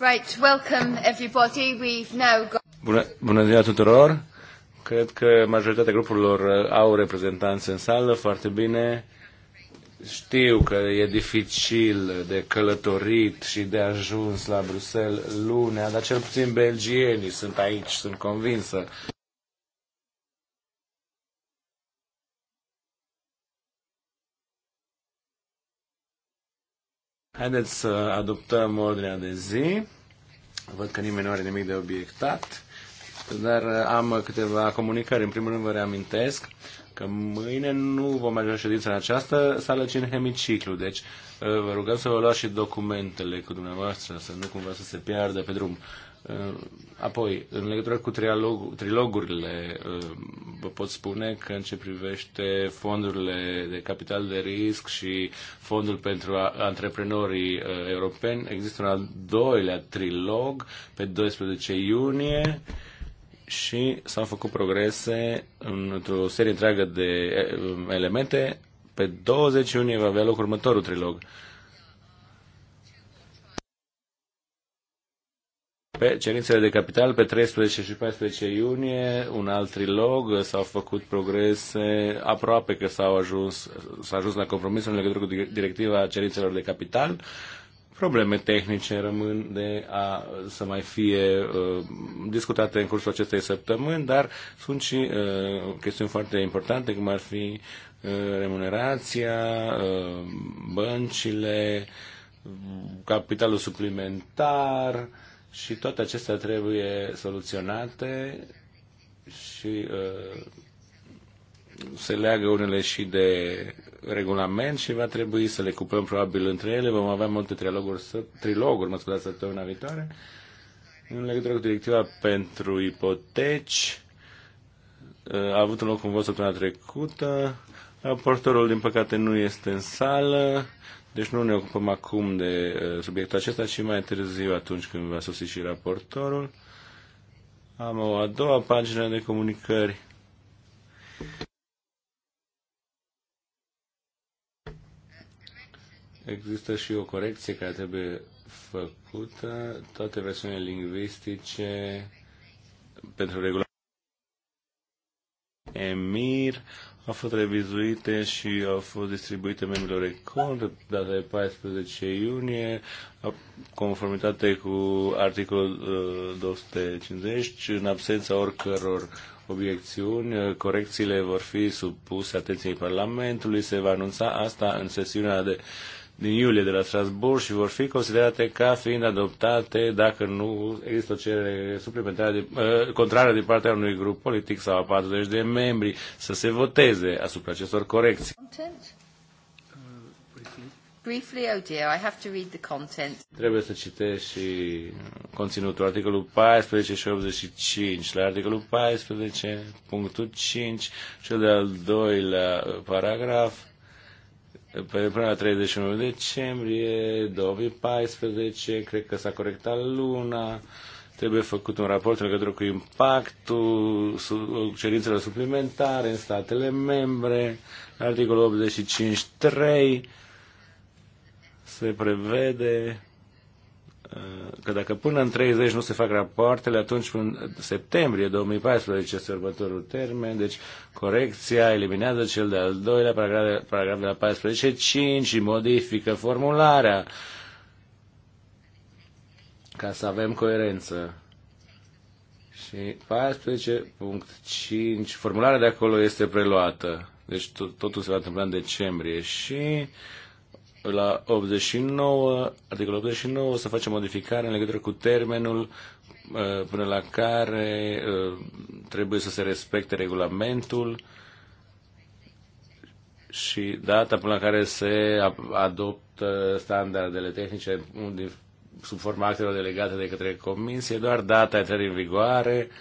Right, welcome everybody. We've now got... Bună, bună ziua tuturor! Cred că majoritatea grupurilor uh, au reprezentanți în sală, foarte bine. Știu că e dificil de călătorit și de ajuns la Bruxelles lunea, dar cel puțin belgienii sunt aici, sunt convinsă. Haideți să adoptăm ordinea de zi. Văd că nimeni nu are nimic de obiectat, dar am câteva comunicări. În primul rând vă reamintesc că mâine nu vom avea ședință în această sală, ci în hemiciclu. Deci vă rugăm să vă luați și documentele cu dumneavoastră, să nu cumva să se piardă pe drum. Eh, apoi, în legătură cu trialog, trilogurile, eh, vă pot spune că în ce privește fondurile de capital de risc și fondul pentru antreprenorii eh, europeni, există un al doilea trilog pe 12 iunie și s-au făcut progrese într-o serie întreagă de elemente. Pe 20 iunie va avea loc următorul trilog. Pe cerințele de capital, pe 13 și 14 iunie, un alt trilog, s-au făcut progrese, aproape că s-au ajuns, s-a ajuns la compromisul în legătură cu directiva cerințelor de capital. Probleme tehnice rămân de a să mai fie uh, discutate în cursul acestei săptămâni, dar sunt și uh, chestiuni foarte importante, cum ar fi uh, remunerația, uh, băncile, capitalul suplimentar, uh, și toate acestea trebuie soluționate și uh, se leagă unele și de regulament și va trebui să le cuplăm probabil între ele. Vom avea multe triloguri, triloguri mă scuzați, săptămâna viitoare. În legătură cu directiva pentru ipoteci, uh, a avut un loc în vot săptămâna trecută. Raportorul, din păcate, nu este în sală, deci nu ne ocupăm acum de uh, subiectul acesta, ci mai târziu, atunci când va sosi și raportorul. Am o a doua pagină de comunicări. Există și o corecție care trebuie făcută. Toate versiunile lingvistice pentru regulament. EMIR au fost revizuite și au fost distribuite membrilor ECON data de 14 iunie, conformitate cu articolul 250, uh, în absența oricăror obiecțiuni, uh, corecțiile vor fi supuse atenției Parlamentului, se va anunța asta în sesiunea de din iulie de la Strasbourg și vor fi considerate ca fiind adoptate dacă nu există o cerere suplimentară de, uh, contrară de partea unui grup politic sau a 40 de membri să se voteze asupra acestor corecții. Uh, briefly, oh dear, I have to read the content. Trebuie să citești și conținutul. Articolul 14 și 85. La articolul 14, punctul 5, cel de-al doilea uh, paragraf, pe până la 31 decembrie 2014, cred că s-a corectat luna, trebuie făcut un raport în legătură cu impactul cerințelor suplimentare în statele membre, articolul 85.3 se prevede că dacă până în 30 nu se fac rapoartele, atunci în septembrie 2014 este următorul termen, deci corecția eliminează cel de-al doilea paragraf, paragraf de la 14, 5 și modifică formularea ca să avem coerență. Și 14.5, formularea de acolo este preluată. Deci totul se va întâmpla în decembrie și uh, la 89, articolul 89, să facem modificare în legătură cu termenul uh, până la care uh, trebuie să se respecte regulamentul și data până la care se adoptă standardele tehnice sub forma actelor delegate de către comisie, doar data intrării în vigoare, uh,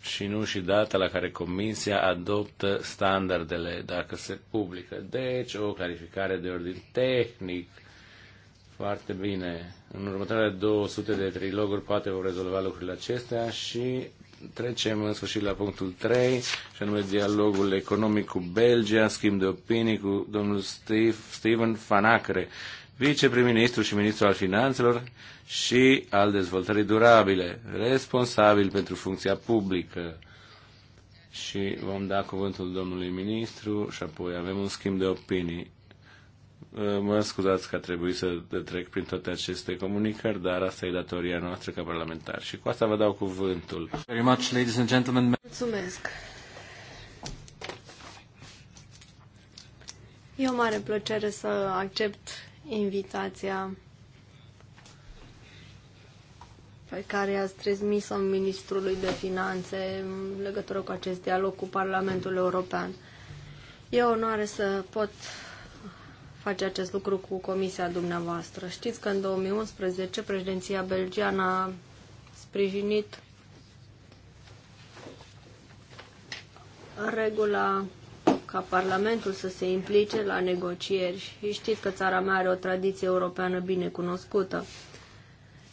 și nu și data la care Comisia adoptă standardele dacă se publică. Deci, o clarificare de ordin tehnic. Foarte bine. În următoarele 200 de triloguri poate vom rezolva lucrurile acestea și trecem în sfârșit la punctul 3, și anume dialogul economic cu Belgia, schimb de opinii cu domnul Steve, Steven Fanacre, viceprim-ministru și ministru al finanțelor și al dezvoltării durabile, responsabil pentru funcția publică. Și vom da cuvântul domnului ministru și apoi avem un schimb de opinii. Mă scuzați că a trebuit să trec prin toate aceste comunicări, dar asta e datoria noastră ca parlamentar. Și cu asta vă dau cuvântul. Very much, ladies and gentlemen. Mulțumesc. E o mare plăcere să accept invitația pe care ați transmis-o ministrului de finanțe în legătură cu acest dialog cu Parlamentul European. E onoare să pot face acest lucru cu comisia dumneavoastră. Știți că în 2011 președinția belgiană a sprijinit regula ca Parlamentul să se implice la negocieri și știți că țara mea are o tradiție europeană bine cunoscută.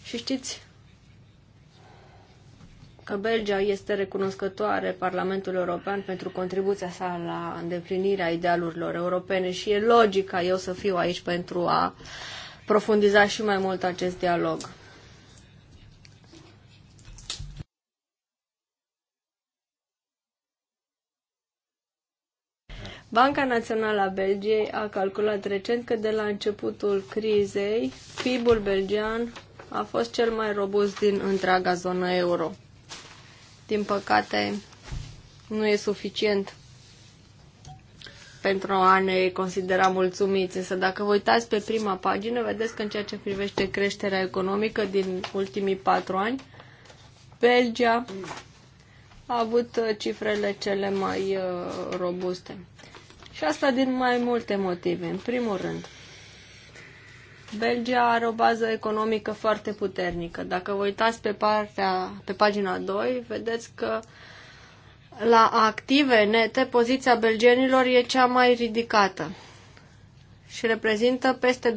Și știți că Belgia este recunoscătoare Parlamentul European pentru contribuția sa la îndeplinirea idealurilor europene și e logic ca eu să fiu aici pentru a profundiza și mai mult acest dialog. Banca Națională a Belgiei a calculat recent că de la începutul crizei, PIB-ul belgian a fost cel mai robust din întreaga zonă euro. Din păcate, nu e suficient pentru a ne considera mulțumiți. Însă dacă vă uitați pe prima pagină, vedeți că în ceea ce privește creșterea economică din ultimii patru ani, Belgia a avut uh, cifrele cele mai uh, robuste. Și asta din mai multe motive. În primul rând, Belgia are o bază economică foarte puternică. Dacă vă uitați pe, partea, pe pagina 2, vedeți că la active nete, poziția belgenilor e cea mai ridicată și reprezintă peste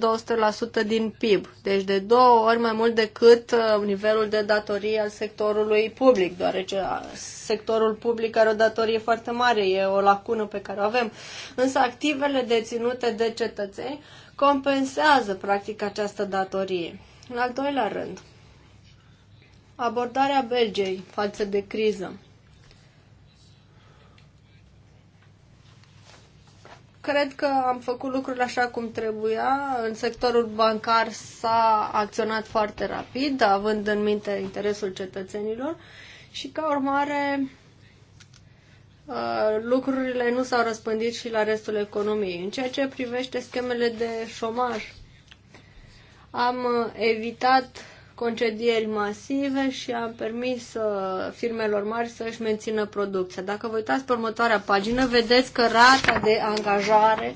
200% din PIB, deci de două ori mai mult decât uh, nivelul de datorie al sectorului public, deoarece uh, sectorul public are o datorie foarte mare, e o lacună pe care o avem. Însă activele deținute de cetățeni compensează practic această datorie. În al doilea rând, abordarea Belgiei față de criză. cred că am făcut lucrurile așa cum trebuia. În sectorul bancar s-a acționat foarte rapid, având în minte interesul cetățenilor și ca urmare uh, lucrurile nu s-au răspândit și la restul economiei. În ceea ce privește schemele de șomaj, am evitat concedieri masive și am permis uh, firmelor mari să-și mențină producția. Dacă vă uitați pe următoarea pagină, vedeți că rata de angajare,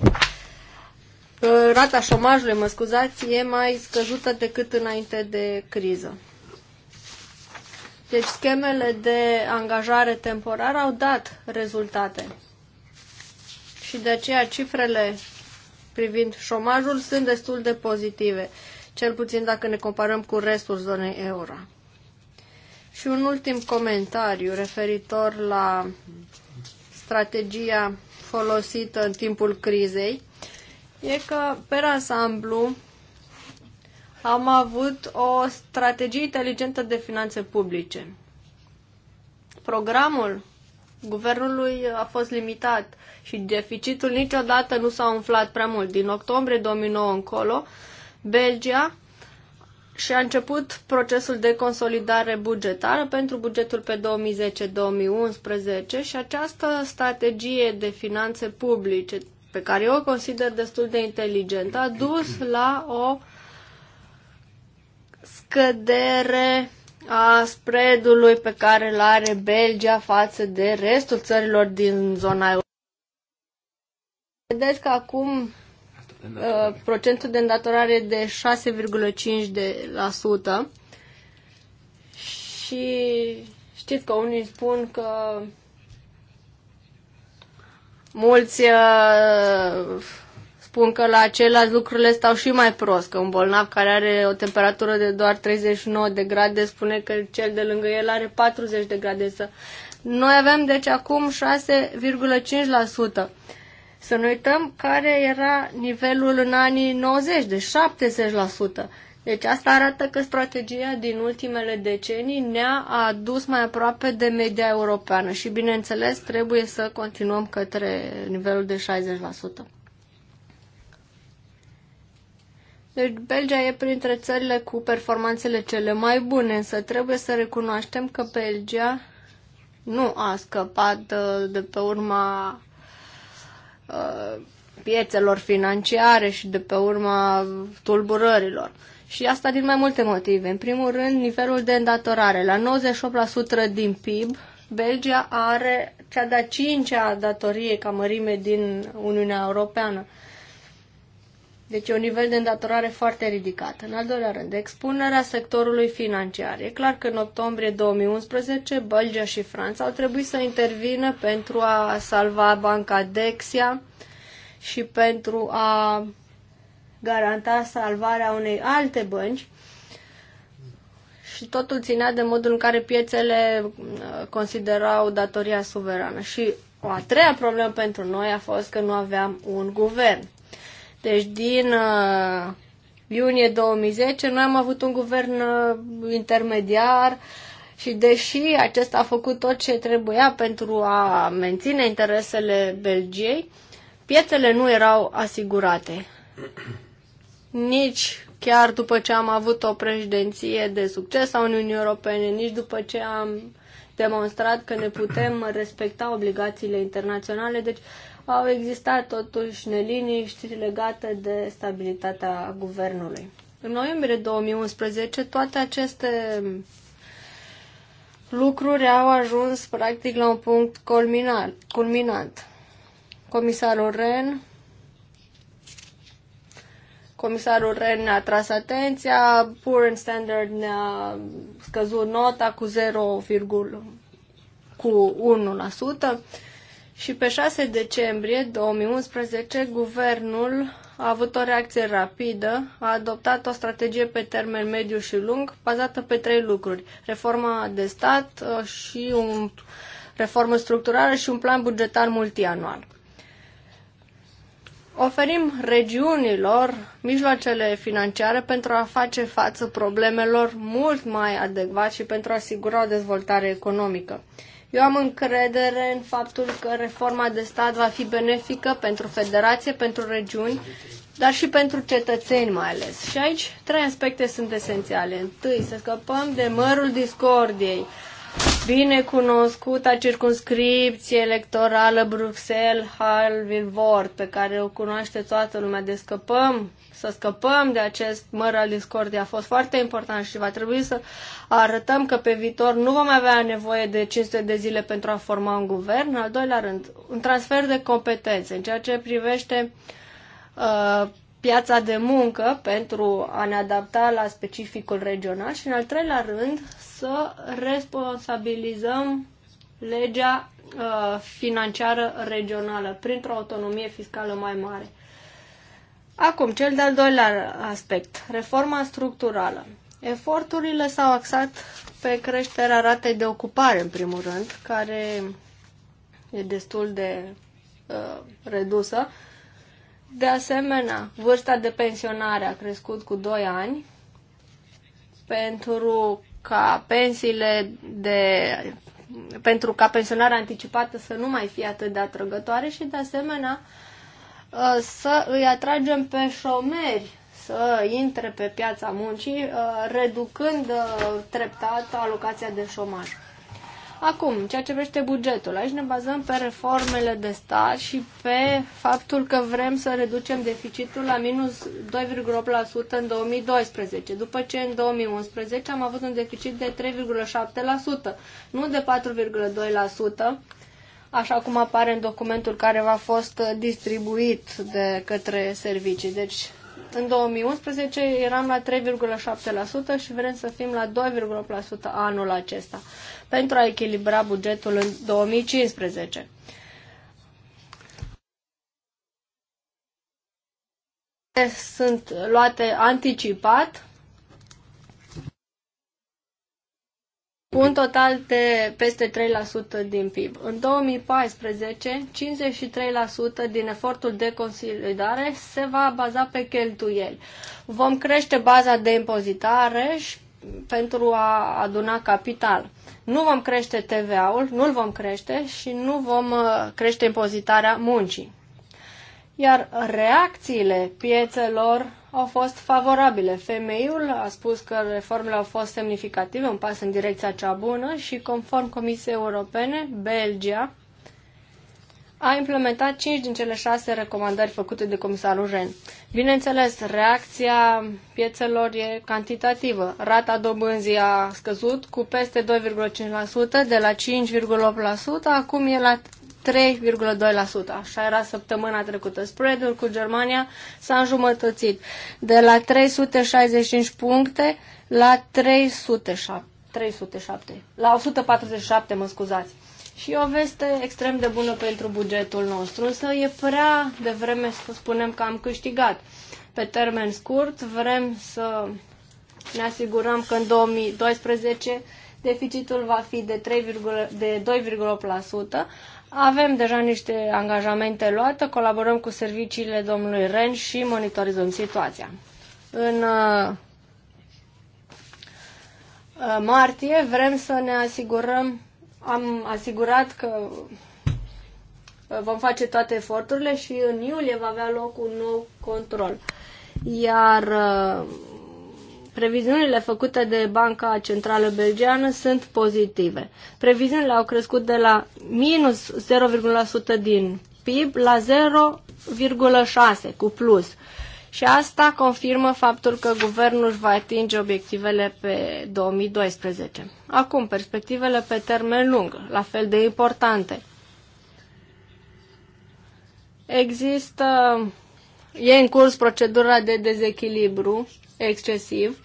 uh, rata șomajului, mă scuzați, e mai scăzută decât înainte de criză. Deci schemele de angajare temporară au dat rezultate. Și de aceea cifrele privind șomajul sunt destul de pozitive cel puțin dacă ne comparăm cu restul zonei euro. Și un ultim comentariu referitor la strategia folosită în timpul crizei e că, pe ansamblu, am avut o strategie inteligentă de finanțe publice. Programul guvernului a fost limitat și deficitul niciodată nu s-a umflat prea mult. Din octombrie 2009 încolo Belgia și a început procesul de consolidare bugetară pentru bugetul pe 2010-2011 și această strategie de finanțe publice, pe care eu o consider destul de inteligentă, a dus la o scădere a spreadului pe care îl are Belgia față de restul țărilor din zona euro. Vedeți că acum Uh, procentul de îndatorare de 6,5%. De la sută. Și știți că unii spun că mulți uh, spun că la același lucrurile stau și mai prost, că un bolnav care are o temperatură de doar 39 de grade spune că cel de lângă el are 40 de grade. Noi avem deci acum 6,5%. Să nu uităm care era nivelul în anii 90, de 70%. Deci asta arată că strategia din ultimele decenii ne-a adus mai aproape de media europeană și, bineînțeles, trebuie să continuăm către nivelul de 60%. Deci Belgia e printre țările cu performanțele cele mai bune, însă trebuie să recunoaștem că Belgia nu a scăpat uh, de pe urma Uh, piețelor financiare și de pe urma tulburărilor. Și asta din mai multe motive. În primul rând, nivelul de îndatorare. La 98% din PIB, Belgia are cea de-a cincea datorie ca mărime din Uniunea Europeană. Deci e un nivel de îndatorare foarte ridicat. În al doilea rând, expunerea sectorului financiar. E clar că în octombrie 2011 Belgia și Franța au trebuit să intervină pentru a salva banca Dexia și pentru a garanta salvarea unei alte bănci și totul ținea de modul în care piețele uh, considerau datoria suverană. Și o a treia problemă pentru noi a fost că nu aveam un guvern. Deci din uh, iunie 2010 noi am avut un guvern uh, intermediar și deși acesta a făcut tot ce trebuia pentru a menține interesele Belgiei, piețele nu erau asigurate. Nici chiar după ce am avut o președinție de succes a Uniunii Europene, nici după ce am demonstrat că ne putem respecta obligațiile internaționale. Deci au existat totuși neliniști legate de stabilitatea guvernului. În noiembrie 2011 toate aceste lucruri au ajuns practic la un punct culminant. Comisarul Ren Comisarul Ren ne-a tras atenția, Poor and Standard ne-a scăzut nota cu 0, cu și pe 6 decembrie 2011, guvernul a avut o reacție rapidă, a adoptat o strategie pe termen mediu și lung, bazată pe trei lucruri. Reforma de stat uh, și un reformă structurală și un plan bugetar multianual. Oferim regiunilor mijloacele financiare pentru a face față problemelor mult mai adecvat și pentru a asigura o dezvoltare economică. Eu am încredere în faptul că reforma de stat va fi benefică pentru federație, pentru regiuni, dar și pentru cetățeni mai ales. Și aici trei aspecte sunt esențiale. Întâi, să scăpăm de mărul discordiei binecunoscuta circunscripție electorală Bruxelles-Halvilvort, pe care o cunoaște toată lumea, de scăpăm, să scăpăm de acest măr al discordiei a fost foarte important și va trebui să arătăm că pe viitor nu vom avea nevoie de 500 de zile pentru a forma un guvern. Al doilea rând, un transfer de competențe în ceea ce privește uh, piața de muncă pentru a ne adapta la specificul regional și, în al treilea rând, să responsabilizăm legea uh, financiară regională printr-o autonomie fiscală mai mare. Acum, cel de-al doilea aspect, reforma structurală. Eforturile s-au axat pe creșterea ratei de ocupare, în primul rând, care e destul de uh, redusă, de asemenea, vârsta de pensionare a crescut cu 2 ani pentru ca pensiile de pentru ca pensionarea anticipată să nu mai fie atât de atrăgătoare și de asemenea ă, să îi atragem pe șomeri să intre pe piața muncii, ă, reducând ă, treptat alocația de șomaj. Acum, ceea ce vrește bugetul, aici ne bazăm pe reformele de stat și pe faptul că vrem să reducem deficitul la minus 2,8% în 2012, după ce în 2011 am avut un deficit de 3,7%, nu de 4,2%, așa cum apare în documentul care v-a fost distribuit de către servicii. Deci, în 2011 eram la 3,7% și vrem să fim la 2,8% anul acesta pentru a echilibra bugetul în 2015. Sunt luate anticipat cu un total de peste 3% din PIB. În 2014, 53% din efortul de consolidare se va baza pe cheltuieli. Vom crește baza de impozitare și pentru a aduna capital. Nu vom crește TVA-ul, nu-l vom crește și nu vom uh, crește impozitarea muncii. Iar reacțiile piețelor au fost favorabile. Femeiul a spus că reformele au fost semnificative, un pas în direcția cea bună și conform Comisiei Europene, Belgia a implementat 5 din cele 6 recomandări făcute de comisarul Ren. Bineînțeles, reacția piețelor e cantitativă. Rata dobânzii a scăzut cu peste 2,5% de la 5,8%, acum e la 3,2%. Așa era săptămâna trecută. Spreadul cu Germania s-a înjumătățit de la 365 puncte la 307, 307 la 147, mă scuzați și o veste extrem de bună pentru bugetul nostru, însă e prea devreme să spunem că am câștigat. Pe termen scurt vrem să ne asigurăm că în 2012 deficitul va fi de, 3, de 2,8%. Avem deja niște angajamente luate, colaborăm cu serviciile domnului Ren și monitorizăm situația. În uh, uh, martie vrem să ne asigurăm am asigurat că vom face toate eforturile și în iulie va avea loc un nou control. Iar uh, previziunile făcute de Banca Centrală Belgiană sunt pozitive. Previziunile au crescut de la minus 0,1% din PIB la 0,6% cu plus. Și asta confirmă faptul că guvernul își va atinge obiectivele pe 2012. Acum, perspectivele pe termen lung, la fel de importante. Există, e în curs procedura de dezechilibru excesiv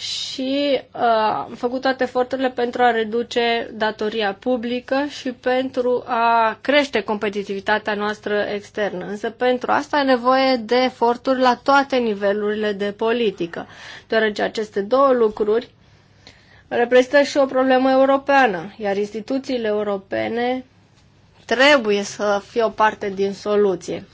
și uh, am făcut toate eforturile pentru a reduce datoria publică și pentru a crește competitivitatea noastră externă. Însă pentru asta e nevoie de eforturi la toate nivelurile de politică, deoarece aceste două lucruri reprezintă și o problemă europeană, iar instituțiile europene trebuie să fie o parte din soluție.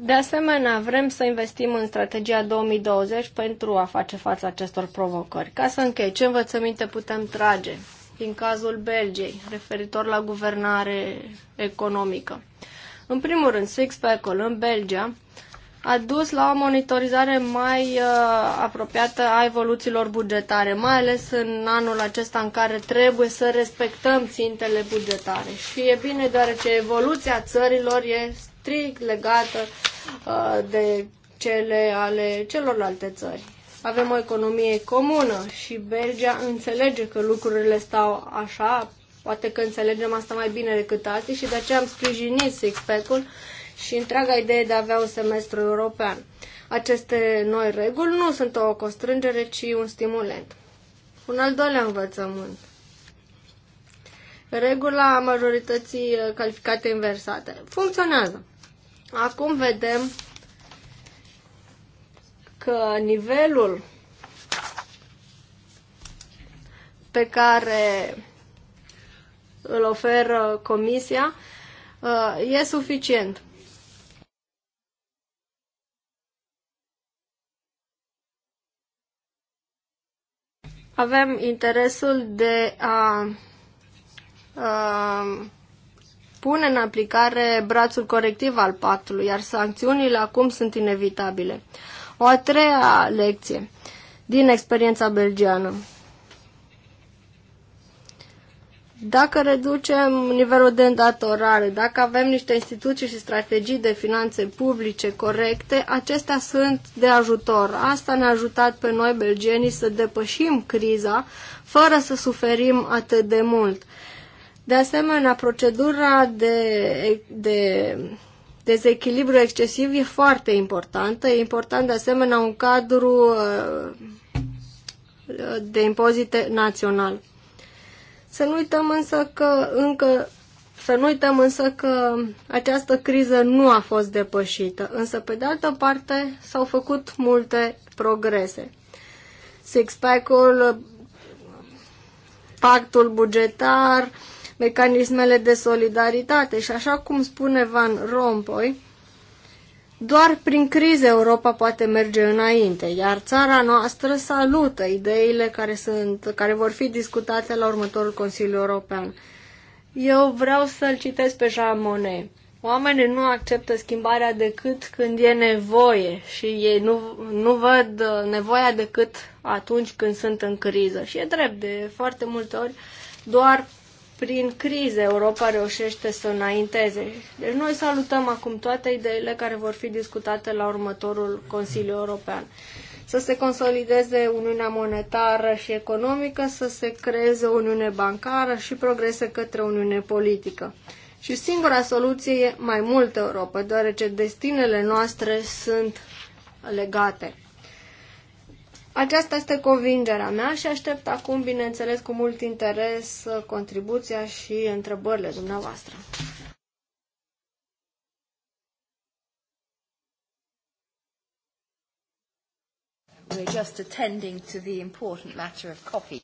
De asemenea, vrem să investim în strategia 2020 pentru a face față acestor provocări. Ca să închei, ce învățăminte putem trage din cazul Belgiei referitor la guvernare economică? În primul rând, Sixpack-ul în Belgia a dus la o monitorizare mai uh, apropiată a evoluțiilor bugetare, mai ales în anul acesta în care trebuie să respectăm țintele bugetare. Și e bine deoarece evoluția țărilor e strict legată uh, de cele ale celorlalte țări. Avem o economie comună și Belgia înțelege că lucrurile stau așa, poate că înțelegem asta mai bine decât alții și de aceea am sprijinit six ul și întreaga idee de a avea un semestru european. Aceste noi reguli nu sunt o constrângere, ci un stimulent. Un al doilea învățământ. Regula majorității calificate inversate. Funcționează. Acum vedem că nivelul pe care îl oferă comisia uh, e suficient. Avem interesul de a, a uh, pune în aplicare brațul corectiv al pactului, iar sancțiunile acum sunt inevitabile. O a treia lecție din experiența belgiană. Dacă reducem nivelul de îndatorare, dacă avem niște instituții și strategii de finanțe publice corecte, acestea sunt de ajutor. Asta ne-a ajutat pe noi, belgenii, să depășim criza fără să suferim atât de mult. De asemenea, procedura de, de dezechilibru excesiv e foarte importantă. E important, de asemenea, un cadru uh, de impozite național. Să nu uităm însă că încă să nu uităm însă că această criză nu a fost depășită, însă pe de altă parte s-au făcut multe progrese. Six-pack-ul, pactul bugetar, uh, mecanismele de solidaritate și așa cum spune Van Rompuy, doar prin crize Europa poate merge înainte, iar țara noastră salută ideile care, sunt, care vor fi discutate la următorul Consiliu European. Eu vreau să-l citesc pe Jean Monnet. Oamenii nu acceptă schimbarea decât când e nevoie și ei nu, nu văd nevoia decât atunci când sunt în criză. Și e drept, de foarte multe ori doar prin crize Europa reușește să înainteze. Deci noi salutăm acum toate ideile care vor fi discutate la următorul Consiliu European. Să se consolideze Uniunea Monetară și Economică, să se creeze Uniune Bancară și progrese către Uniune Politică. Și singura soluție e mai multă Europa, deoarece destinele noastre sunt legate. Aceasta este convingerea mea și aștept acum, bineînțeles, cu mult interes uh, contribuția și întrebările dumneavoastră. We're just attending to the important matter of coffee.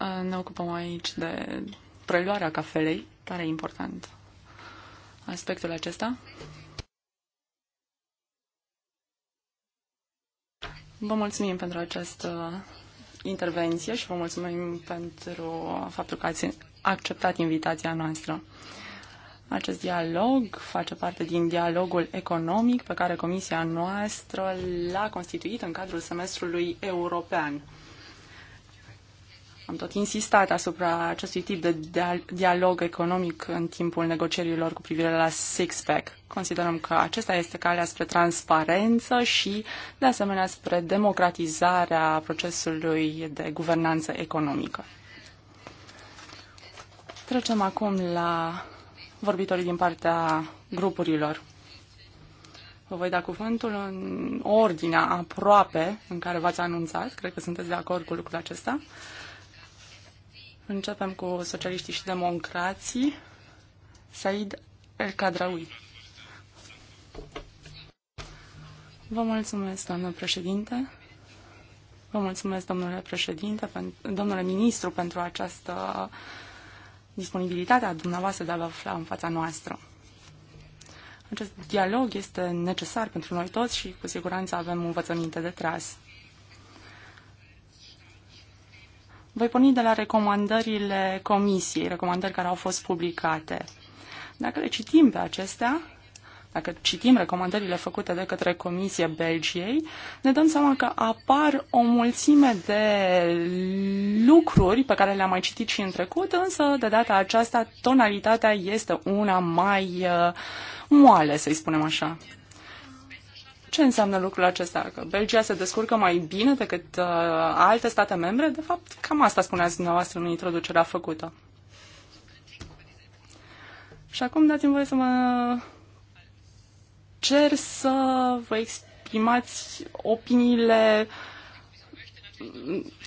Uh, ne ocupăm aici de preluarea cafelei, care e important aspectul acesta. Vă mulțumim pentru această intervenție și vă mulțumim pentru faptul că ați acceptat invitația noastră. Acest dialog face parte din dialogul economic pe care comisia noastră l-a constituit în cadrul semestrului european. Am tot insistat asupra acestui tip de dialog economic în timpul negocierilor cu privire la six-pack. Considerăm că acesta este calea spre transparență și, de asemenea, spre democratizarea procesului de guvernanță economică. Trecem acum la vorbitorii din partea grupurilor. Vă voi da cuvântul în ordinea aproape în care v-ați anunțat. Cred că sunteți de acord cu lucrul acesta. Uh, Începem cu socialiștii și democrații. Said El Kadraoui. Vă mulțumesc, doamnă președinte. Vă mulțumesc, domnule președinte, domnule ministru, pentru această disponibilitate a dumneavoastră de a vă afla în fața noastră. Acest dialog este necesar pentru noi toți și cu siguranță avem învățăminte de tras. Voi porni de la recomandările comisiei, recomandări care au fost publicate. Dacă le citim pe acestea, dacă citim recomandările făcute de către Comisia Belgiei, ne dăm seama că apar o mulțime de lucruri pe care le-am mai citit și în trecut, însă de data aceasta tonalitatea este una mai uh, moale, să-i spunem așa. Ce înseamnă lucrul acesta? Că Belgia se descurcă mai bine decât uh, alte state membre? De fapt, cam asta spuneați dumneavoastră în introducerea făcută. Și acum dați-mi voie să mă cer să vă exprimați opiniile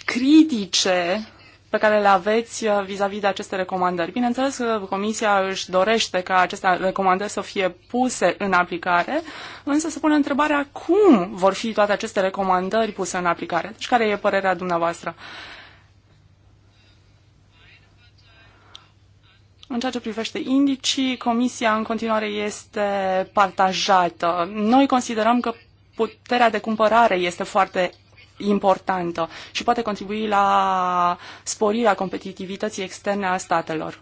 critice pe care le aveți uh, vis-a-vis -vis de aceste recomandări. Bineînțeles că uh, Comisia își dorește ca aceste recomandări să fie puse în aplicare, însă se pune întrebarea cum vor fi toate aceste recomandări puse în aplicare. Deci care e părerea dumneavoastră? În ceea ce privește indicii, comisia în continuare este partajată. Noi considerăm că puterea de cumpărare este foarte importantă și poate contribui la sporirea competitivității externe a statelor.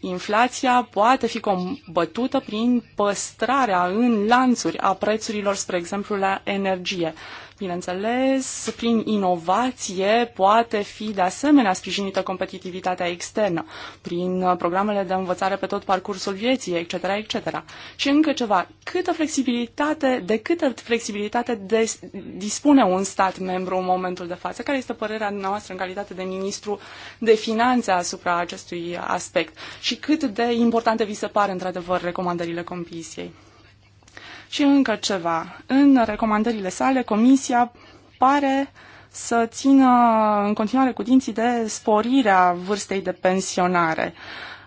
Inflația poate fi combătută prin păstrarea în lanțuri a prețurilor, spre exemplu, la energie. Bineînțeles, prin inovație poate fi de asemenea sprijinită competitivitatea externă, prin programele de învățare pe tot parcursul vieții, etc., etc. Și încă ceva, câtă flexibilitate, de câtă flexibilitate de, dispune un stat membru în momentul de față? Care este părerea noastră în calitate de ministru de finanțe asupra acestui aspect? Și cât de importante vi se par, într-adevăr, recomandările Comisiei? Și încă ceva. În recomandările sale, Comisia pare să țină în continuare cu dinții de sporirea vârstei de pensionare.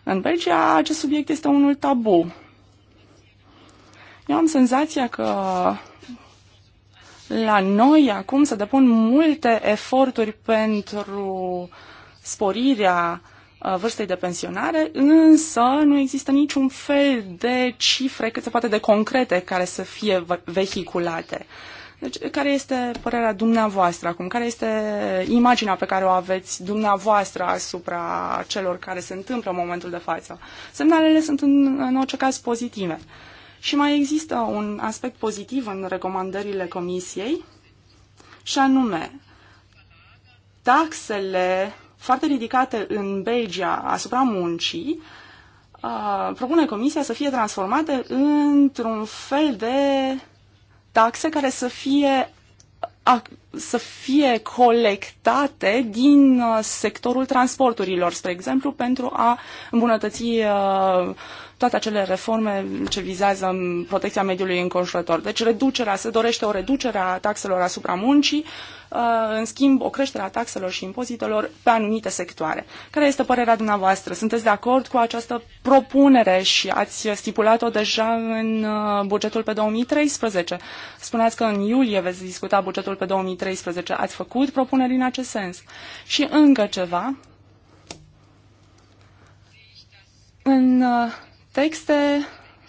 În Belgia acest subiect este unul tabu. Eu am senzația că la noi acum se depun multe eforturi pentru sporirea uh, vârstei de pensionare, însă nu există niciun fel de cifre cât se poate de concrete care să fie vehiculate. Deci, care este părerea dumneavoastră acum? Care este imaginea pe care o aveți dumneavoastră asupra celor care se întâmplă în momentul de față? Semnalele sunt în, în orice caz pozitive. Și mai există un aspect pozitiv în recomandările comisiei, și anume, taxele foarte ridicate în Belgia asupra muncii, uh, propune Comisia să fie transformate într-un fel de taxe care să fie a, să fie colectate din uh, sectorul transporturilor, spre exemplu, pentru a îmbunătăți uh, toate acele reforme ce vizează protecția mediului înconjurător. Deci reducerea, se dorește o reducere a taxelor asupra muncii, uh, în schimb o creștere a taxelor și impozitelor pe anumite sectoare. Care este părerea dumneavoastră? Sunteți de acord cu această propunere și ați stipulat-o deja în uh, bugetul pe 2013? Spuneați că în iulie veți discuta bugetul pe 2013. Ați făcut propuneri în acest sens? Și încă ceva. În uh, texte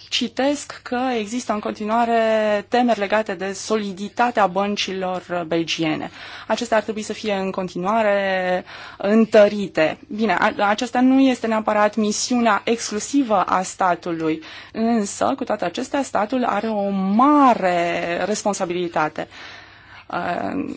citesc că există în continuare temeri legate de soliditatea băncilor belgiene. Acestea ar trebui să fie în continuare întărite. Bine, aceasta nu este neapărat misiunea exclusivă a statului, însă, cu toate acestea, statul are o mare responsabilitate. Uh,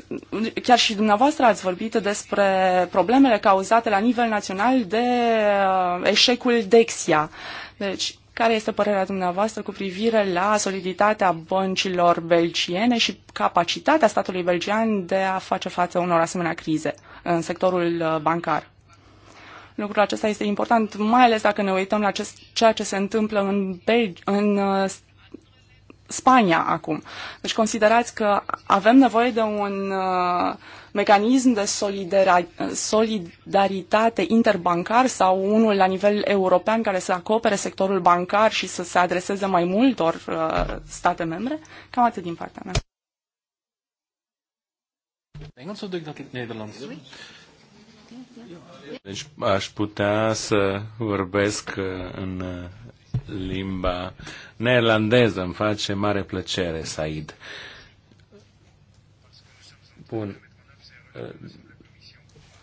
chiar și dumneavoastră ați vorbit despre problemele cauzate la nivel național de uh, eșecul Dexia. Deci, care este părerea dumneavoastră cu privire la soliditatea băncilor belgiene și capacitatea statului belgian de a face față unor asemenea crize în sectorul uh, bancar? Lucrul acesta este important, mai ales dacă ne uităm la ceea ce se întâmplă în, Belgi- în Spania acum. Deci considerați că avem nevoie de un uh, mecanism de solidaritate interbancar sau unul la nivel european care să acopere sectorul bancar și să se adreseze mai multor uh, state membre? Cam atât din partea mea. Engels sau Nederlands? Deci aș putea să vorbesc uh, în limba neerlandeză. Îmi face mare plăcere, Said. Bun.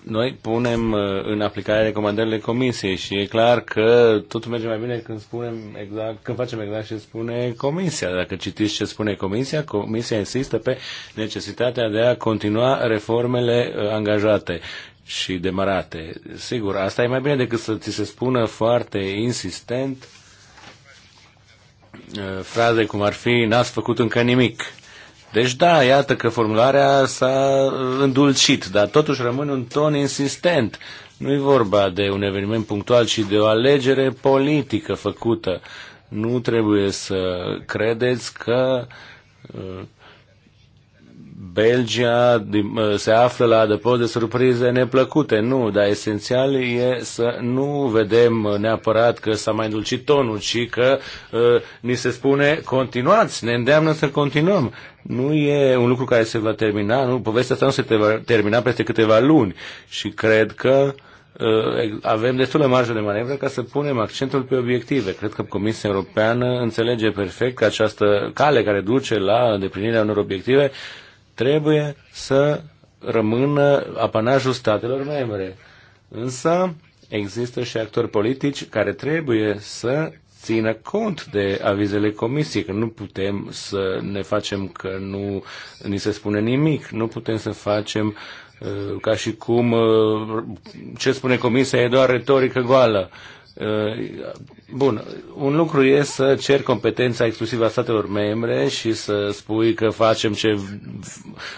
Noi punem uh, în aplicare recomandările comisiei și e clar că totul merge mai bine când spunem exact, când facem exact ce spune comisia. Dacă citiți ce spune comisia, comisia insistă pe necesitatea de a continua reformele uh, angajate și demarate. Sigur, asta e mai bine decât să ți se spună foarte insistent Uh, fraze cum ar fi n-ați făcut încă nimic. Deci da, iată că formularea s-a uh, îndulcit, dar totuși rămâne un ton insistent. Nu e vorba de un eveniment punctual, ci de o alegere politică făcută. Nu trebuie să credeți că uh, Belgia se află la adăpost de surprize neplăcute. Nu, dar esențial e să nu vedem neapărat că s-a mai îndulcit tonul, ci că uh, ni se spune continuați, ne îndeamnă să continuăm. Nu e un lucru care se va termina, nu, povestea asta nu se va termina peste câteva luni și cred că uh, avem destulă de marjă de manevră ca să punem accentul pe obiective. Cred că Comisia Europeană înțelege perfect că această cale care duce la îndeplinirea unor obiective trebuie să rămână apanajul statelor membre. Însă există și actori politici care trebuie să țină cont de avizele comisiei, că nu putem să ne facem că nu ni se spune nimic, nu putem să facem uh, ca și cum uh, ce spune comisia e doar retorică goală. Uh, Bun, un lucru e să cer competența exclusivă a statelor membre și să spui că facem ce,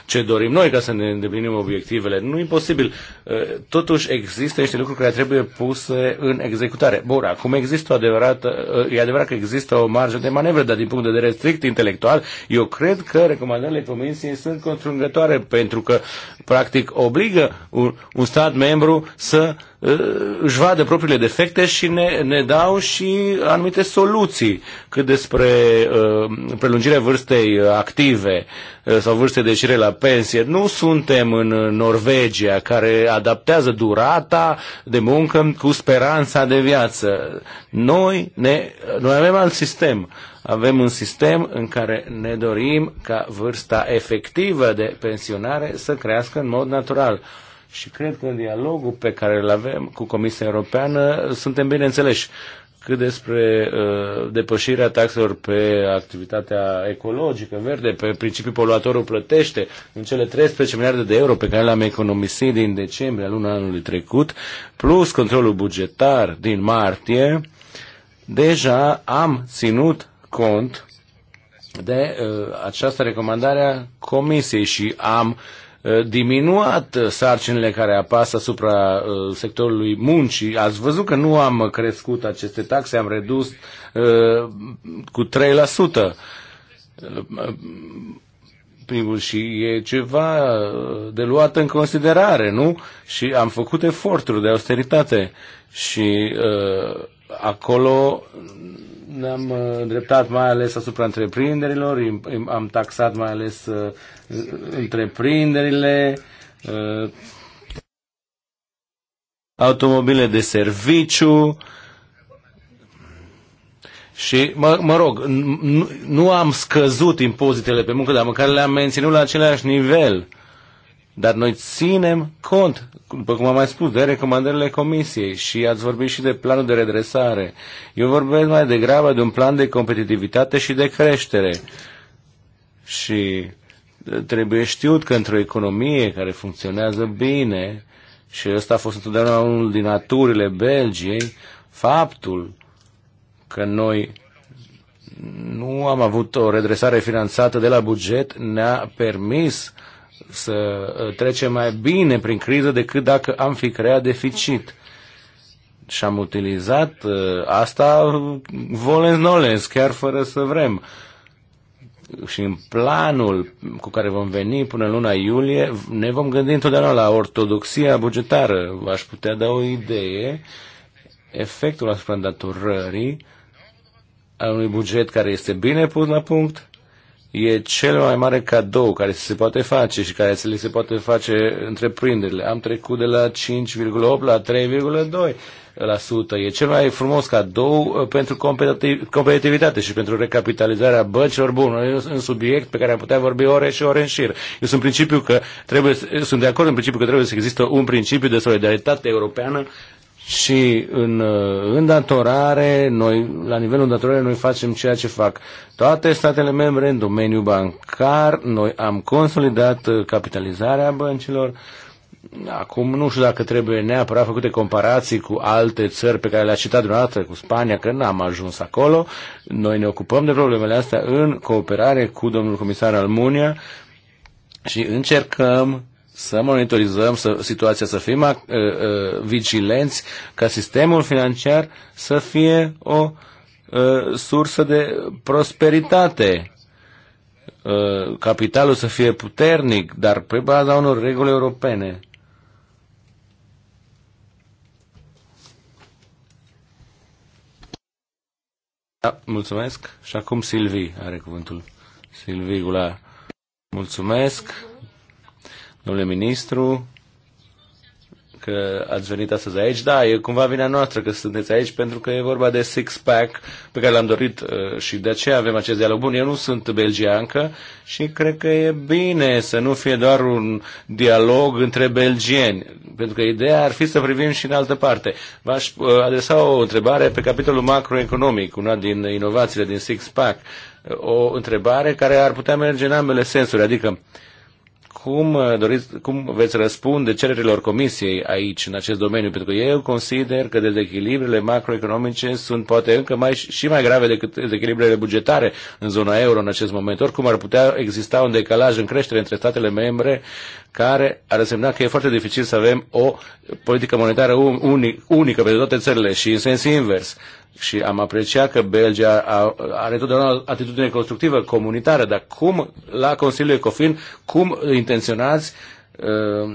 ce dorim noi ca să ne îndeplinim obiectivele. Nu e posibil. Uh, totuși există niște lucruri care trebuie puse în executare. Bun, acum există o adevărat, uh, e adevărat că există o marjă de manevră, dar din punct de vedere strict intelectual, eu cred că recomandările Comisiei sunt constrângătoare pentru că, practic, obligă un, un stat membru să uh, își vadă propriile defecte și ne, ne dau și și anumite soluții, cât despre uh, prelungirea vârstei active uh, sau vârste de ieșire la pensie. Nu suntem în Norvegia, care adaptează durata de muncă cu speranța de viață. Noi, ne, noi avem alt sistem. Avem un sistem în care ne dorim ca vârsta efectivă de pensionare să crească în mod natural și cred că în dialogul pe care îl avem cu Comisia Europeană suntem bine înțeleși cât despre uh, depășirea taxelor pe activitatea ecologică, verde, pe principiul poluatorul plătește, în cele 13 miliarde de euro pe care le-am economisit din decembrie, luna anului trecut, plus controlul bugetar din martie, deja am ținut cont de uh, această recomandare a Comisiei și am uh, diminuat sarcinile care apasă asupra sectorului muncii. Ați văzut că nu am crescut aceste taxe, am redus cu 3%. Primul și e ceva de luat în considerare, nu? Și am făcut eforturi de austeritate și acolo ne-am uh, îndreptat mai ales asupra întreprinderilor, am taxat mai ales uh, întreprinderile, uh, automobile de serviciu, și, mă, mă rog, nu, nu am scăzut impozitele pe muncă, dar măcar le-am menținut la același nivel. Dar noi ținem cont, după cum am mai spus, de recomandările Comisiei și ați vorbit și de planul de redresare. Eu vorbesc mai degrabă de un plan de competitivitate și de creștere. Și trebuie știut că într-o economie care funcționează bine, și ăsta a fost întotdeauna unul din naturile Belgiei, faptul că noi nu am avut o redresare finanțată de la buget ne-a permis uh, să uh, trecem mai bine prin criză decât dacă am fi creat deficit. Și am utilizat uh, asta volens nolens, chiar fără să vrem. Și în planul cu care vom veni până în luna iulie, ne vom gândi întotdeauna la ortodoxia bugetară. V-aș putea da o idee, efectul asupra îndatorării a unui buget care este bine pus la punct, e cel mai mare cadou care se poate face și care se le se poate face întreprinderile. Am trecut de la 5,8 la 3,2%. E cel mai frumos cadou uh, pentru competitivitate și pentru recapitalizarea băcilor Bun, e un subiect pe care am putea vorbi ore și ore în șir. Eu sunt, principiu că trebuie, sunt de acord în principiu că trebuie să există un principiu de solidaritate europeană și în uh, îndatorare, noi, la nivelul îndatorare, noi facem ceea ce fac toate statele membre în domeniul bancar. Noi am consolidat uh, capitalizarea băncilor. Acum nu știu dacă trebuie neapărat făcute comparații cu alte țări pe care le-a citat dumneavoastră, cu Spania, că n-am ajuns acolo. Noi ne ocupăm de problemele astea în cooperare cu domnul comisar Almunia și încercăm să monitorizăm să, situația, să fim uh, uh, vigilenți ca sistemul financiar să fie o uh, sursă de prosperitate, uh, capitalul să fie puternic, dar pe baza unor reguli europene. Da, mulțumesc. Și acum Silvi are cuvântul. Silvi Gula. Mulțumesc domnule ministru, că ați venit astăzi aici. Da, e cumva vina noastră că sunteți aici pentru că e vorba de six-pack pe care l-am dorit uh, și de aceea avem acest dialog bun. Eu nu sunt belgiancă și cred că e bine să nu fie doar un dialog între belgieni, pentru că ideea ar fi să privim și în altă parte. V-aș uh, adresa o întrebare pe capitolul macroeconomic, una din inovațiile din six-pack, uh, o întrebare care ar putea merge în ambele sensuri, adică cum, uh, doriți, cum veți răspunde cererilor comisiei aici, în acest domeniu? Pentru că eu consider că dezechilibrele macroeconomice sunt poate încă mai, și mai grave decât dezechilibrele bugetare în zona euro în acest moment. Oricum ar putea exista un decalaj în creștere între statele membre care ar însemna că e foarte dificil să avem o politică monetară unică pentru toate țările și în sens invers și am apreciat că Belgia are totdeauna o atitudine constructivă, comunitară, dar cum la Consiliul Ecofin, cum intenționați uh,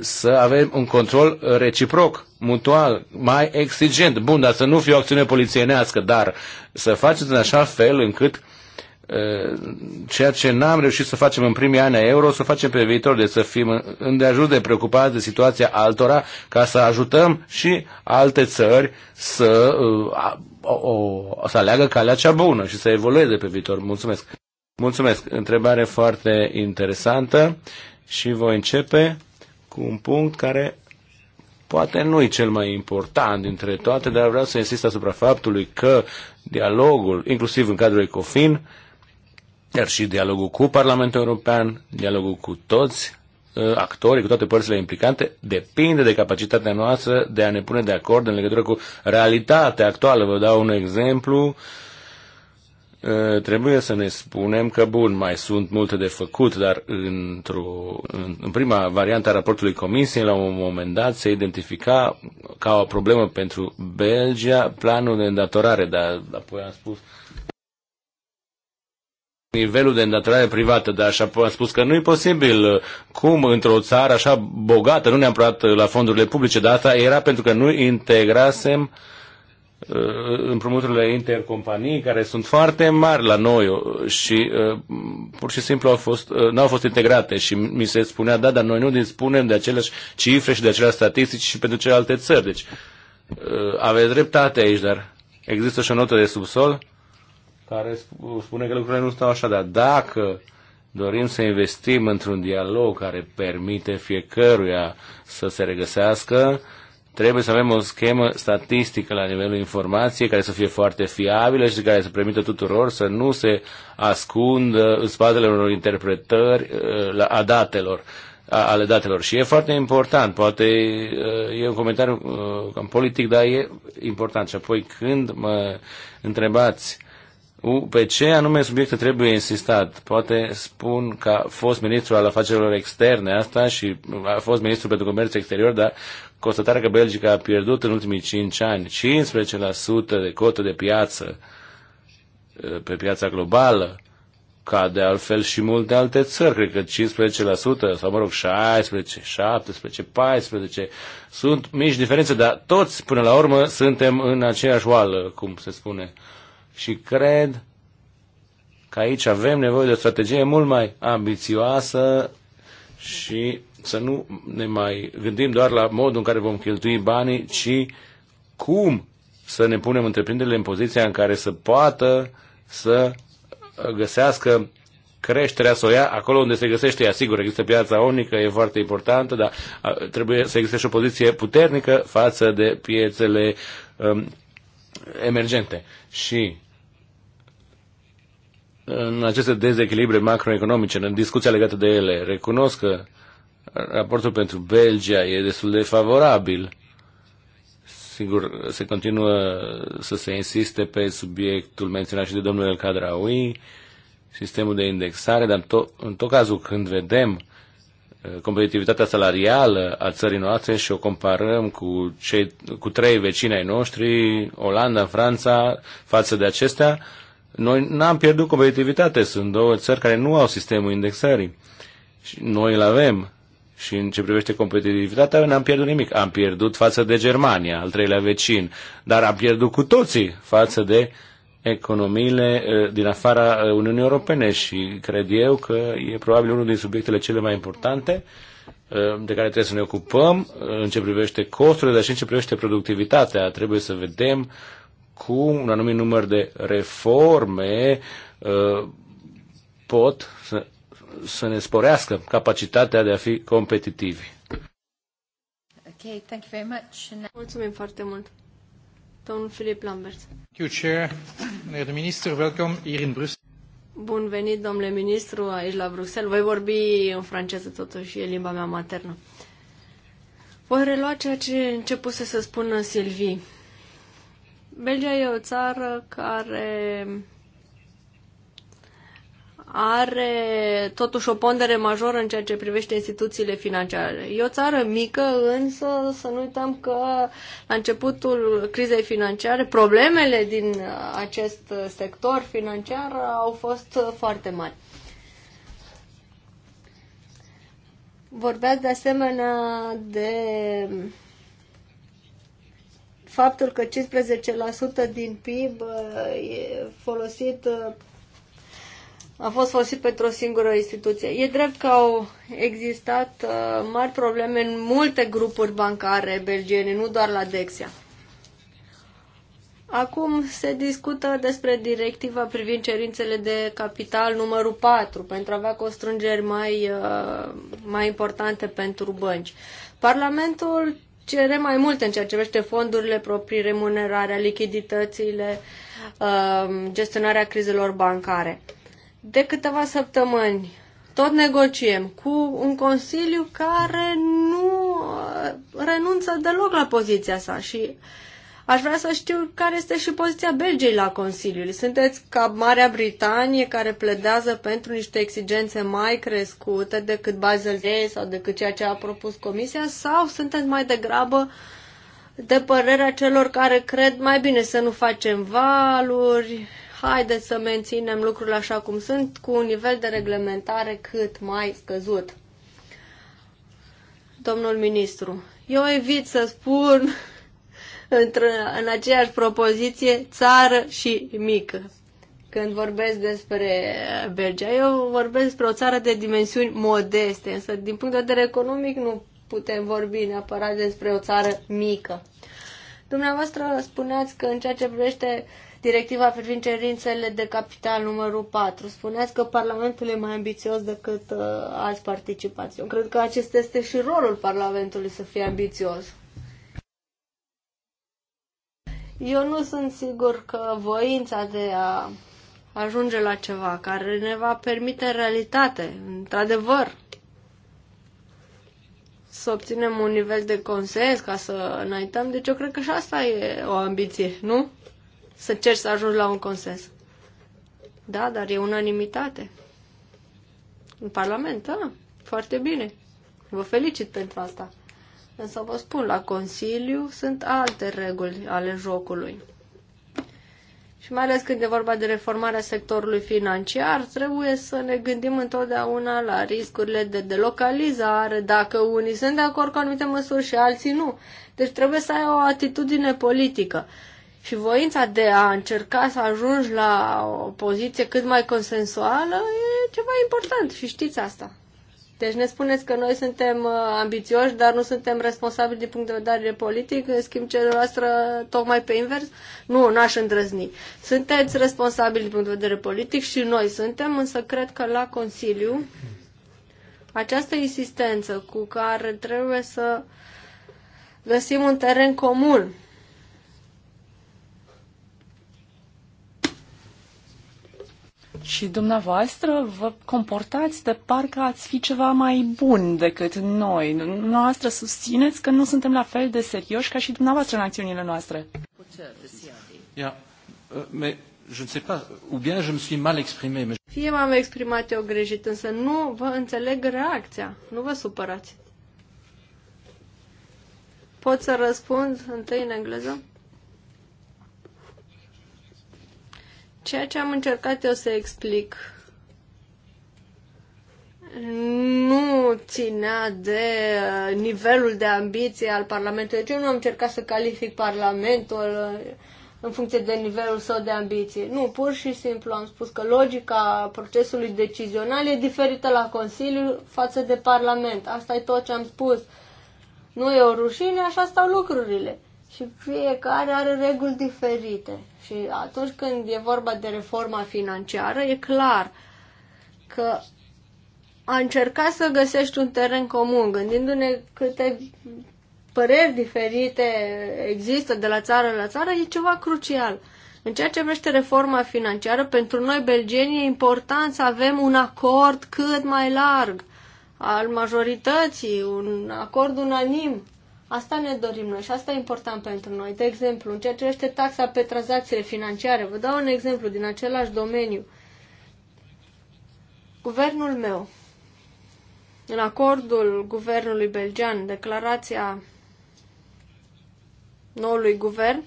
să avem un control reciproc, mutual, mai exigent. Bun, dar să nu fie o acțiune polițienească, dar să faceți în așa fel încât uh, Eh, ceea ce n-am reușit să facem în primii ani a euro, să facem pe viitor, de deci să fim îndeajuns de preocupați de situația altora, ca să ajutăm și alte țări să, eh, o, o, să aleagă calea cea bună și să evolueze pe viitor. Mulțumesc! Mulțumesc! Întrebare foarte interesantă și voi începe cu un punct care poate nu e cel mai important dintre toate, dar vreau să insist asupra faptului că dialogul, inclusiv în cadrul ECOFIN, iar și dialogul cu Parlamentul European, dialogul cu toți uh, actorii, cu toate părțile implicante, depinde de capacitatea noastră de a ne pune de acord în legătură cu realitatea actuală. Vă dau un exemplu. Uh, trebuie să ne spunem că, bun, mai sunt multe de făcut, dar într-o, în prima variantă a raportului Comisiei, la un moment dat, se identifica ca o problemă pentru Belgia planul de îndatorare, dar apoi am spus nivelul de îndatorare privată, dar așa am spus că nu e posibil cum într-o țară așa bogată, nu ne-am prat la fondurile publice, dar asta era pentru că nu integrasem uh, împrumuturile intercompanii care sunt foarte mari la noi uh, și uh, pur și simplu au fost, au fost integrate și mi se spunea, da, dar noi nu dispunem de aceleași cifre și de aceleași statistici și pentru celelalte țări. Deci aveți dreptate aici, dar există și o notă de subsol care spune că lucrurile nu stau așa, dar dacă dorim să investim într-un dialog care permite fiecăruia să se regăsească, trebuie să avem o schemă statistică la nivelul informației care să fie foarte fiabilă și care să permită tuturor să nu se ascundă în spatele unor interpretări uh, a datelor ale datelor. Și e foarte important, poate uh, e un comentariu uh, cam politic, dar e important. Și apoi când mă întrebați pe ce anume subiecte trebuie insistat? Poate spun că a fost ministru al afacerilor externe asta și a fost ministru pentru comerț exterior, dar constatarea că Belgica a pierdut în ultimii 5 ani 15% de cotă de piață eh, pe piața globală, ca de altfel și multe alte țări, cred că 15%, sau mă rog 16, 17, 14, sunt mici diferențe, dar toți până la urmă suntem în aceeași oală, cum se spune. Uh, și cred că aici avem nevoie de o strategie mult mai ambițioasă și să nu ne mai gândim doar la modul în care vom cheltui banii, ci cum să ne punem întreprinderile în poziția în care să poată să găsească creșterea să o ia acolo unde se găsește ea. Sigur, există piața unică, e foarte importantă, dar trebuie să existe și o poziție puternică față de piețele um, emergente. Și în aceste dezechilibre macroeconomice, în discuția legată de ele. Recunosc că raportul pentru Belgia e destul de favorabil. Sigur, se continuă să se insiste pe subiectul menționat și de domnul El Cadraui, sistemul de indexare, dar tot, în tot cazul când vedem uh, competitivitatea salarială a țării noastre și o comparăm cu, cei, cu trei vecini ai noștri, Olanda, Franța, față de acestea, uh, noi n-am pierdut competitivitate, sunt două țări care nu au sistemul indexării. Și noi îl avem. Și în ce privește competitivitatea, n-am pierdut nimic. Am pierdut față de Germania, al treilea vecin, dar am pierdut cu toții față de economiile din afara Uniunii Europene și cred eu că e probabil unul din subiectele cele mai importante de care trebuie să ne ocupăm în ce privește costurile, dar și în ce privește productivitatea. Trebuie să vedem uh, cu un anumit număr de reforme uh, pot să, să ne sporească capacitatea de a fi competitivi. Okay, thank you very much. Mulțumim foarte mult. Domnul Filip Lambert. Thank you, Chair. Minister, welcome here in Brussels. Bun venit, domnule ministru, aici la Bruxelles. Voi vorbi în franceză, totuși e limba mea maternă. Voi relua ceea ce începuse să spună Silvii. Belgia e o țară care are totuși o pondere majoră în ceea ce privește instituțiile financiare. E o țară mică, însă să nu uităm că la începutul crizei financiare, problemele din acest sector financiar au fost foarte mari. Vorbeați de asemenea de faptul că 15% din PIB uh, e folosit uh, a fost folosit pentru o singură instituție. E drept că au existat uh, mari probleme în multe grupuri bancare belgiene, nu doar la Dexia. Acum se discută despre directiva privind cerințele de capital numărul 4 pentru a avea constrângeri mai, mai importante pentru bănci. Parlamentul cere mai mult în ceea ce privește fondurile proprii, remunerarea, lichiditățile, um, gestionarea crizelor bancare. De câteva săptămâni tot negociem cu un consiliu care nu uh, renunță deloc la poziția sa și uh, Aș vrea să știu care este și poziția Belgiei la Consiliu. Sunteți ca Marea Britanie care pledează pentru niște exigențe mai crescute decât Basel III sau decât ceea ce a propus Comisia sau sunteți mai degrabă de părerea celor care cred mai bine să nu facem valuri, haideți să menținem lucrurile așa cum sunt, cu un nivel de reglementare cât mai scăzut. Domnul ministru, eu evit să spun între, în aceeași propoziție țară și mică. Când vorbesc despre Belgia, eu vorbesc despre o țară de dimensiuni modeste, însă din punct de vedere economic nu putem vorbi neapărat despre o țară mică. Dumneavoastră spuneați că în ceea ce privește directiva privind cerințele de capital numărul 4, spuneați că Parlamentul e mai ambițios decât uh, alți participați. Eu cred că acesta este și rolul Parlamentului să fie ambițios. Eu nu sunt sigur că voința de a ajunge la ceva care ne va permite realitate, într-adevăr, să obținem un nivel de consens ca să înaintăm. Deci eu cred că și asta e o ambiție, nu? Să cerci să ajungi la un consens. Da, dar e unanimitate. În Parlament, da, foarte bine. Vă felicit pentru asta. Însă vă spun, la Consiliu sunt alte reguli ale jocului. Și mai ales când e vorba de reformarea sectorului financiar, trebuie să ne gândim întotdeauna la riscurile de delocalizare, dacă unii sunt de acord cu anumite măsuri și alții nu. Deci trebuie să ai o atitudine politică și voința de a încerca să ajungi la o poziție cât mai consensuală e ceva important și știți asta. Deci ne spuneți că noi suntem uh, ambițioși, dar nu suntem responsabili din punct de vedere politic, în schimb celelalte tocmai pe invers? Nu, n-aș îndrăzni. Sunteți responsabili din punct de vedere politic și noi suntem, însă cred că la Consiliu această insistență cu care trebuie să găsim un teren comun Și dumneavoastră vă comportați de parcă ați fi ceva mai bun decât noi. Noastră susțineți că nu suntem la fel de serioși ca și dumneavoastră în acțiunile noastre. Yeah. Uh, je ne sais pas, ou bien je me suis mal exprimé. Mais... Fie m-am exprimat eu greșit, însă nu vă înțeleg reacția. Nu vă supărați. Pot să răspund întâi în engleză? Ceea ce am încercat eu să explic nu ținea de uh, nivelul de ambiție al Parlamentului. Deci eu nu am încercat să calific Parlamentul uh, în funcție de nivelul său de ambiție. Nu, pur și simplu am spus că logica procesului decizional e diferită la Consiliu față de Parlament. Asta e tot ce am spus. Nu e o rușine, așa stau lucrurile și fiecare are reguli diferite. Și atunci când e vorba de reforma financiară, e clar că a încercat să găsești un teren comun, gândindu-ne câte păreri diferite există de la țară la țară, e ceva crucial. În ceea ce vrește reforma financiară, pentru noi belgenii e important să avem un acord cât mai larg al majorității, un acord unanim Asta ne dorim noi și asta e important pentru noi. De exemplu, în ceea ce este taxa pe tranzacțiile financiare, vă dau un exemplu din același domeniu. Guvernul meu, în acordul guvernului belgian, declarația noului guvern,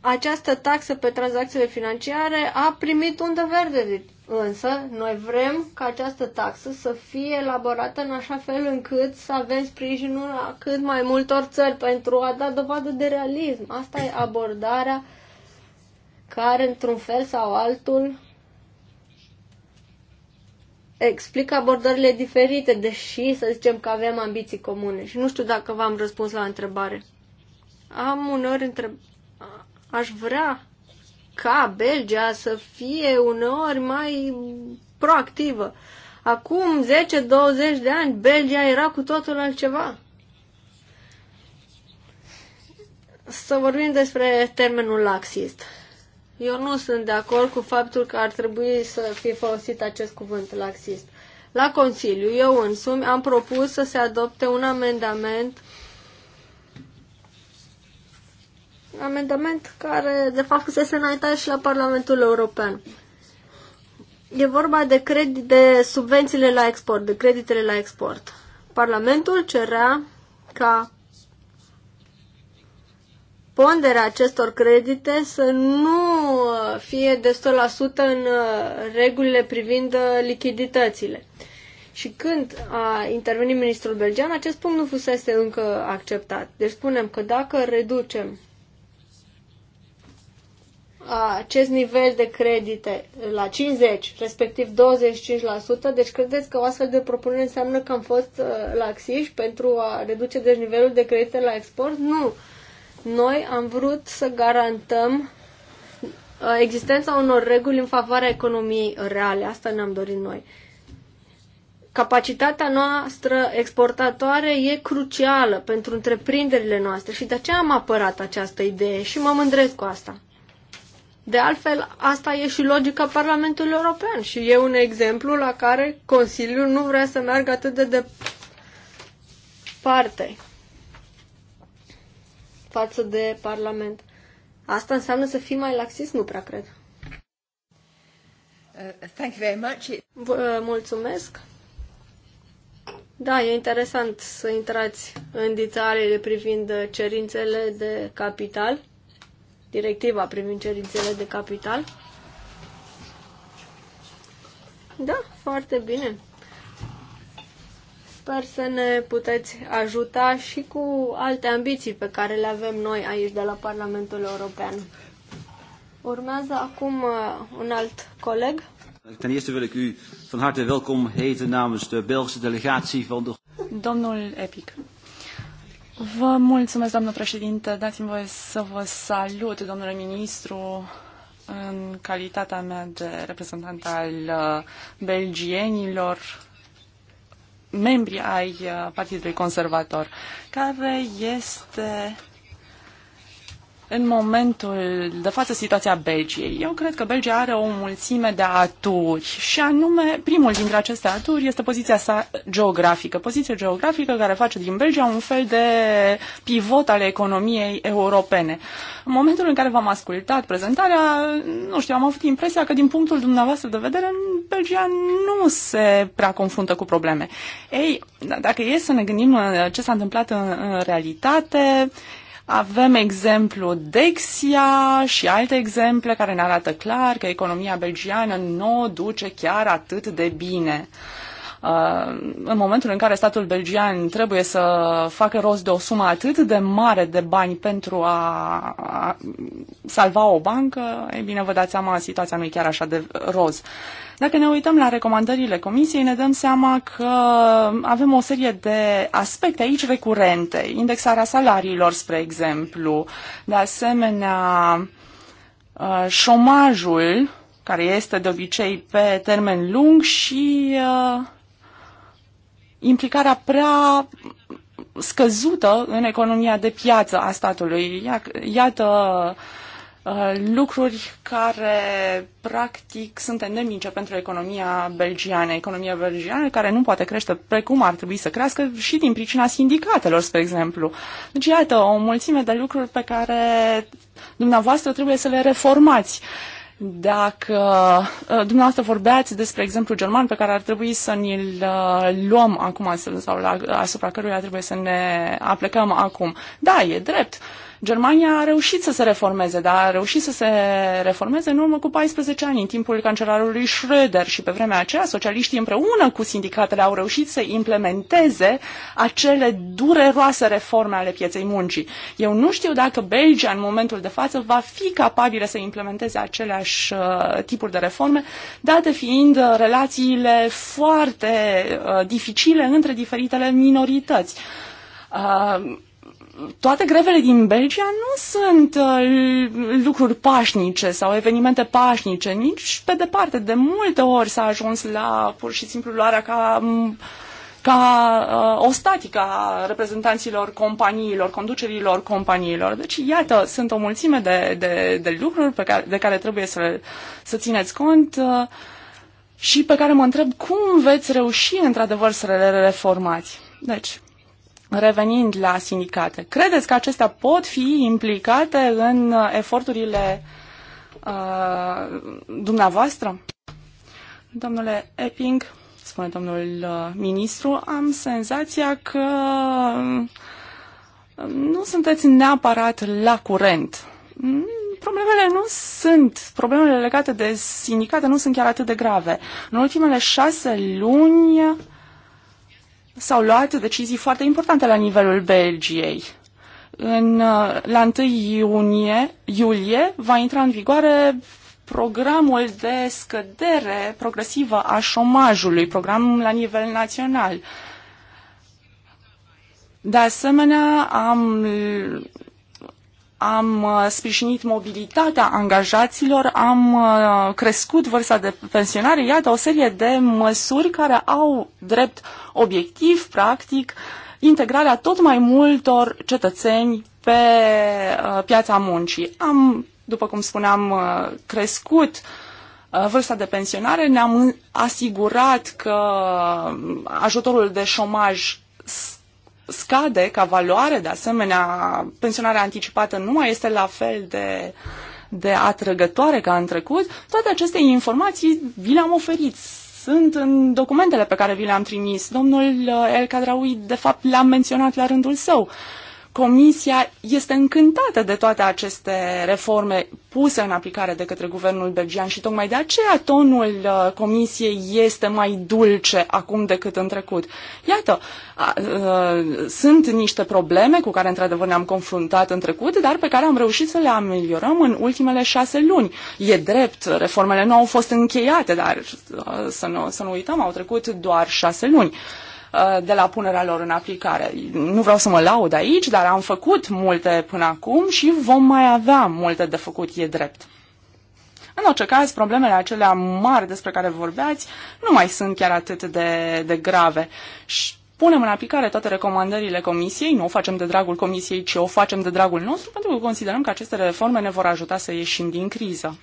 această taxă pe tranzacțiile financiare a primit undă verde. Deci Însă, noi vrem ca această taxă să fie elaborată în așa fel încât să avem sprijinul la cât mai multor țări pentru a da dovadă de realism. Asta e abordarea care, într-un fel sau altul, explică abordările diferite, deși să zicem că avem ambiții comune. Și nu știu dacă v-am răspuns la întrebare. Am uneori întreb... Aș vrea ca Belgia să fie uneori mai proactivă. Acum 10-20 de ani Belgia era cu totul altceva. Să vorbim despre termenul laxist. Eu nu sunt de acord cu faptul că ar trebui să fie folosit acest cuvânt laxist. La Consiliu, eu însumi am propus să se adopte un amendament amendament care, de fapt, se înaintat și la Parlamentul European. E vorba de, credit, de subvențiile la export, de creditele la export. Parlamentul cerea ca ponderea acestor credite să nu fie de 100% în uh, regulile privind uh, lichiditățile. Și când a intervenit ministrul belgean, acest punct nu fusese încă acceptat. Deci spunem că dacă reducem acest nivel de credite la 50, respectiv 25%, deci credeți că o astfel de propunere înseamnă că am fost uh, laxiși pentru a reduce deci, nivelul de credite la export? Nu. Noi am vrut să garantăm uh, existența unor reguli în favoarea economiei reale. Asta ne-am dorit noi. Capacitatea noastră exportatoare e crucială pentru întreprinderile noastre și de aceea am apărat această idee și mă mândresc cu asta. De altfel, asta e și logica Parlamentului European și e un exemplu la care Consiliul nu vrea să meargă atât de departe față de Parlament. Asta înseamnă să fii mai laxist? Nu prea cred. Uh, thank you very much. Uh, mulțumesc. Da, e interesant să intrați în detaliile privind cerințele de capital directiva privind cerințele de capital? Da, foarte bine. Sper să ne puteți ajuta și cu alte ambiții pe care le avem noi aici de la Parlamentul European. Urmează acum uh, un alt coleg. Ten eerste wil ik u van harte welkom heten namens de Belgische delegatie van de... Domnul Epic. Vă mulțumesc, doamnă președinte. Dați-mi voie să vă salut, domnule ministru, în calitatea mea de reprezentant al uh, belgienilor, membri ai uh, Partidului Conservator, care este în momentul de față situația Belgiei. Eu cred că Belgia are o mulțime de aturi și anume, primul dintre aceste aturi este poziția sa geografică. Poziția geografică care face din Belgia un fel de pivot al economiei europene. În momentul în care v-am ascultat prezentarea, nu știu, am avut impresia că din punctul dumneavoastră de vedere, Belgia nu se prea confruntă cu probleme. Ei, dacă e să ne gândim uh, ce s-a întâmplat în, în realitate, avem exemplu Dexia și alte exemple care ne arată clar că economia belgiană nu o duce chiar atât de bine. Uh, în momentul în care statul belgian trebuie să facă rost de o sumă atât de mare de bani pentru a salva o bancă, e bine, vă dați seama, situația nu e chiar așa de roz. Dacă ne uităm la recomandările Comisiei, ne dăm seama că avem o serie de aspecte aici recurente. Indexarea salariilor, spre exemplu, de asemenea uh, șomajul, care este de obicei pe termen lung și uh, implicarea prea scăzută în economia de piață a statului. Iată Uh, lucruri care practic sunt endemice pentru economia belgiană, economia belgiană care nu poate crește precum ar trebui să crească și din pricina sindicatelor, spre exemplu. Deci, iată, o mulțime de lucruri pe care dumneavoastră trebuie să le reformați. Dacă uh, dumneavoastră vorbeați despre exemplu german pe care ar trebui să ni-l uh, luăm acum sau la, asupra căruia trebuie să ne aplicăm acum. Da, e drept. Uh, Germania a reușit să se reformeze, dar a reușit să se reformeze în urmă cu 14 ani, în timpul cancelarului Schröder și pe vremea aceea socialiștii împreună cu sindicatele au reușit să implementeze acele dureroase reforme ale pieței muncii. Eu nu știu dacă Belgia în momentul de față va fi capabilă să implementeze aceleași uh, tipuri de reforme, date fiind uh, relațiile foarte uh, dificile între diferitele minorități. Uh, toate grevele din Belgia nu sunt uh, lucruri pașnice sau evenimente pașnice, nici pe departe. De multe ori s-a ajuns la pur și simplu luarea ca, ca uh, o statică a reprezentanților companiilor, conducerilor companiilor. Deci, iată, sunt o mulțime de, de, de lucruri pe care, de care trebuie să, să țineți cont. Uh, și pe care mă întreb cum veți reuși într-adevăr să le reformați. Deci, Revenind la sindicate, credeți că acestea pot fi implicate în uh, eforturile uh, dumneavoastră? Domnule Epping, spune domnul uh, ministru, am senzația că um, nu sunteți neapărat la curent. Mm, problemele nu sunt, problemele legate de sindicate nu sunt chiar atât de grave. În ultimele șase luni, s-au luat decizii foarte importante la nivelul Belgiei. În, uh, la 1 iunie, iulie va intra în vigoare programul de scădere progresivă a șomajului, program la nivel național. De asemenea, am am uh, sprijinit mobilitatea angajaților, am uh, crescut vârsta de pensionare, iată o serie de măsuri care au drept obiectiv, practic, integrarea tot mai multor cetățeni pe uh, piața muncii. Am, după cum spuneam, crescut vârsta de pensionare, ne-am asigurat că ajutorul de șomaj scade ca valoare, de asemenea, pensionarea anticipată nu mai este la fel de de atrăgătoare ca în trecut, toate aceste informații vi le-am oferit. Sunt în documentele pe care vi le-am trimis. Domnul uh, El Cadraui, de fapt, l am menționat la rândul său. Uh, Comisia este încântată de toate aceste reforme puse în aplicare de către guvernul belgian și tocmai de aceea tonul uh, Comisiei este mai dulce acum decât în trecut. Iată, a, a, uh, sunt niște probleme cu care într-adevăr ne-am confruntat în trecut, dar pe care am reușit să le ameliorăm în ultimele șase luni. E drept, reformele nu au fost încheiate, dar a, uh, să, nu, să nu uităm, au trecut doar șase luni. Uh, de la punerea lor în aplicare. Nu vreau să mă laud aici, dar am făcut multe până acum și vom mai avea multe de făcut, e drept. În orice caz, problemele acelea mari despre care vorbeați nu mai sunt chiar atât de, de grave. Și punem în aplicare toate recomandările Comisiei, nu o facem de dragul Comisiei, ci o facem de dragul nostru, pentru că considerăm că aceste reforme ne vor ajuta să ieșim din criză.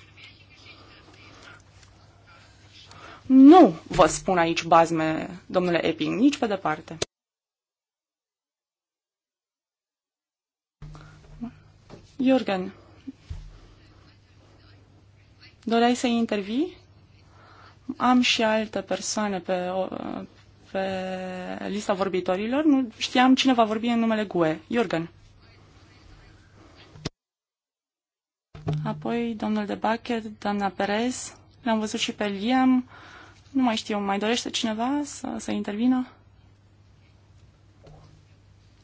Nu vă spun aici bazme, domnule Epping, nici pe departe. Jürgen, doreai să intervii? Am și alte persoane pe, pe lista vorbitorilor. Nu știam cine va vorbi în numele GUE. Jürgen. Apoi domnul de Bacher, doamna Perez, l-am văzut și pe Liam, nu mai știu, mai dorește cineva să, să intervină?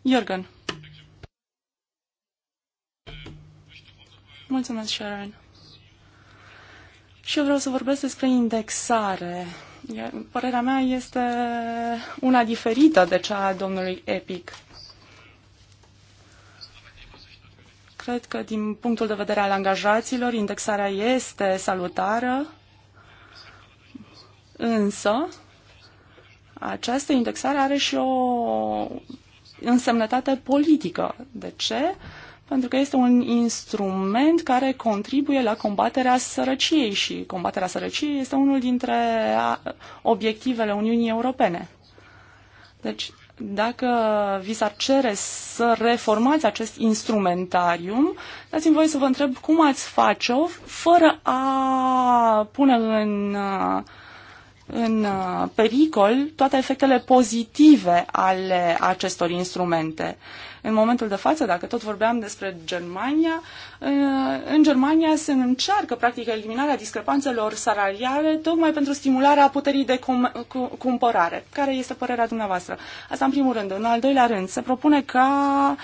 Jorgen. Mulțumesc, Sharon. Și eu vreau să vorbesc despre indexare. Părerea mea este una diferită de cea a domnului Epic. Cred că, din punctul de vedere al angajaților, indexarea este salutară Însă, această indexare are și o însemnătate politică. De ce? Pentru că este un instrument care contribuie la combaterea sărăciei și combaterea sărăciei este unul dintre obiectivele Uniunii Europene. Deci, dacă vi s-ar cere să reformați acest instrumentarium, dați-mi voie să vă întreb cum ați face-o fără a pune în uh, în uh, pericol toate efectele pozitive ale acestor instrumente. În momentul de față, dacă tot vorbeam despre Germania, uh, în Germania se încearcă practic eliminarea discrepanțelor salariale tocmai pentru stimularea puterii de cum- cumpărare. Care este părerea dumneavoastră? Asta în primul rând. În al doilea rând, se propune ca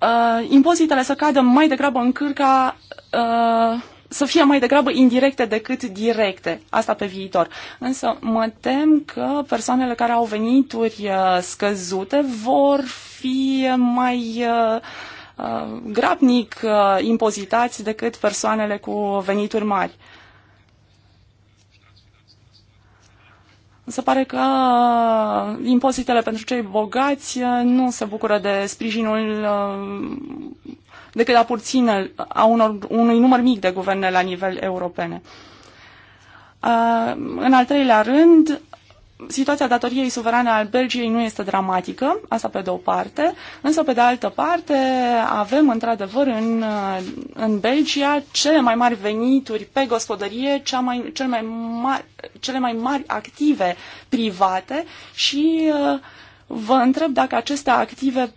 uh, impozitele să cadă mai degrabă în cârca uh, să fie mai degrabă indirecte decât directe, asta pe viitor. Însă mă tem că persoanele care au venituri uh, scăzute vor fi mai uh, uh, grabnic impozitați decât persoanele cu venituri mari. Se pare că impozitele pentru cei bogați nu se bucură de sprijinul decât a a unor, unui număr mic de guverne la nivel europene. Uh, în al treilea rând, situația datoriei suverane al Belgiei nu este dramatică, asta pe de o parte, însă pe de altă parte avem într-adevăr în, uh, în Belgia cele mai mari venituri pe gospodărie, cea mai, cel mai mari, cele mai mari active private și uh, vă întreb dacă aceste active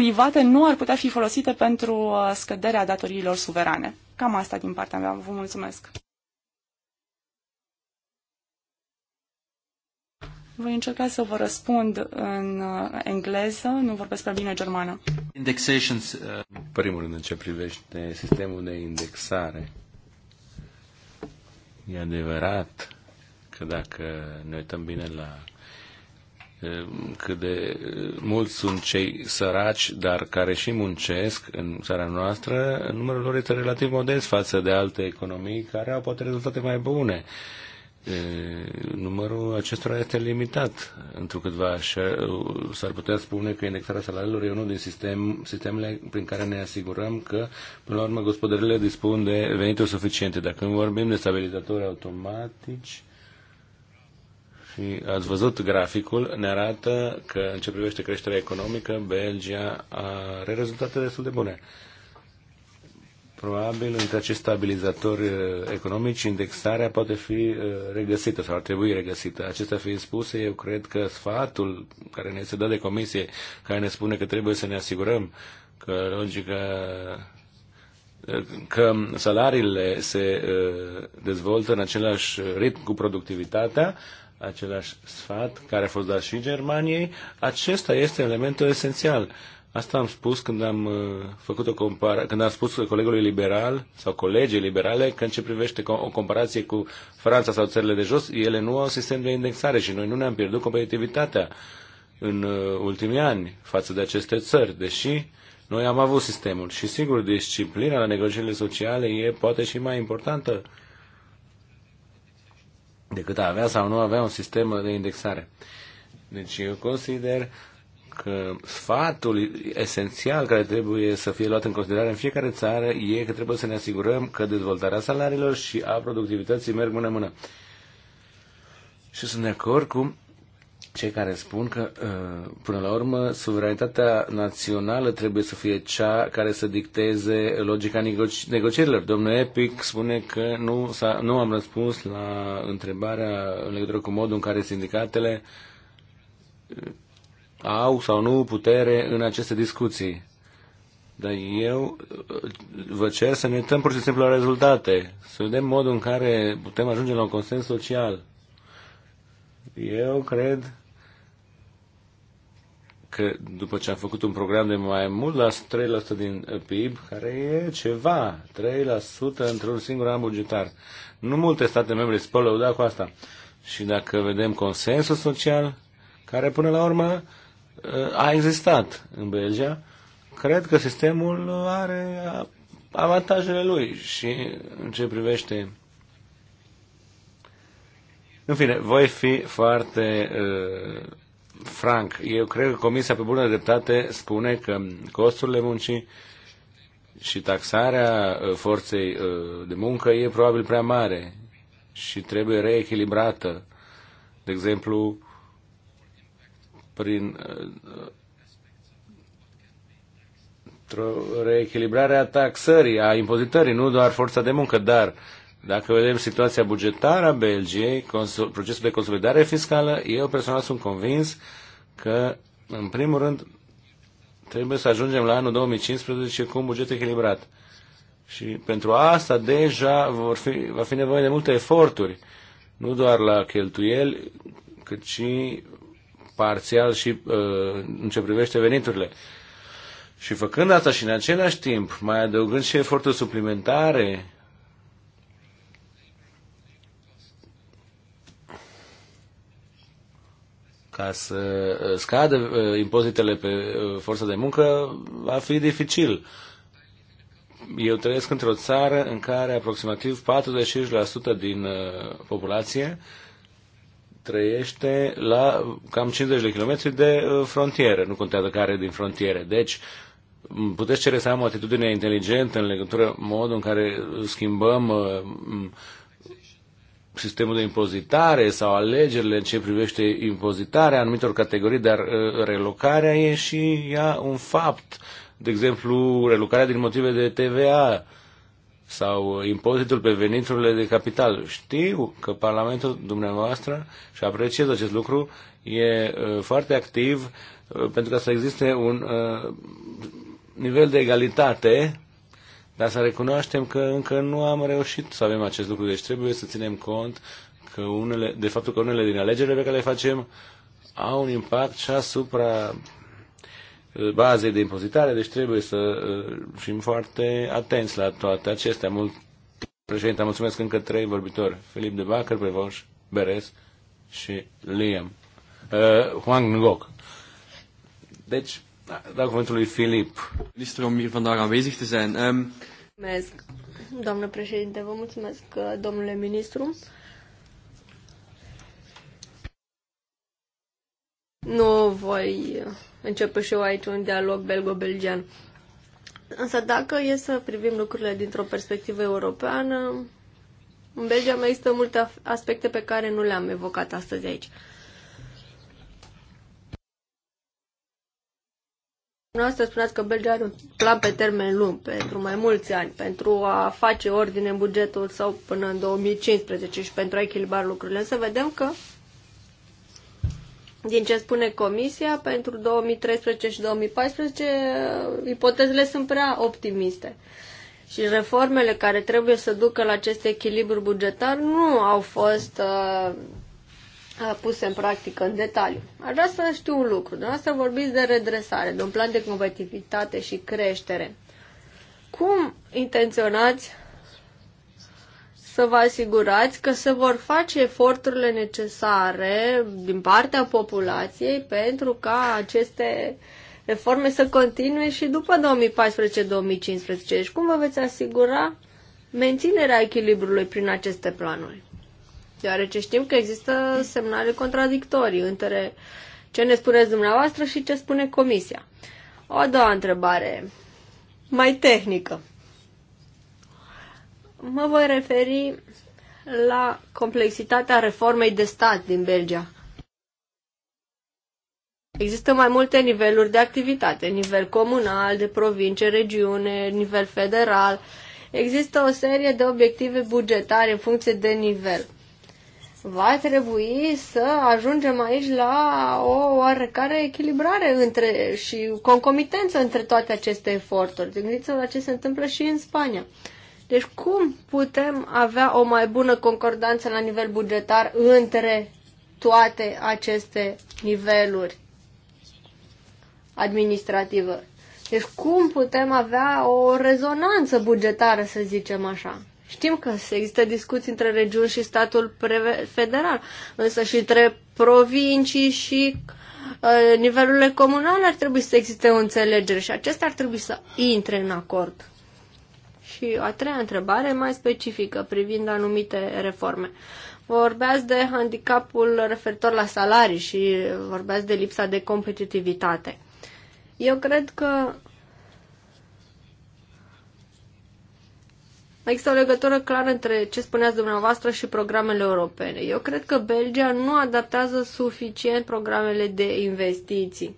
private nu ar putea fi folosite pentru uh, scăderea datoriilor suverane. Cam asta din partea mea. Vă mulțumesc. Voi încerca să vă răspund în uh, engleză, nu vorbesc prea bine germană. Indexations, uh... primul rând, în ce privește sistemul de indexare. E adevărat că dacă ne uităm bine la Eh, cât de eh, mulți sunt cei săraci, dar care și muncesc în țara noastră, numărul lor este relativ modest față de alte economii care au poate rezultate mai bune. Eh, numărul acestora este limitat, pentru câtva s-ar putea spune că indexarea salariilor e unul din sistem, sistemele prin care ne asigurăm că, până la urmă, gospodările dispun de venituri suficiente. Dacă nu vorbim de stabilizatori automatici, și ați văzut graficul, ne arată că în ce privește creșterea economică, Belgia are rezultate destul de bune. Probabil între acești stabilizatori uh, economici indexarea poate fi uh, regăsită sau ar trebui regăsită. Acestea fiind spuse, eu cred că sfatul care ne se dă de comisie, care ne spune că trebuie să ne asigurăm că logica uh, că salariile se dezvoltă în același ritm cu productivitatea, același sfat care a fost dat și Germaniei, acesta este elementul esențial. Asta am spus când am uh, făcut o compara- când am spus colegului liberal sau colegii liberale că în ce privește o comparație cu Franța sau țările de jos, ele nu au sistem de indexare și noi nu ne-am pierdut competitivitatea în uh, ultimii ani față de aceste țări, deși noi am avut sistemul. Și sigur, disciplina la negocierile sociale e poate și mai importantă decât a avea sau nu avea un sistem de indexare. Deci eu consider că sfatul esențial care trebuie să fie luat în considerare în fiecare țară e că trebuie să ne asigurăm că dezvoltarea salariilor și a productivității merg mână-mână. Și sunt de acord cu cei care spun că, uh, până la urmă, suveranitatea națională trebuie să fie cea care să dicteze logica negoci- negocierilor. Domnul Epic spune că nu, s-a, nu am răspuns la întrebarea în legătură cu modul în care sindicatele uh, au sau nu putere în aceste discuții. Dar eu uh, vă cer să ne uităm pur și simplu la rezultate, să vedem modul în care putem ajunge la un consens social. Eu cred că după ce am făcut un program de mai mult la 3% din PIB, care e ceva, 3% într-un singur an bugetar. Nu multe state membre se pot lăuda cu asta. Și dacă vedem consensul social, care până la urmă uh, a existat în Belgia, cred că sistemul are avantajele lui și în ce privește în fine, voi fi foarte uh, Frank, eu cred că Comisia pe bună dreptate spune că costurile muncii și taxarea uh, forței uh, de muncă e probabil prea mare și trebuie reechilibrată. De exemplu, prin uh, reechilibrarea taxării, a impozitării, nu doar forța de muncă, dar uh, dacă vedem situația bugetară a Belgiei, procesul de consolidare fiscală, eu personal sunt convins că, în primul rând, trebuie să ajungem la anul 2015 cu un buget echilibrat. Și pentru asta deja vor fi, va fi nevoie de multe eforturi, nu doar la cheltuieli, cât și parțial și uh, în ce privește veniturile. Și făcând asta și în același timp, mai adăugând și eforturi suplimentare ca să uh, scadă uh, impozitele pe uh, forța de muncă va fi dificil. Eu trăiesc într-o țară în care aproximativ 45% din populație trăiește la cam 50 de kilometri de frontieră, nu contează care din frontiere. Deci, puteți cere să am o atitudine inteligentă în legătură modul în care schimbăm sistemul de impozitare sau alegerile în ce privește impozitarea anumitor categorii, dar uh, relocarea e și ea un fapt. De exemplu, relocarea din motive de TVA sau uh, impozitul pe veniturile de capital. Știu că Parlamentul dumneavoastră, și apreciez acest lucru, e uh, foarte activ pentru ca să existe un nivel de egalitate dar să recunoaștem că încă nu am reușit să avem acest lucru, deci trebuie să ținem cont că unele, de faptul că unele din alegerile pe care le facem au un impact și asupra uh, bazei de impozitare, deci trebuie să uh, fim foarte atenți la toate acestea. Mult... Președinte, mulțumesc încă trei vorbitori. Filip de Bacăr, Prevoș, Beres și Liam. Uh, Huang Ngoc. Deci, da, dau cuvântul lui Filip. Ministru, om hier vandaag aanwezig te zijn. Um... Mulțumesc, doamnă președinte, vă mulțumesc, uh, domnule ministru. Nu voi începe și eu aici un dialog belgo-belgian. Însă dacă e să privim lucrurile dintr-o perspectivă europeană, în Belgia mai există multe aspecte pe care nu le-am evocat astăzi aici. Dumneavoastră spuneați că Belgia are un plan pe termen lung, pentru mai mulți ani, pentru a face ordine în bugetul sau până în 2015 și pentru a echilibra lucrurile. Să vedem că, din ce spune Comisia, pentru 2013 și 2014, ipotezele sunt prea optimiste. Și reformele care trebuie să ducă la acest echilibru bugetar nu au fost uh, puse în practică în detaliu. Aș vrea să știu un lucru. Dumneavoastră vorbiți de redresare, de un plan de competitivitate și creștere. Cum intenționați să vă asigurați că se vor face eforturile necesare din partea populației pentru ca aceste reforme să continue și după 2014-2015. Deci cum vă veți asigura menținerea echilibrului prin aceste planuri? deoarece știm că există semnale contradictorii între ce ne spuneți dumneavoastră și ce spune comisia. O a doua întrebare, mai tehnică. Mă voi referi la complexitatea reformei de stat din Belgia. Există mai multe niveluri de activitate, nivel comunal, de provincie, regiune, nivel federal. Există o serie de obiective bugetare în funcție de nivel va trebui să ajungem aici la o oarecare echilibrare între și concomitență între toate aceste eforturi. Gândiți-vă la ce se întâmplă și în Spania. Deci cum putem avea o mai bună concordanță la nivel bugetar între toate aceste niveluri administrative? Deci cum putem avea o rezonanță bugetară, să zicem așa? Știm că există discuții între regiuni și statul federal, însă și între provincii și uh, nivelurile comunale ar trebui să existe o înțelegere și acestea ar trebui să intre în acord. Și a treia întrebare mai specifică privind anumite reforme. Vorbeați de handicapul referitor la salarii și vorbeați de lipsa de competitivitate. Eu cred că Există o legătură clară între ce spuneați dumneavoastră și programele europene. Eu cred că Belgia nu adaptează suficient programele de investiții.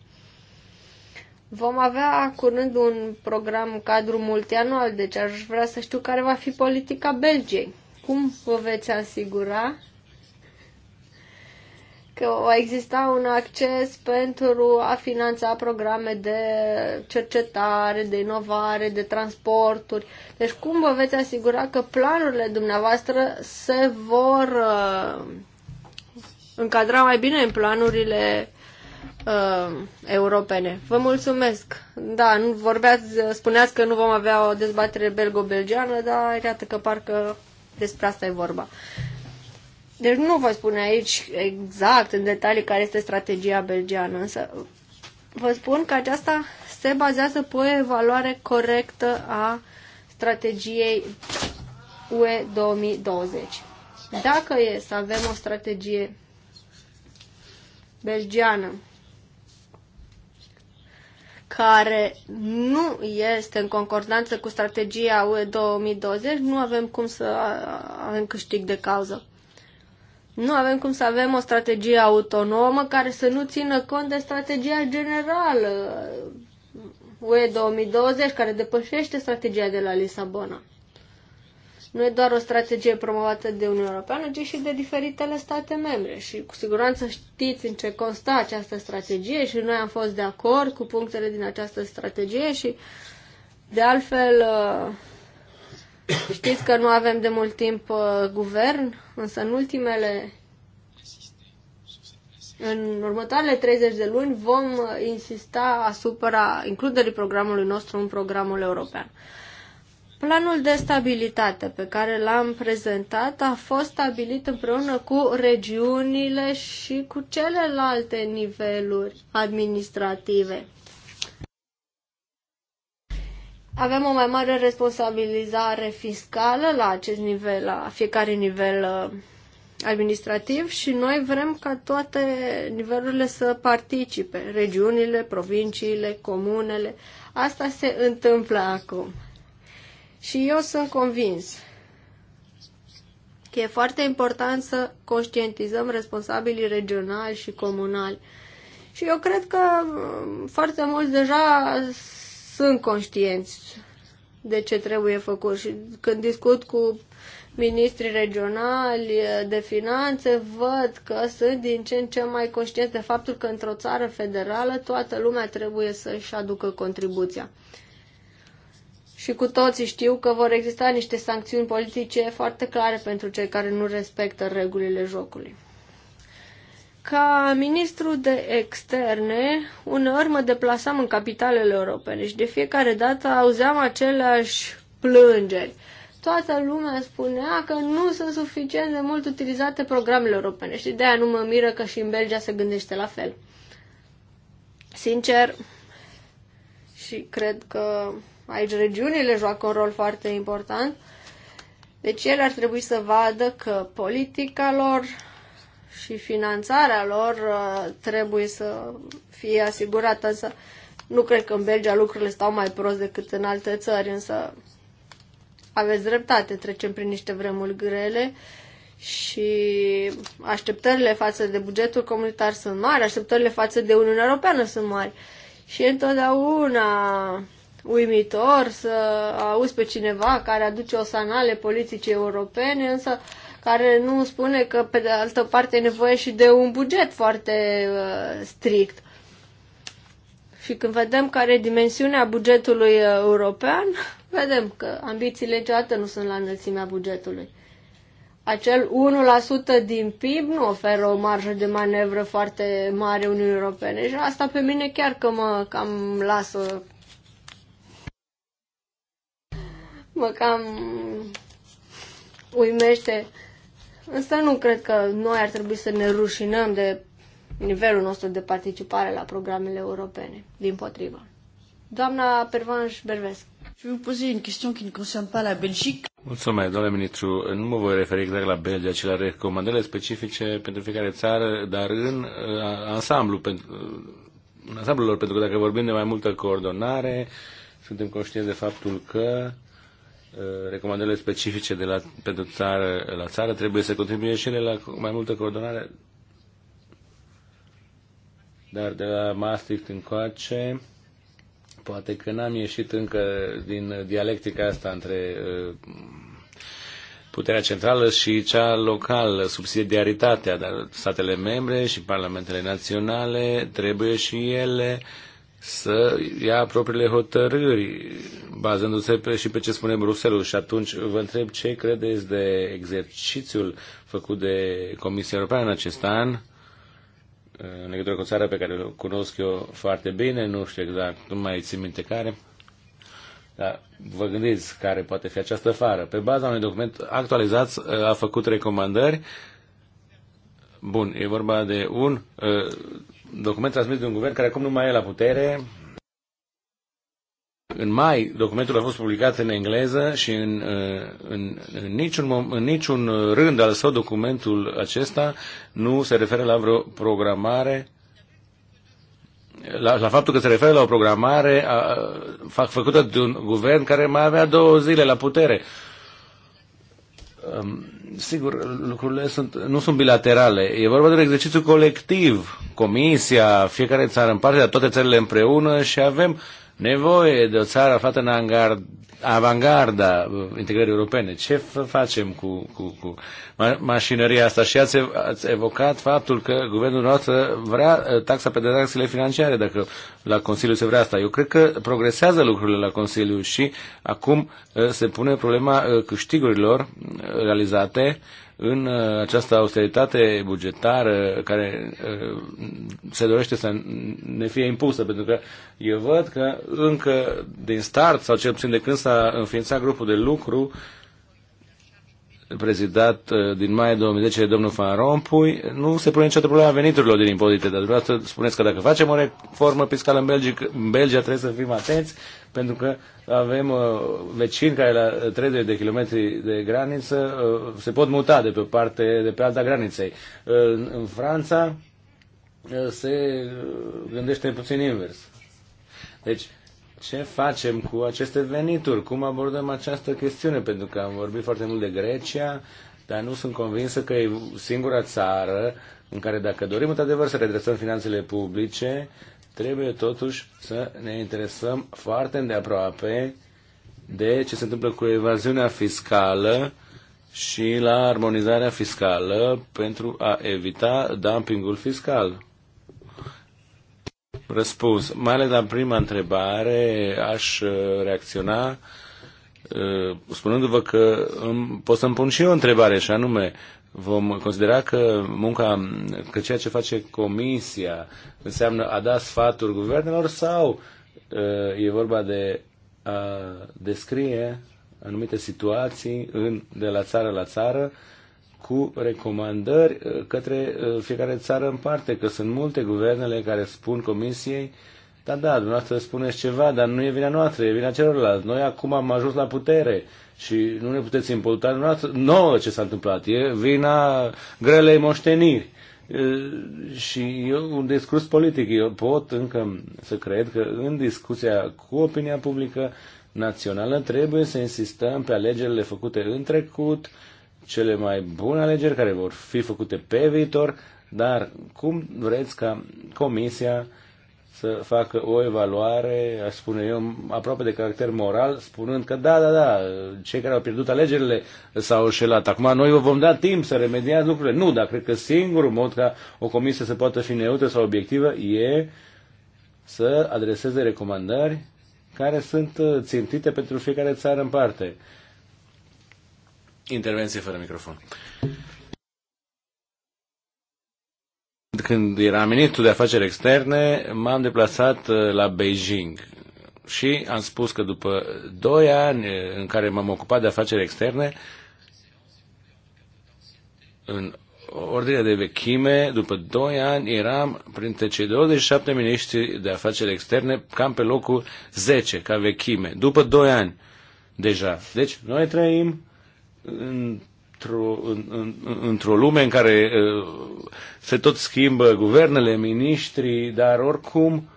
Vom avea curând un program cadru multianual, deci aș vrea să știu care va fi politica Belgiei. Cum vă veți asigura că va exista un acces pentru a finanța programe de cercetare, de inovare, de transporturi. Deci cum vă veți asigura că planurile dumneavoastră se vor uh, încadra mai bine în planurile uh, europene. Vă mulțumesc. Da, nu vorbeați, spuneați că nu vom avea o dezbatere belgo-belgiană, dar iată că parcă despre asta e vorba. Deci nu vă spun aici exact, în detalii, care este strategia belgiană, însă vă spun că aceasta se bazează pe o evaluare corectă a strategiei UE 2020. Dacă e să avem o strategie belgiană care nu este în concordanță cu strategia UE 2020, nu avem cum să avem câștig de cauză. Nu avem cum să avem o strategie autonomă care să nu țină cont de strategia generală UE 2020, care depășește strategia de la Lisabona. Nu e doar o strategie promovată de Uniunea Europeană, ci și de diferitele state membre. Și cu siguranță știți în ce consta această strategie și noi am fost de acord cu punctele din această strategie și, de altfel, uh, Știți că nu avem de mult timp uh, guvern, însă în ultimele în următoarele 30 de luni vom uh, insista asupra includerii programului nostru în programul european. Planul de stabilitate pe care l-am prezentat a fost stabilit împreună cu regiunile și cu celelalte niveluri administrative avem o mai mare responsabilizare fiscală la acest nivel, la fiecare nivel uh, administrativ și noi vrem ca toate nivelurile să participe, regiunile, provinciile, comunele. Asta se întâmplă acum. Și eu sunt convins că e foarte important să conștientizăm responsabilii regionali și comunali. Și eu cred că uh, foarte mulți deja sunt conștienți de ce trebuie făcut și când discut cu ministrii regionali eh, de finanțe, văd că sunt din ce în ce mai conștienți de faptul că într-o țară federală toată lumea trebuie să-și aducă contribuția. Și cu toții știu că vor exista niște sancțiuni politice foarte clare pentru cei care nu respectă regulile jocului. Ca ministru de externe, uneori mă deplasam în capitalele europene și de fiecare dată auzeam aceleași plângeri. Toată lumea spunea că nu sunt suficient de mult utilizate programele europene și de aia nu mă miră că și în Belgia se gândește la fel. Sincer, și cred că aici regiunile joacă un rol foarte important, deci ele ar trebui să vadă că politica lor și finanțarea lor uh, trebuie să fie asigurată, însă nu cred că în Belgia lucrurile stau mai prost decât în alte țări, însă aveți dreptate, trecem prin niște vremuri grele și așteptările față de bugetul comunitar sunt mari, așteptările față de Uniunea Europeană sunt mari. Și e întotdeauna uimitor să auzi pe cineva care aduce o sanale politice europene, însă care nu spune că, pe de altă parte, e nevoie și de un buget foarte uh, strict. Și când vedem care e dimensiunea bugetului uh, european, vedem că ambițiile niciodată nu sunt la înălțimea bugetului. Acel 1% din PIB nu oferă o marjă de manevră foarte mare Uniunii Europene și asta pe mine chiar că mă cam lasă mă cam uimește Însă nu cred că noi ar trebui să ne rușinăm de nivelul nostru de participare la programele europene. Din potrivă. Doamna Pervanș Bervesc. Je vous poser une question qui ne concerne pas la Belgique. Mulțumesc, domnule ministru. Nu mă voi referi exact la Belgia, ci la recomandările specifice pentru fiecare țară, dar în uh, ansamblu, uh, în ansamblul lor, pentru că dacă vorbim de mai multă coordonare, suntem conștienți de faptul că Eh, recomandările specifice de la, pentru țară la țară trebuie să contribuie și ele la mai multă coordonare. Dar de la Maastricht încoace, poate că n-am ieșit încă din dialectica asta între eh, puterea centrală și cea locală, subsidiaritatea, dar statele membre și parlamentele naționale trebuie și ele uh, să ia propriile hotărâri, bazându-se pe, și pe ce spune Bruxelles. Și atunci vă întreb ce credeți de exercițiul făcut de Comisia Europeană în acest an, în legătură cu o țară pe care o cunosc eu foarte bine, nu știu exact, nu mai țin minte care, dar vă gândiți care poate fi această fară. Pe baza unui document actualizat ă, a făcut recomandări. Bun, e vorba de un ă, document transmis de un guvern care acum nu mai e la putere. În mai, documentul a fost publicat în engleză și în, uh, în, în, niciun, în niciun rând al său documentul acesta nu se referă la vreo programare la, la faptul că se referă la o programare a, fă, făcută de un guvern care mai avea două zile la putere. Um, sigur, lucrurile sunt, nu sunt bilaterale. E vorba de un exercițiu colectiv. Comisia, fiecare țară în parte, dar toate țările împreună și avem nevoie de o țară aflată în avangarda integrării europene. Ce facem cu, cu, cu mașinăria asta? Și ați, ați evocat faptul că guvernul noastră vrea eh, taxa pe tranzacțiile financiare, dacă la Consiliu se vrea asta. Eu cred că progresează lucrurile la Consiliu și acum eh, se pune problema eh, câștigurilor realizate în uh, această austeritate bugetară care uh, se dorește să ne fie impusă, pentru că eu văd că încă din start, sau cel puțin de când s-a înființat grupul de lucru, prezidat uh, din mai 2010 de domnul Van Rompuy, nu se pune niciodată problema veniturilor din impozite, dar dumneavoastră spuneți că dacă facem o reformă fiscală în, Belgic, în Belgia trebuie să fim atenți pentru că avem uh, vecini care la 30 uh, de kilometri de graniță uh, se pot muta de pe parte, de pe alta graniței. În Franța se gândește puțin invers. Deci, ce facem cu aceste venituri? Cum abordăm această chestiune? Pentru că am vorbit foarte mult de Grecia, dar nu sunt convinsă că e singura țară în care dacă dorim într-adevăr să redresăm finanțele publice, trebuie totuși să ne interesăm foarte îndeaproape de ce se întâmplă cu evaziunea fiscală și la armonizarea fiscală pentru a evita dumpingul fiscal. Răspuns. Mai ales la prima întrebare aș uh, reacționa uh, spunându-vă că pot să-mi pun și eu o întrebare și anume vom considera că munca, că ceea ce face comisia înseamnă a da sfaturi guvernelor sau uh, e vorba de a descrie anumite situații în, de la țară la țară cu recomandări uh, către uh, fiecare țară în parte, că sunt multe guvernele care spun comisiei da, da, dumneavoastră spuneți ceva, dar nu e vina noastră, e vina celorlalți. Noi acum am ajuns la putere și nu ne puteți imputa nouă ce s-a întâmplat. E vina grelei moșteniri. Și eu un discurs politic, eu pot încă să cred că în discuția cu opinia publică națională trebuie să insistăm pe alegerile făcute în trecut, cele mai bune alegeri care vor fi făcute pe viitor, dar cum vreți ca Comisia să facă o evaluare, aș spune eu, aproape de caracter moral, spunând că da, da, da, cei care au pierdut alegerile s-au înșelat. Acum noi vă vom da timp să remediați lucrurile. Nu, dar cred că singurul mod ca o comisie să poată fi neutră sau obiectivă e să adreseze recomandări care sunt uh, țintite pentru fiecare țară în parte. Intervenție fără microfon. când eram ministru de afaceri externe, m-am deplasat uh, la Beijing și am spus că după doi ani uh, în care m-am ocupat de afaceri externe, în ordinea de vechime, după 2 ani eram printre cei 27 miniștri de afaceri externe, cam pe locul 10 ca vechime, după 2 ani deja. Deci, noi trăim în într-o, în, în, într-o lume în care uh, se tot schimbă guvernele, miniștrii, dar oricum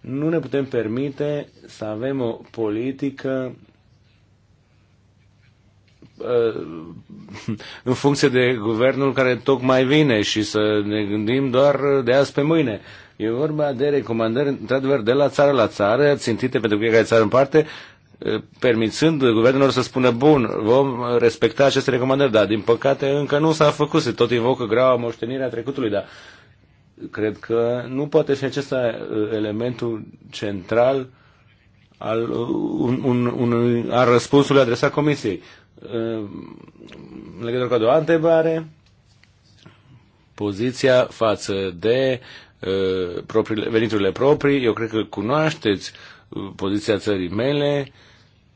nu ne putem permite să avem o politică uh, în funcție de guvernul care tocmai vine și să ne gândim doar de azi pe mâine. E vorba de recomandări, într-adevăr, de la țară la țară, țintite pentru fiecare țară în parte, permițând guvernelor să spună, bun, vom respecta aceste recomandări, dar din păcate încă nu s-a făcut, se tot invocă graua moștenirea trecutului, dar cred că nu poate fi acesta uh, elementul central al, uh, un, un, un, a răspunsului adresat Comisiei. Uh, în legătură cu a doua întrebare, poziția față de veniturile proprii, eu cred că cunoașteți uh, poziția țării mele,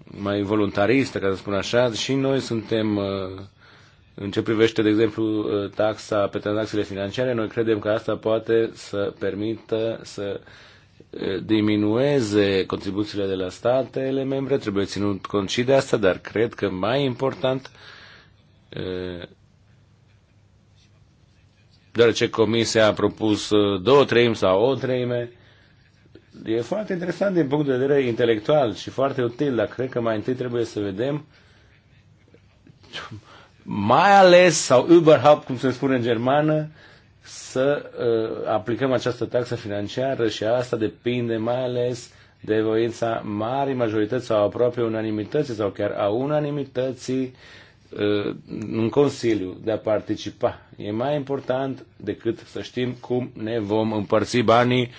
mai voluntaristă, ca să spun așa, și noi suntem, uh, în ce privește, de exemplu, uh, taxa pe tranzacțiile financiare, noi credem că asta poate să permită să uh, diminueze contribuțiile de la statele membre, trebuie ținut cont și de asta, dar cred că mai important, deoarece Comisia a propus două treimi sau o treime, e foarte interesant din punct de vedere intelectual și foarte util, dar cred că mai întâi trebuie să vedem mai ales, sau überhaupt, cum se spune în germană, să uh, aplicăm această taxă financiară și asta depinde mai ales de voința marii majorități sau aproape unanimității sau chiar a unanimității uh, în Consiliu de a participa. E mai important decât să știm cum ne vom împărți banii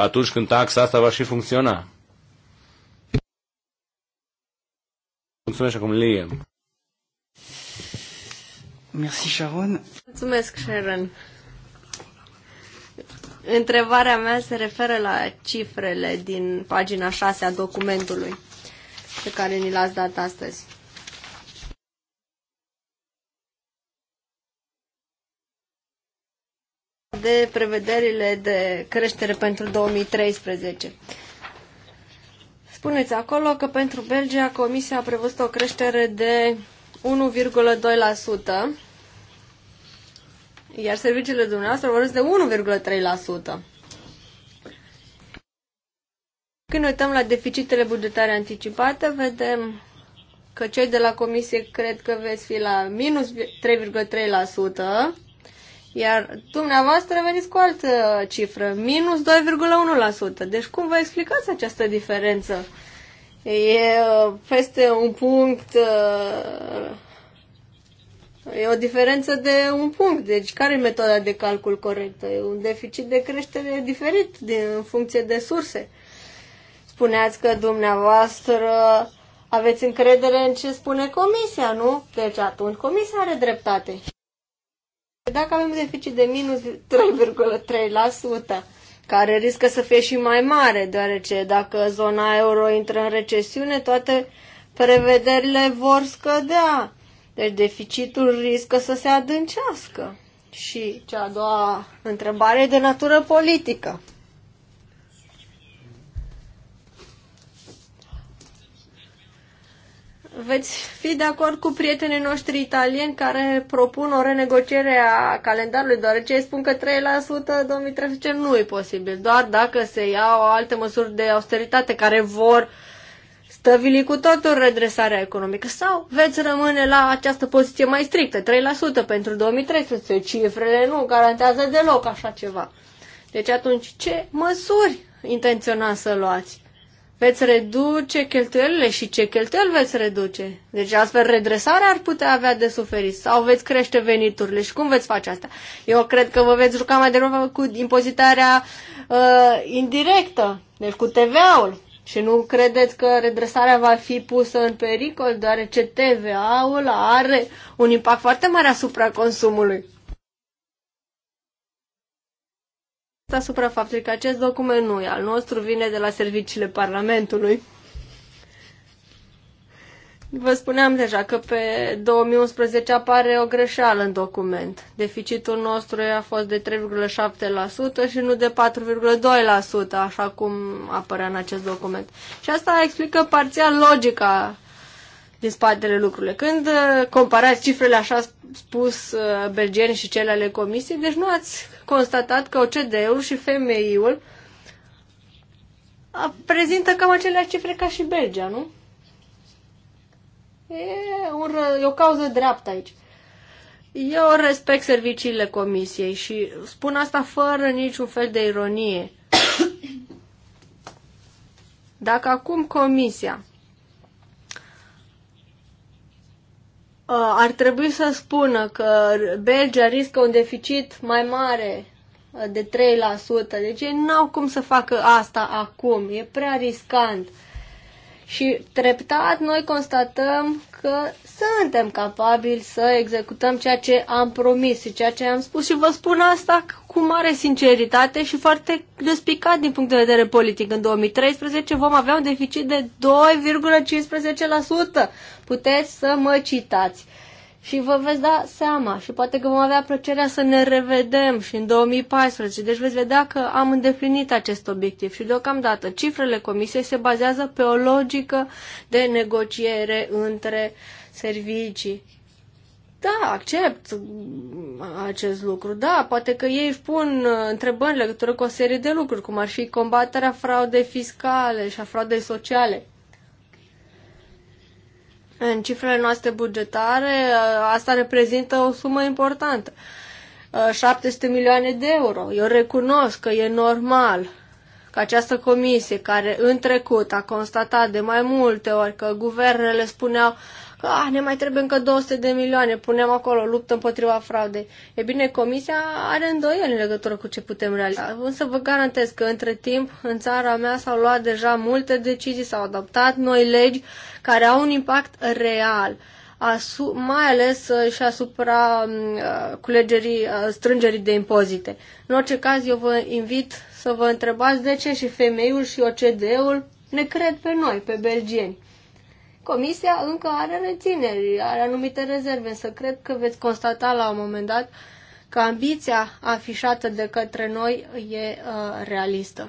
atunci când taxa asta va și funcționa. Mulțumesc acum, Liam. Mersi, Sharon. Mulțumesc, Sharon. Întrebarea mea se referă la cifrele din pagina 6 a documentului pe care ni l-ați dat astăzi. de prevederile de creștere pentru 2013. Spuneți acolo că pentru Belgia Comisia a prevăzut o creștere de 1,2%, iar serviciile dumneavoastră vorbesc de 1,3%. Când uităm la deficitele bugetare anticipate, vedem că cei de la comisie cred că veți fi la minus 3,3%, iar dumneavoastră veniți cu altă cifră, minus 2,1%. Deci cum vă explicați această diferență? E peste un punct, e o diferență de un punct. Deci care e metoda de calcul corectă? E un deficit de creștere diferit din, în funcție de surse. Spuneați că dumneavoastră aveți încredere în ce spune comisia, nu? Deci atunci comisia are dreptate. Păi dacă avem un deficit de minus 3,3%, care riscă să fie și mai mare, deoarece dacă zona euro intră în recesiune, toate prevederile vor scădea. Deci deficitul riscă să se adâncească. Și cea a doua întrebare e de natură politică. veți fi de acord cu prietenii noștri italieni care propun o renegociere a calendarului, deoarece ei spun că 3% 2013 nu e posibil, doar dacă se iau alte măsuri de austeritate care vor stăvili cu totul redresarea economică sau veți rămâne la această poziție mai strictă, 3% pentru 2013, cifrele nu garantează deloc așa ceva. Deci atunci ce măsuri intenționați să luați? veți reduce cheltuielile și ce cheltuieli veți reduce. Deci astfel redresarea ar putea avea de suferit sau veți crește veniturile și cum veți face asta? Eu cred că vă veți juca mai degrabă cu impozitarea uh, indirectă, deci cu TVA-ul. Și nu credeți că redresarea va fi pusă în pericol, deoarece TVA-ul are un impact foarte mare asupra consumului. asupra faptului că acest document nu e al nostru, vine de la serviciile Parlamentului. Vă spuneam deja că pe 2011 apare o greșeală în document. Deficitul nostru a fost de 3,7% și nu de 4,2%, așa cum apărea în acest document. Și asta explică parțial logica din spatele lucrurile. Când uh, comparați cifrele, așa spus, uh, belgeni și cele ale comisiei, deci nu ați constatat că ocd ul și FMI-ul prezintă cam aceleași cifre ca și Belgia, nu? E, un, e o cauză dreaptă aici. Eu respect serviciile comisiei și spun asta fără niciun fel de ironie. Dacă acum comisia Uh, ar trebui să spună că Belgia riscă un deficit mai mare uh, de 3%. Deci ei n-au cum să facă asta acum. E prea riscant. Și treptat noi constatăm că suntem capabili să executăm ceea ce am promis și ceea ce am spus și vă spun asta cu mare sinceritate și foarte despicat din punct de vedere politic. În 2013 vom avea un deficit de 2,15%. Puteți să mă citați și vă veți da seama și poate că vom avea plăcerea să ne revedem și în 2014. Deci veți vedea că am îndeplinit acest obiectiv și deocamdată cifrele comisiei se bazează pe o logică de negociere între servicii. Da, accept acest lucru. Da, poate că ei își pun uh, întrebări în legătură cu o serie de lucruri, cum ar fi combaterea fraudei fiscale și a fraudei sociale. În cifrele noastre bugetare, uh, asta reprezintă o sumă importantă. 700 uh, milioane de euro. Eu recunosc că e normal că această comisie, care în trecut a constatat de mai multe ori că guvernele spuneau ah, ne mai trebuie încă 200 de milioane, punem acolo, luptă împotriva fraudei. E bine, comisia are îndoieli în legătură cu ce putem realiza. Însă vă garantez că între timp în țara mea s-au luat deja multe decizii, s-au adoptat noi legi care au un impact real. Asu- mai ales uh, și asupra mm, uh, culegerii, uh, strângerii de impozite. În orice caz, eu vă invit să vă întrebați de ce și femeiul și ocd ul ne cred pe noi, pe belgieni. Comisia încă are rețineri, are anumite rezerve, să cred că veți constata la un moment dat că ambiția afișată de către noi e uh, realistă.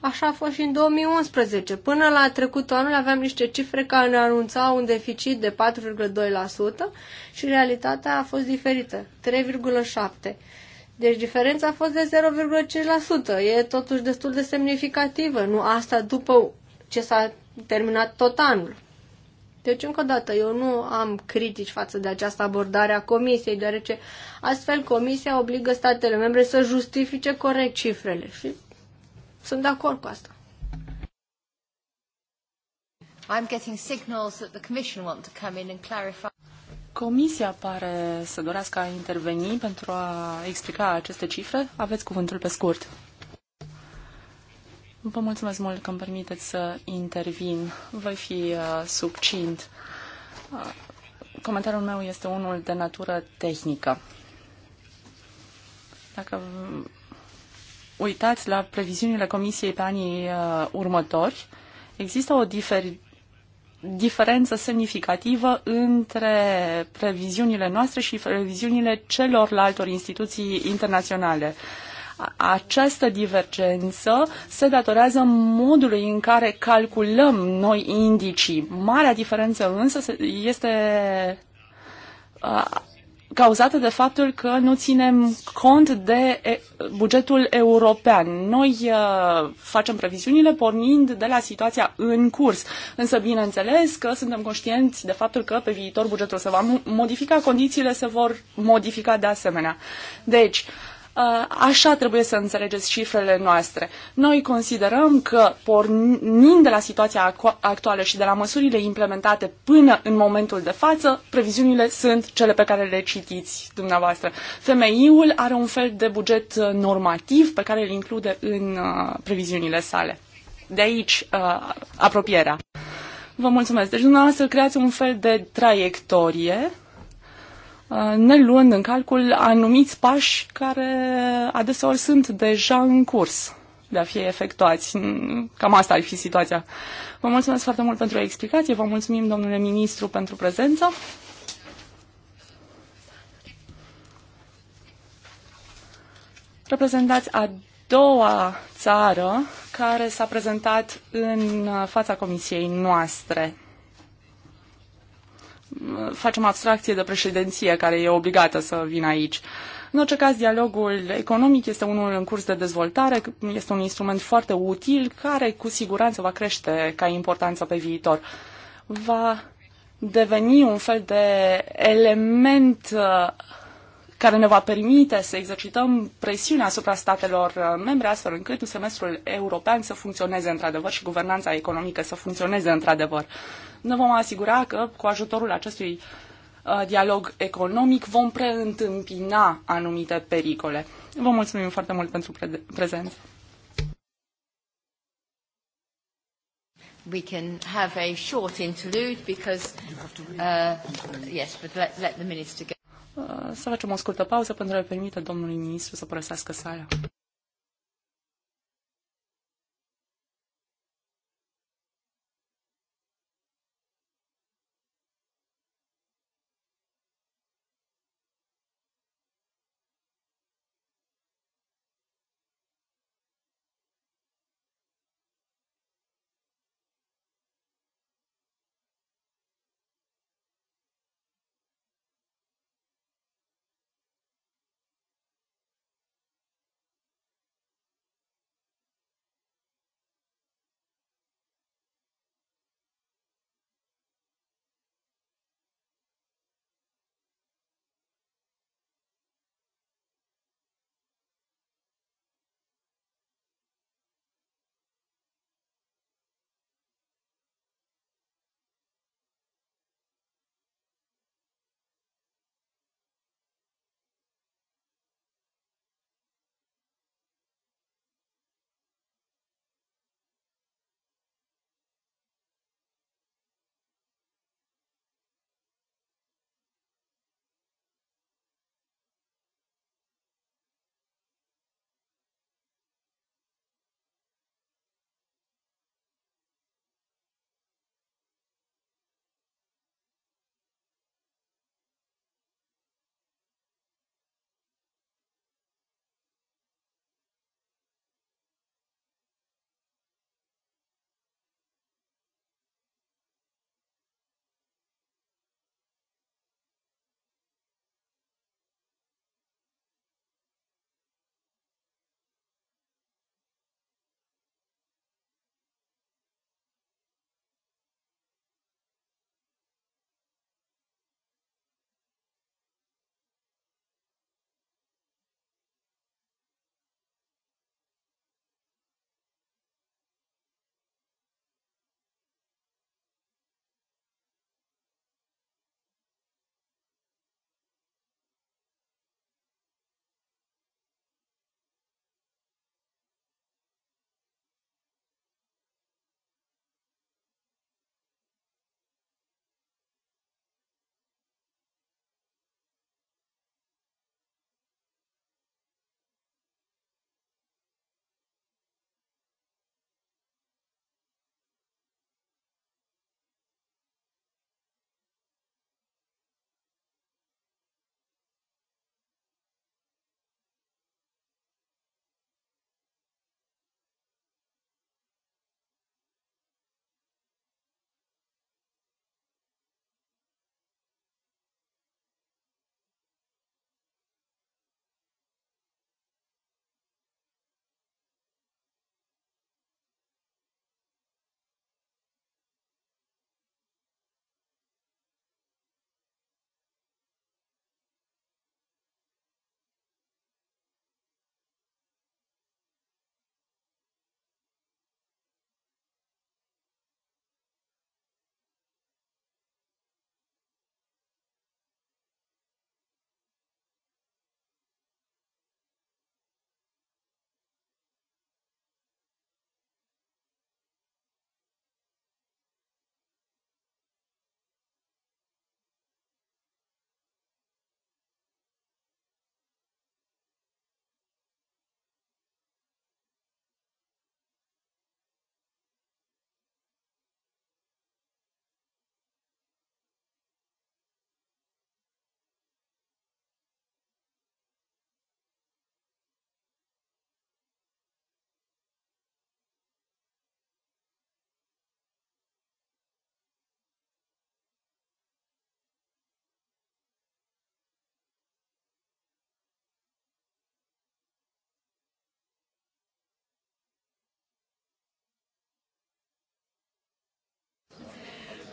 Așa a fost și în 2011. Până la trecutul anul aveam niște cifre care ne anunțau un deficit de 4,2% și realitatea a fost diferită, 3,7%. Deci diferența a fost de 0,5%. E totuși destul de semnificativă. Nu asta după ce s-a terminat tot anul. Deci, încă o dată, eu nu am critici față de această abordare a Comisiei, deoarece astfel Comisia obligă statele membre să justifice corect cifrele și sunt de acord cu asta. I'm getting signals that the Commission want to come in and clarify. Comisia pare să dorească a interveni pentru a explica aceste cifre. Aveți cuvântul pe scurt. Vă mulțumesc mult că îmi permiteți să intervin. Voi fi uh, subcint. Uh, comentariul meu este unul de natură tehnică. Dacă uitați la previziunile Comisiei pe anii uh, următori, există o diferență diferență semnificativă între previziunile noastre și previziunile celorlalte instituții internaționale. Această divergență se datorează modului în care calculăm noi indicii. Marea diferență însă este cauzată de faptul că nu ținem cont de bugetul european. Noi facem previziunile pornind de la situația în curs, însă bineînțeles că suntem conștienți de faptul că pe viitor bugetul se va modifica, condițiile se vor modifica de asemenea. Deci, Uh, așa trebuie să înțelegeți cifrele noastre. Noi considerăm că, pornind de la situația actuală și de la măsurile implementate până în momentul de față, previziunile sunt cele pe care le citiți dumneavoastră. Femeiul are un fel de buget uh, normativ pe care îl include în uh, previziunile sale. De aici apropierea. Vă mulțumesc. Deci dumneavoastră creați un fel de traiectorie Uh, ne luând în calcul anumiți pași care adeseori sunt deja în curs de a fi efectuați. Cam asta ar fi situația. Vă mulțumesc foarte mult pentru explicație, vă mulțumim, domnule ministru, pentru prezență. Reprezentați a doua țară care s-a prezentat în uh, fața comisiei noastre facem abstracție de președinție care e obligată să vină aici. În orice caz, dialogul economic este unul în curs de dezvoltare, este un instrument foarte util care cu siguranță va crește ca importanță pe viitor. Va deveni un fel de element uh, care ne va permite să exercităm presiunea asupra statelor uh, membre, astfel încât semestrul european să funcționeze într-adevăr și guvernanța economică să funcționeze într-adevăr ne vom asigura că cu ajutorul acestui uh, dialog economic vom preîntâmpina anumite pericole. Vă mulțumim foarte mult pentru prezență. we can have a short interlude because uh, yes, but let, let the minister go. Uh, să facem o scurtă pauză pentru a permite domnului ministru să părăsească sala.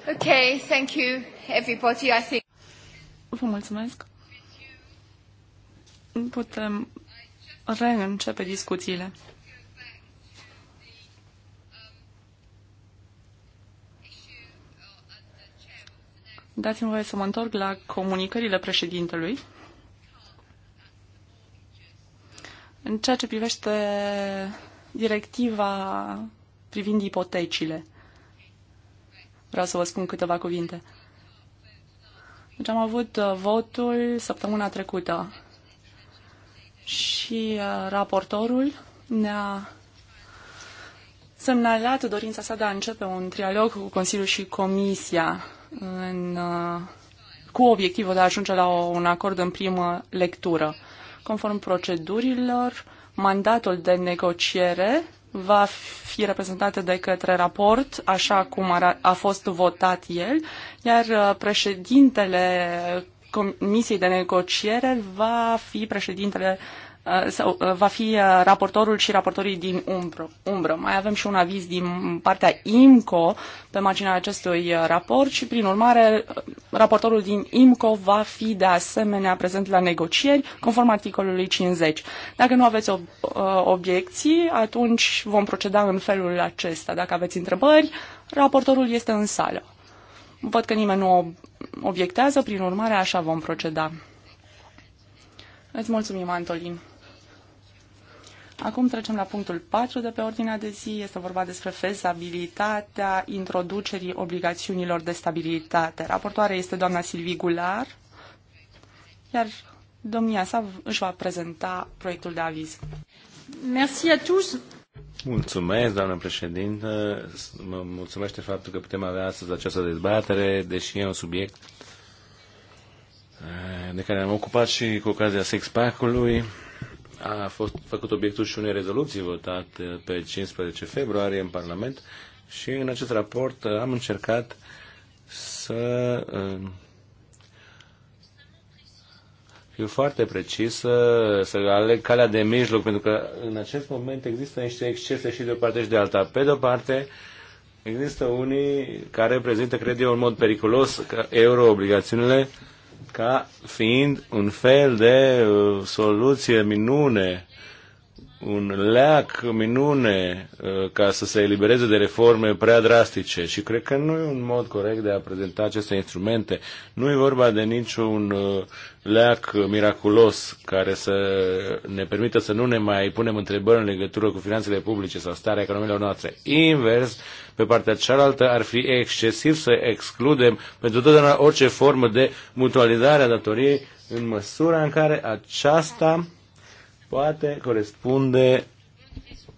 Ok, thank you everybody, I think. Vă mulțumesc. Putem reîncepe discuțiile. Dați-mi voie să mă întorc la comunicările președintelui. În ceea ce privește directiva privind ipotecile vreau să vă spun câteva cuvinte. Deci am avut uh, votul săptămâna trecută și uh, raportorul ne-a semnalat dorința sa de a începe un trialog cu Consiliul și Comisia în, uh, cu obiectivul de a ajunge la un acord în primă lectură. Conform procedurilor, mandatul de negociere va fi reprezentată de către raport, așa cum a fost votat el, iar uh, președintele Comisiei de Negociere va fi președintele uh, Uh, sau uh, va fi uh, raportorul și raportorii din umbră. umbră. Mai avem și un aviz din partea IMCO pe marginea acestui raport și, prin urmare, raportorul din IMCO va fi de asemenea prezent la negocieri conform articolului 50. Dacă nu aveți ob- obiecții, atunci vom proceda în felul acesta. Dacă aveți întrebări, raportorul este în sală. Văd că nimeni nu obiectează, prin urmare așa vom proceda. Îți mulțumim, Antolin. Acum trecem la punctul 4 de pe ordinea de zi. Este vorba despre fezabilitatea introducerii obligațiunilor de stabilitate. Raportoarea este doamna Silvi Gular, iar domnia sa își va prezenta proiectul de aviz. Merci à tous. Mulțumesc, doamnă președintă. Mă mulțumește faptul că putem avea astăzi această dezbatere, deși e un subiect eh, de care am ocupat și cu ocazia sexpack-ului a fost făcut obiectul și unei rezoluții votate pe 15 februarie în Parlament și în acest raport am încercat să uh, fiu foarte precis să aleg calea de mijloc, pentru că în acest moment există niște excese și de o parte și de alta. Pe de o parte, există unii care prezintă, cred eu, în mod periculos euro-obligațiunile ca fiind un fel de uh, soluție minune, un leac minune uh, ca să se elibereze de reforme prea drastice. Și cred că nu e un mod corect de a prezenta aceste instrumente. Nu e vorba de niciun uh, leac miraculos care să ne permită să nu ne mai punem întrebări în legătură cu finanțele publice sau starea economiilor noastre. Invers, pe partea cealaltă ar fi excesiv să excludem pentru totdeauna orice formă de mutualizare a datoriei în măsura în care aceasta poate corespunde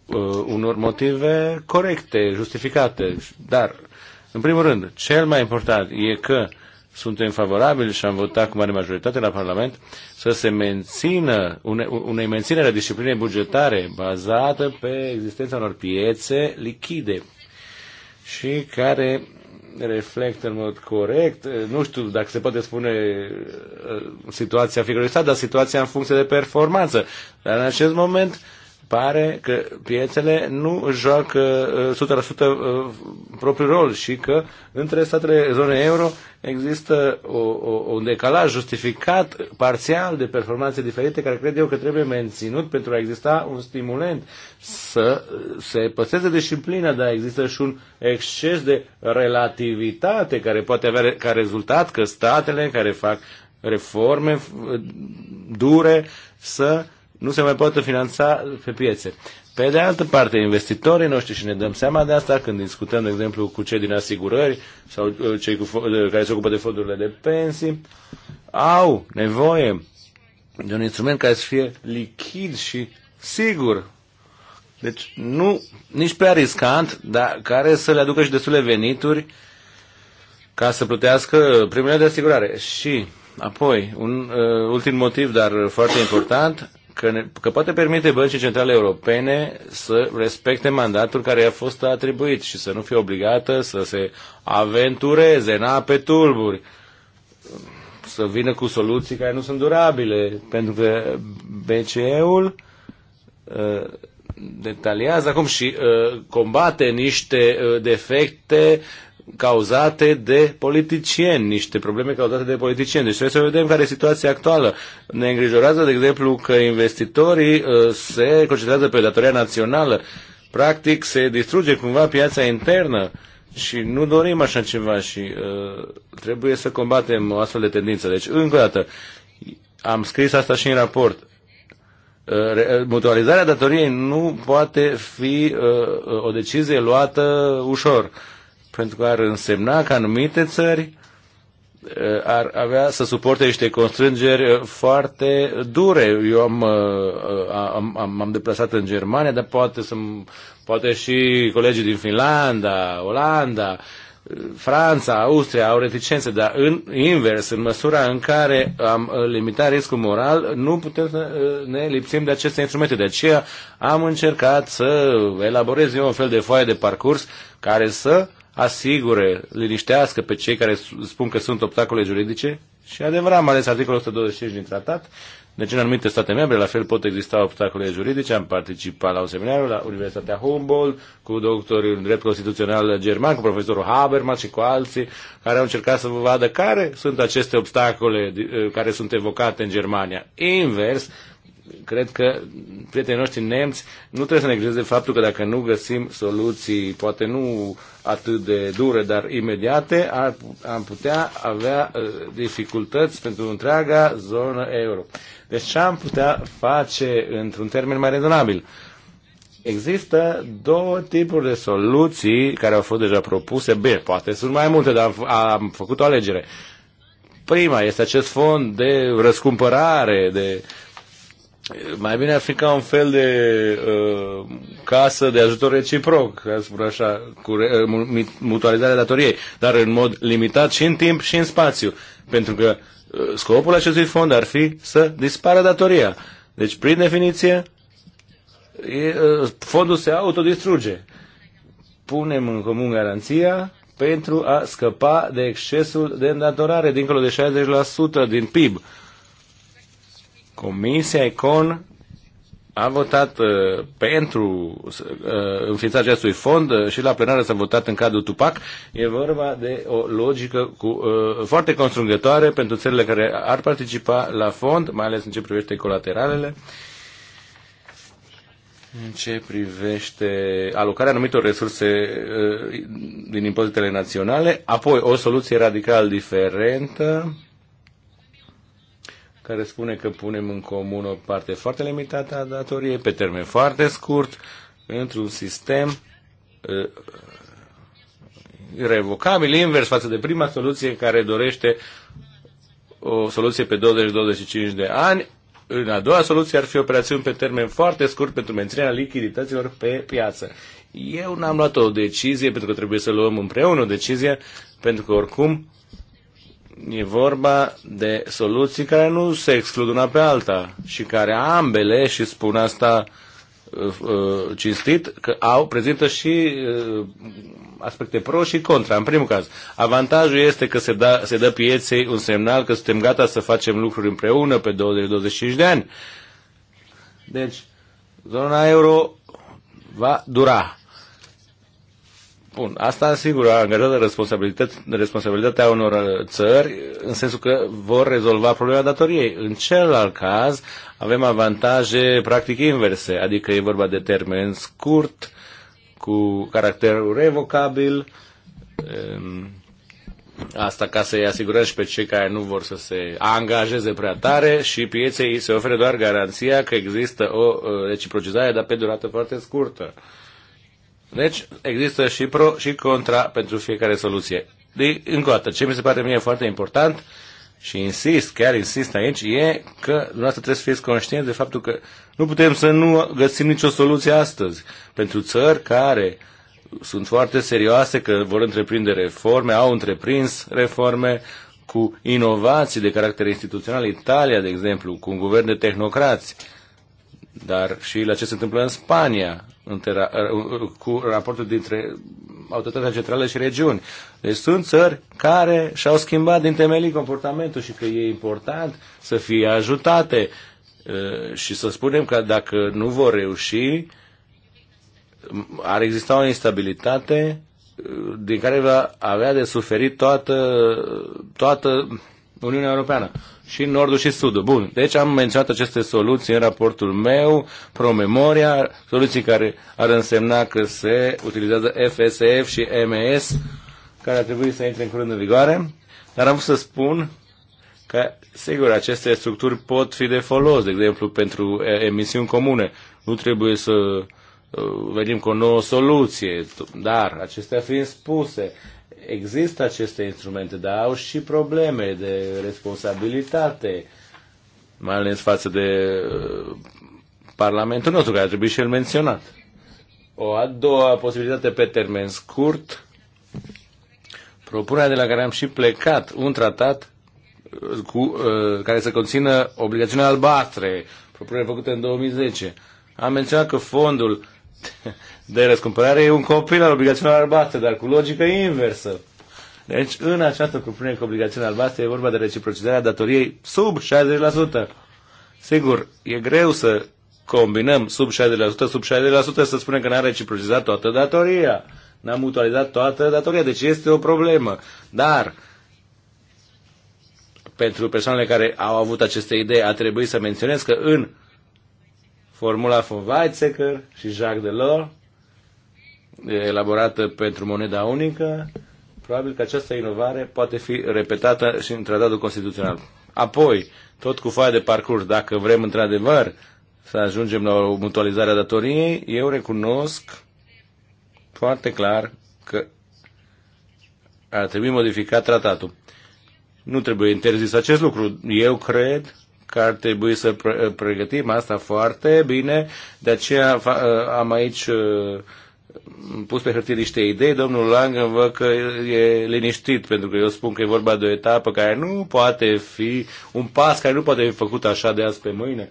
uh, unor motive corecte, justificate. Dar, în primul rând, cel mai important e că suntem favorabili și am votat cu mare majoritate la Parlament să se mențină une, unei menținere a disciplinei bugetare bazată pe existența unor piețe lichide și care reflectă în mod corect, eh, nu știu dacă se poate spune eh, situația fiecărui stat, dar situația în funcție de performanță. Dar în acest moment pare că piețele nu joacă 100% uh, uh, propriul rol și că între statele zonei euro există o, o, un decalaj justificat parțial de performanțe diferite care cred eu că trebuie menținut pentru a exista un stimulent să se păstreze disciplina, dar există și un exces de relativitate care poate avea ca rezultat că statele care fac reforme uh, dure să nu se mai poate finanța pe piețe. Pe de altă parte, investitorii noștri, și ne dăm seama de asta când discutăm, de exemplu, cu cei din asigurări sau uh, cei cu, care se ocupă de fondurile de pensii, au nevoie de un instrument care să fie lichid și sigur. Deci nu, nici prea riscant, dar care să le aducă și destule venituri ca să plătească primele de asigurare. Și apoi, un uh, ultim motiv, dar foarte important, că, ne, că poate permite băncii centrale europene să respecte mandatul care i-a fost atribuit și să nu fie obligată să se aventureze în ape tulburi, să vină cu soluții care nu sunt durabile, pentru că BCE-ul uh, detaliază acum și uh, combate niște uh, defecte cauzate de politicieni, niște probleme cauzate de politicieni. Deci trebuie să vedem care e situația actuală. Ne îngrijorează, de exemplu, că investitorii uh, se concentrează pe datoria națională. Practic se distruge cumva piața internă și nu dorim așa ceva și uh, trebuie să combatem o astfel de tendință. Deci, încă o dată, am scris asta și în raport uh, uh, mutualizarea datoriei nu poate fi o decizie luată ușor pentru că ar însemna că anumite țări uh, ar avea să suporte niște constrângeri uh, foarte dure. Eu am, uh, am, am, am deplasat în Germania, dar poate, să, poate și colegii din Finlanda, Olanda, Franța, Austria au reticențe, dar în invers, în măsura în care am limitat riscul moral, nu putem să ne lipsim de aceste instrumente. De aceea am încercat să elaborez eu un fel de foaie de parcurs care să uh, asigure, liniștească pe cei care spun că sunt obstacole juridice și adevărat, mai ales articolul 125 din tratat, deci în anumite state membre, la fel pot exista obstacole juridice. Am participat la un seminariu la Universitatea Humboldt cu doctorul în drept constituțional german, cu profesorul Habermas și cu alții, care au încercat să vă vadă care sunt aceste obstacole eh, care sunt evocate în Germania. Invers, cred că prietenii noștri nemți nu trebuie să ne grijeze faptul că dacă nu găsim soluții, poate nu atât de dure, dar imediate, ar, am putea avea uh, dificultăți pentru întreaga zonă euro. Deci ce am putea face într-un termen mai rezonabil? Există două tipuri de soluții care au fost deja propuse. B, poate sunt mai multe, dar am, am făcut o alegere. Prima este acest fond de răscumpărare, de mai bine ar fi ca un fel de uh, casă de ajutor reciproc, ca spun așa, cu re, uh, mutualizarea datoriei, dar în mod limitat și în timp și în spațiu, pentru că uh, scopul acestui fond ar fi să dispară datoria. Deci, prin definiție, e, uh, fondul se autodistruge. Punem în comun garanția pentru a scăpa de excesul de îndatorare dincolo de 60% din PIB. Comisia Econ a votat uh, pentru uh, înființarea acestui fond uh, și la plenară s-a votat în cadrul Tupac. E vorba de o logică cu, uh, foarte constrângătoare pentru țările care ar participa la fond, mai ales în ce privește colateralele. În ce privește alocarea anumitor resurse uh, din impozitele naționale, apoi o soluție radical diferentă care spune că punem în comun o parte foarte limitată a datoriei, pe termen foarte scurt, într-un sistem uh, revocabil, invers față de prima soluție care dorește o soluție pe 20-25 de ani. În a doua soluție ar fi operațiuni pe termen foarte scurt pentru menținerea lichidităților pe piață. Eu n-am luat o decizie pentru că trebuie să luăm împreună o decizie, pentru că oricum E vorba de soluții care nu se exclud una pe alta și care ambele, și spun asta uh, uh, cinstit, că au, prezintă și uh, aspecte pro și contra. În primul caz, avantajul este că se, da, se dă pieței un semnal că suntem gata să facem lucruri împreună pe 20-25 de ani. Deci, zona euro va dura. Bun, asta sigur angajează responsabilitate, responsabilitatea unor uh, țări în sensul că vor rezolva problema datoriei. În celălalt caz avem avantaje practic inverse, adică e vorba de termen scurt, cu caracter revocabil, um, asta ca să-i asigurăm și pe cei care nu vor să se angajeze prea tare și pieței se oferă doar garanția că există o uh, reciprocizare, dar pe durată foarte scurtă. Deci există și pro și contra pentru fiecare soluție. De, deci, încă o dată, ce mi se pare mie foarte important și insist, chiar insist aici, e că dumneavoastră trebuie să fiți conștienți de faptul că nu putem să nu găsim nicio soluție astăzi pentru țări care sunt foarte serioase că vor întreprinde reforme, au întreprins reforme cu inovații de caracter instituțional. Italia, de exemplu, cu un guvern de tehnocrați, dar și la ce se întâmplă în Spania, între, cu raportul dintre autoritatea centrală și regiuni. Deci sunt țări care și-au schimbat din temelii comportamentul și că e important să fie ajutate și să spunem că dacă nu vor reuși, ar exista o instabilitate din care va avea de suferit toată, toată Uniunea Europeană și nordul și sudul. Bun, deci am menționat aceste soluții în raportul meu, promemoria, soluții care ar însemna că se utilizează FSF și MS, care ar trebui să intre în curând în vigoare, dar am vrut să spun că, sigur, aceste structuri pot fi de folos, de exemplu, pentru emisiuni comune. Nu trebuie să uh, venim cu o nouă soluție, dar acestea fiind spuse, există aceste instrumente, dar au și probleme de responsabilitate, mai ales față de uh, Parlamentul nostru, care a trebuit și el menționat. O a doua posibilitate pe termen scurt, propunerea de la care am și plecat, un tratat uh, cu, uh, care să conțină obligațiunea albastre, propunere făcută în 2010. Am menționat că fondul de răscumpărare e un copil al obligațiunilor albastre, dar cu logică inversă. Deci, în această cuprindere cu obligațiunile albastre, e vorba de reciprocitatea datoriei sub 60%. Sigur, e greu să combinăm sub 60%, sub 60% să spunem că n a reciprocizat toată datoria. N-am mutualizat toată datoria, deci este o problemă. Dar, pentru persoanele care au avut aceste idei, a trebuit să menționez că în formula von Weizsäcker și Jacques Delors, elaborată pentru moneda unică, probabil că această inovare poate fi repetată și în tratatul constituțional. Apoi, tot cu foaia de parcurs, dacă vrem într-adevăr să ajungem la o mutualizare a datoriei, eu recunosc foarte clar că ar trebui modificat tratatul. Nu trebuie interzis acest lucru. Eu cred că ar trebui să eh, pregătim asta foarte bine. De aceea eh, am aici eh, pus pe hârtie niște idei. Domnul Lang văd că e liniștit, pentru că eu spun că e vorba de o etapă care nu poate fi, un pas care nu poate fi făcut așa de azi pe mâine.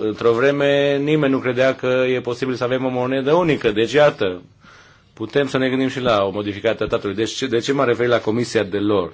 Într-o vreme nimeni nu credea că e posibil să avem o monedă unică. Deci, iată, putem să ne gândim și la o modificare a tratatului. Deci, de ce m refer referit la comisia de lor?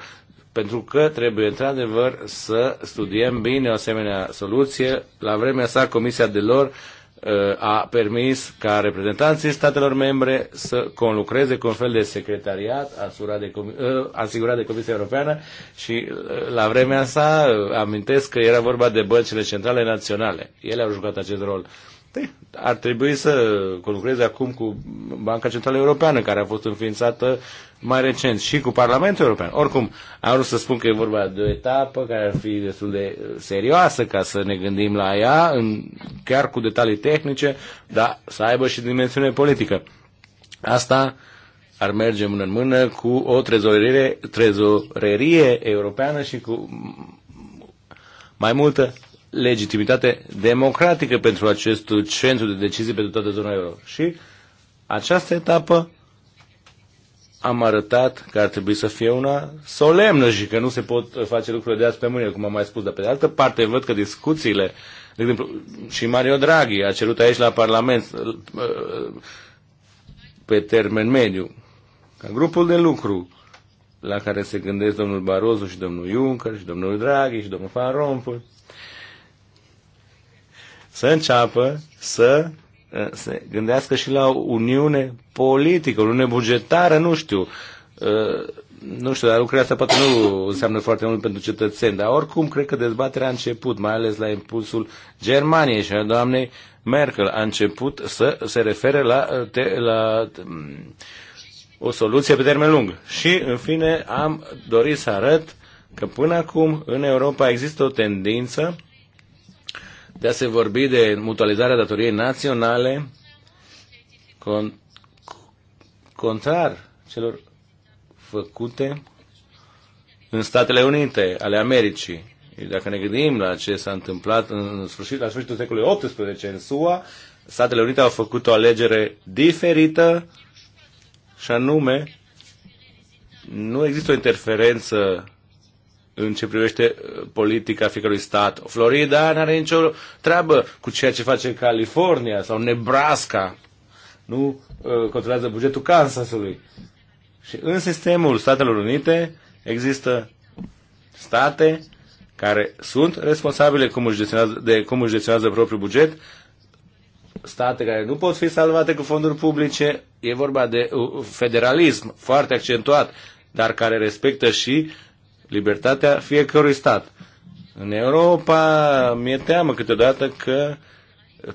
pentru că trebuie într-adevăr să studiem bine o asemenea soluție. La vremea sa, Comisia de lor uh, a permis ca reprezentanții statelor membre să conlucreze cu un fel de secretariat asigurat de, uh, asigurat de Comisia Europeană și uh, la vremea sa amintesc că era vorba de băncile centrale naționale. Ele au jucat acest rol. Păi, ar trebui să concureze acum cu Banca Centrală Europeană, care a fost înființată mai recent, și cu Parlamentul European. Oricum, am vrut să spun că e vorba de o etapă care ar fi destul de serioasă ca să ne gândim la ea, în, chiar cu detalii tehnice, dar să aibă și dimensiune politică. Asta ar merge mână în mână cu o trezorerie, trezorerie europeană și cu mai multă legitimitate democratică pentru acest centru de decizii pentru toată zona euro. Și această etapă am arătat că ar trebui să fie una solemnă și că nu se pot face lucruri de azi pe mâine, cum am mai spus. Dar pe de altă parte văd că discuțiile, de exemplu, și Mario Draghi a cerut aici la Parlament pe termen mediu, ca grupul de lucru la care se gândesc domnul Barroso și domnul Juncker și domnul Draghi și domnul Van Rompuy, să înceapă să eh, se gândească și la uniune politică, uniune bugetară, nu știu. Eh, nu știu, dar lucrurile astea poate nu înseamnă foarte mult pentru cetățeni, dar oricum cred că dezbaterea a început, mai ales la impulsul Germaniei și a doamnei Merkel. A început să se refere la, eh, te, la mm, o soluție pe termen lung. Și, în fine, am dorit să arăt că până acum în Europa există o tendință de a se vorbi de mutualizarea datoriei naționale con, contrar celor făcute în Statele Unite ale Americii. Dacă ne gândim la ce s-a întâmplat în sfârșit, la sfârșitul secolului XVIII în SUA, Statele Unite au făcut o alegere diferită și anume nu există o interferență în ce privește uh, politica fiecărui stat. Florida nu are nicio treabă cu ceea ce face California sau Nebraska. Nu uh, controlează bugetul Kansasului. Și în sistemul Statelor Unite există state care sunt responsabile cum își gestionează, de cum își gestionează propriul buget, state care nu pot fi salvate cu fonduri publice, e vorba de uh, federalism foarte accentuat, dar care respectă și uh, libertatea fiecărui stat. În Europa mi-e teamă câteodată că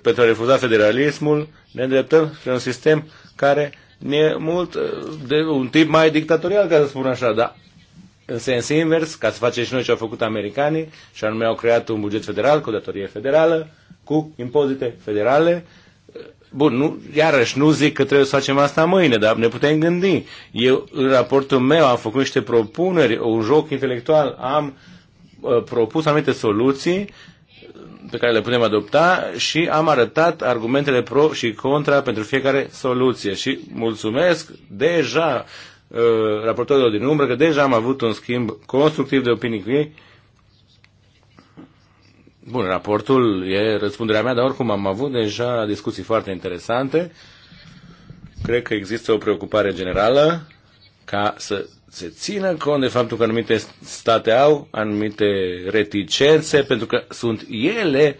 pentru a refuza federalismul ne îndreptăm spre un sistem care e mult uh, de un tip mai dictatorial, ca să spun așa, dar în sens invers, ca să facem și noi ce au făcut americanii, și anume au creat un buget federal cu datorie federală, cu impozite federale Bun, nu, iarăși nu zic că trebuie să facem asta mâine, dar ne putem gândi. Eu, în raportul meu, am făcut niște propuneri, un joc intelectual, am uh, propus anumite soluții uh, pe care le putem adopta și am arătat argumentele pro și contra pentru fiecare soluție. Și mulțumesc deja uh, raportorilor din umbră că deja am avut un schimb constructiv de opinii cu ei Bun, raportul e răspunderea mea, dar oricum am avut deja discuții foarte interesante. Cred că există o preocupare generală ca să se țină cont de faptul că anumite state au anumite reticențe, pentru că sunt ele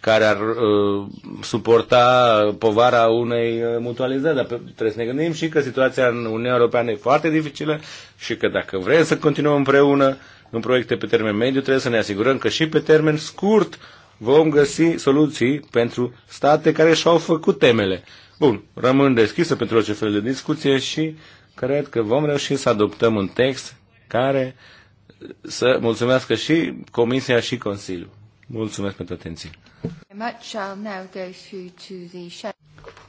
care ar uh, suporta povara unei uh, mutualizări, dar trebuie să ne gândim și că situația în Uniunea Europeană e foarte dificilă și că dacă vrem să continuăm împreună, în proiecte pe termen mediu, trebuie să ne asigurăm că și pe termen scurt vom găsi soluții pentru state care și-au făcut temele. Bun, rămân deschisă pentru orice fel de discuție și cred că vom reuși să adoptăm un text care să mulțumească și Comisia și Consiliul. Mulțumesc pentru atenție.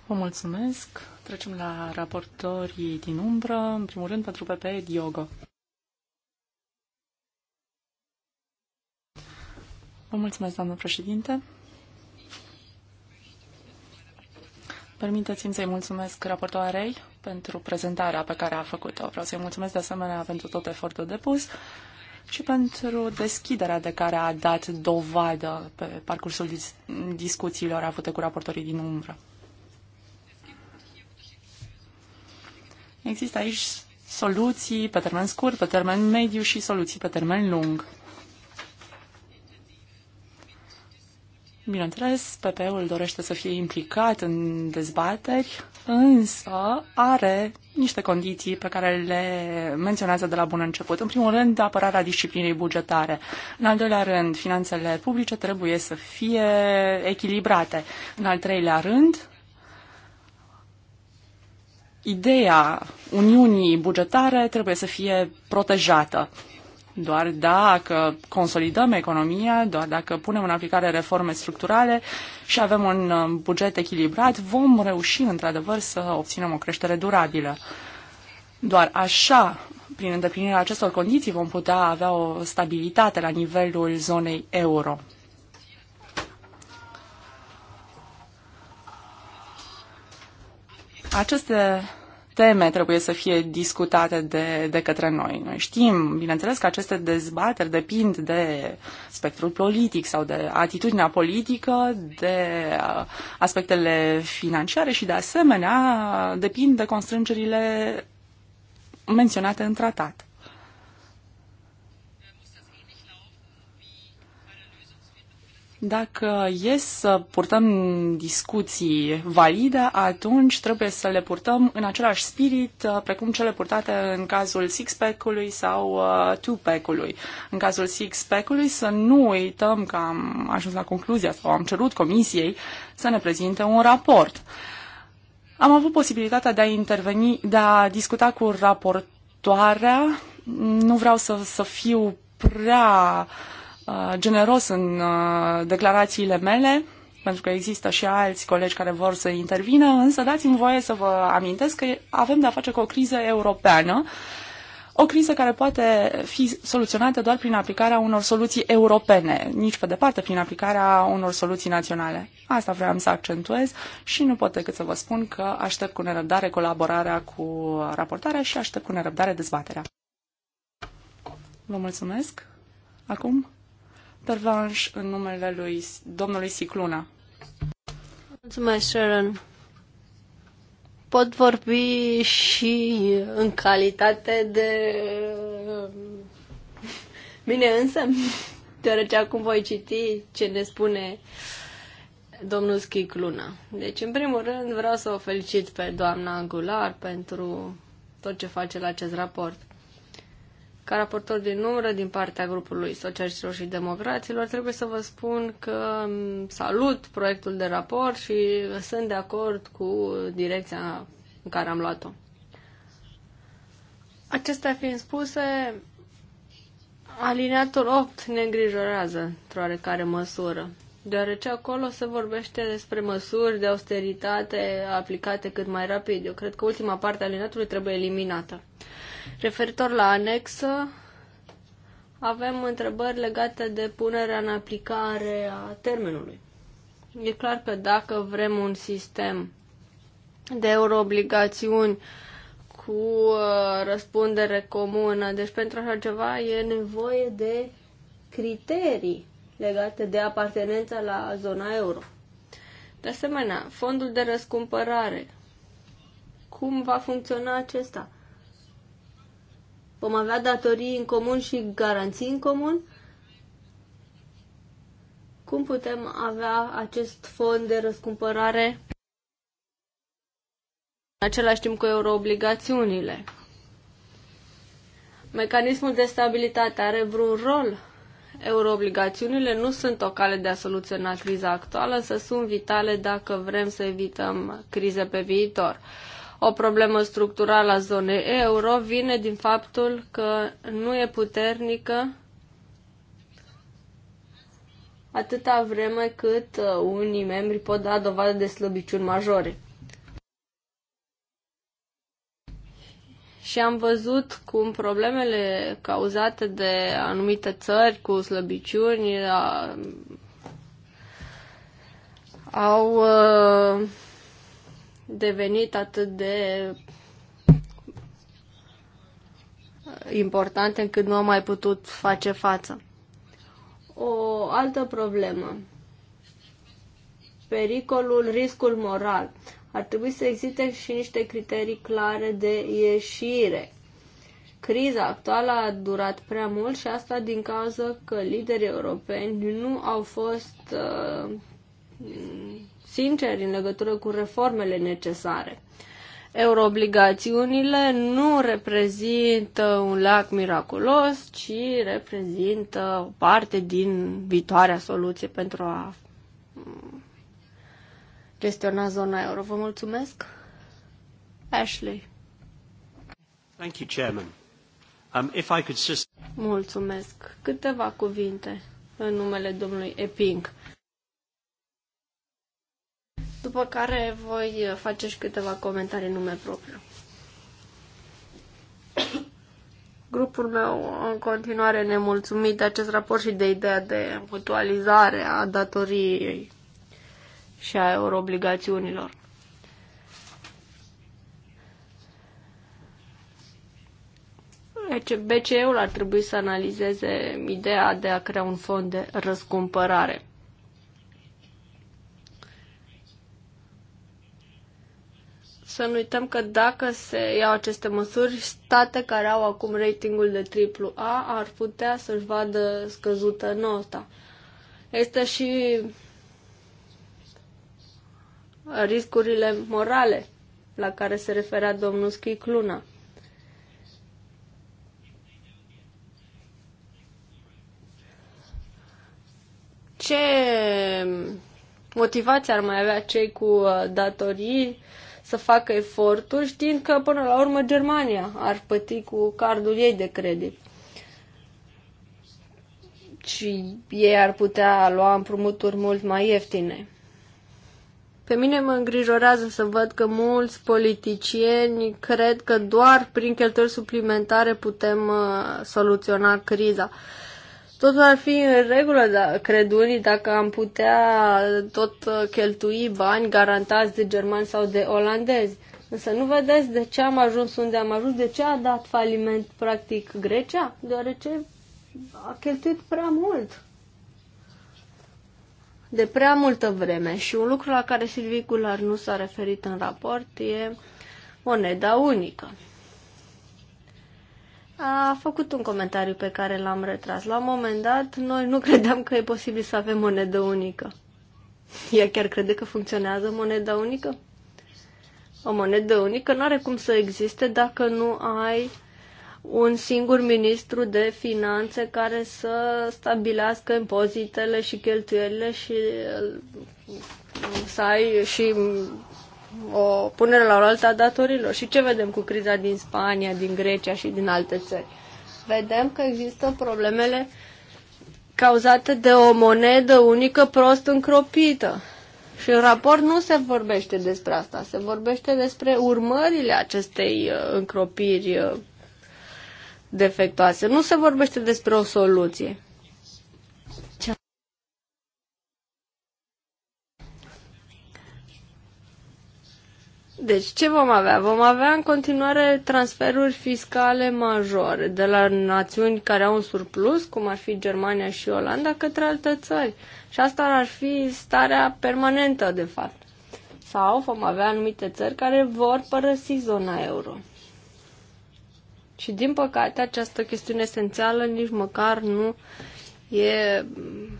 Vă mulțumesc. Trecem la raportorii din umbră. În primul rând pentru PPE Diogo. Vă mulțumesc, doamnă președinte. Permiteți-mi să-i mulțumesc raportoarei pentru prezentarea pe care a făcut-o. Vreau să-i mulțumesc de asemenea pentru tot efortul depus și pentru deschiderea de care a dat dovadă pe parcursul discuțiilor avute cu raportorii din umbră. Există aici soluții pe termen scurt, pe termen mediu și soluții pe termen lung. Bineînțeles, PP-ul dorește să fie implicat în dezbateri, însă are niște condiții pe care le menționează de la bun început. În primul rând, apărarea disciplinei bugetare. În al doilea rând, finanțele publice trebuie să fie echilibrate. În al treilea rând, ideea Uniunii bugetare trebuie să fie protejată. Doar dacă consolidăm economia, doar dacă punem în aplicare reforme structurale și avem un um, buget echilibrat, vom reuși într-adevăr să obținem o creștere durabilă. Doar așa, prin îndeplinirea acestor condiții, vom putea avea o stabilitate la nivelul zonei euro. Aceste teme trebuie să fie discutate de, de către noi. Noi știm, bineînțeles, că aceste dezbateri depind de spectrul politic sau de atitudinea politică, de aspectele financiare și, de asemenea, depind de constrângerile menționate în tratat. Dacă e să purtăm discuții valide, atunci trebuie să le purtăm în același spirit uh, precum cele purtate în cazul six-pack-ului sau uh, two-pack-ului. În cazul six-pack-ului să nu uităm că am ajuns la concluzia sau am cerut comisiei să ne prezinte un raport. Am avut posibilitatea de a interveni, de a discuta cu raportoarea. Nu vreau să, să fiu prea uh, Uh, generos în uh, declarațiile mele, pentru că există și alți colegi care vor să intervină, însă dați-mi voie să vă amintesc că avem de-a face cu o criză europeană, o criză care poate fi soluționată doar prin aplicarea unor soluții europene, nici pe departe prin aplicarea unor soluții naționale. Asta vreau să accentuez și nu pot decât să vă spun că aștept cu nerăbdare colaborarea cu raportarea și aștept cu nerăbdare dezbaterea. Vă mulțumesc. Acum Pervanș în numele lui domnului Sicluna. Mulțumesc, Sharon. Pot vorbi și în calitate de uh, mine însă, deoarece acum voi citi ce ne spune domnul Schicluna. Deci, în primul rând, vreau să o felicit pe doamna Angular pentru tot ce face la acest raport. Ca raportor din umbră din partea grupului Socialiștilor și Democraților, trebuie să vă spun că salut proiectul de raport și sunt de acord cu direcția în care am luat-o. Acestea fiind spuse, alineatul 8 ne îngrijorează într-o oarecare măsură deoarece acolo se vorbește despre măsuri de austeritate aplicate cât mai rapid. Eu cred că ultima parte a alinatului trebuie eliminată. Referitor la anexă, avem întrebări legate de punerea în aplicare a termenului. E clar că dacă vrem un sistem de euroobligațiuni cu uh, răspundere comună, deci pentru așa ceva e nevoie de criterii legate de apartenența la zona euro. De asemenea, fondul de răscumpărare. Cum va funcționa acesta? Vom avea datorii în comun și garanții în comun? Cum putem avea acest fond de răscumpărare în același timp cu euroobligațiunile? Mecanismul de stabilitate are vreun rol Euroobligațiunile nu sunt o cale de a soluționa criza actuală, însă sunt vitale dacă vrem să evităm crize pe viitor. O problemă structurală a zonei euro vine din faptul că nu e puternică atâta vreme cât uh, unii membri pot da dovadă de slăbiciuni majore. și am văzut cum problemele cauzate de anumite țări cu slăbiciuni a, uh, au a, uh, devenit atât de uh, importante încât nu am mai putut face față. O altă problemă. Pericolul, riscul moral ar trebui să existe și niște criterii clare de ieșire. Criza actuală a durat prea mult și asta din cauza că liderii europeni nu au fost uh, sinceri în legătură cu reformele necesare. Euroobligațiunile nu reprezintă un lac miraculos, ci reprezintă o parte din viitoarea soluție pentru a gestiona zona euro. Vă mulțumesc. Ashley. Thank you, Chairman. Um, if I could just... Mulțumesc. Câteva cuvinte în numele domnului Epping. După care voi face și câteva comentarii în nume propriu. Grupul meu în continuare nemulțumit de acest raport și de ideea de mutualizare a datoriei și a euroobligațiunilor. Deci, BCE-ul ar trebui să analizeze ideea de a crea un fond de răscumpărare. Să nu uităm că dacă se iau aceste măsuri, state care au acum ratingul de triplu A ar putea să-și vadă scăzută nota. Este și riscurile morale la care se referea domnul Schicluna. Ce motivație ar mai avea cei cu uh, datorii să facă eforturi știind că până la urmă Germania ar păti cu cardul ei de credit? Și ei ar putea lua împrumuturi mult mai ieftine. Pe mine mă îngrijorează să văd că mulți politicieni cred că doar prin cheltuieli suplimentare putem uh, soluționa criza. Totul ar fi în regulă, da, cred unii, dacă am putea tot uh, cheltui bani garantați de germani sau de olandezi. Însă nu vedeți de ce am ajuns unde am ajuns, de ce a dat faliment practic Grecia? Deoarece a cheltuit prea mult de prea multă vreme și un lucru la care Silvii Gular nu s-a referit în raport e moneda unică. A făcut un comentariu pe care l-am retras. La un moment dat, noi nu credeam că e posibil să avem monedă unică. Ea chiar crede că funcționează moneda unică? O monedă unică nu are cum să existe dacă nu ai un singur ministru de finanțe care să stabilească impozitele și cheltuielile și uh, să ai și mm, o punere la oaltă a datorilor. Și ce vedem cu criza din Spania, din Grecia și din alte țări? Vedem că există problemele cauzate de o monedă unică prost încropită. Și în raport nu se vorbește despre asta, se vorbește despre urmările acestei uh, încropiri uh, defectoase. Nu se vorbește despre o soluție. Deci ce vom avea? Vom avea în continuare transferuri fiscale majore de la națiuni care au un surplus, cum ar fi Germania și Olanda, către alte țări. Și asta ar fi starea permanentă, de fapt. Sau vom avea anumite țări care vor părăsi zona euro. Și din păcate această chestiune esențială nici măcar nu e mm,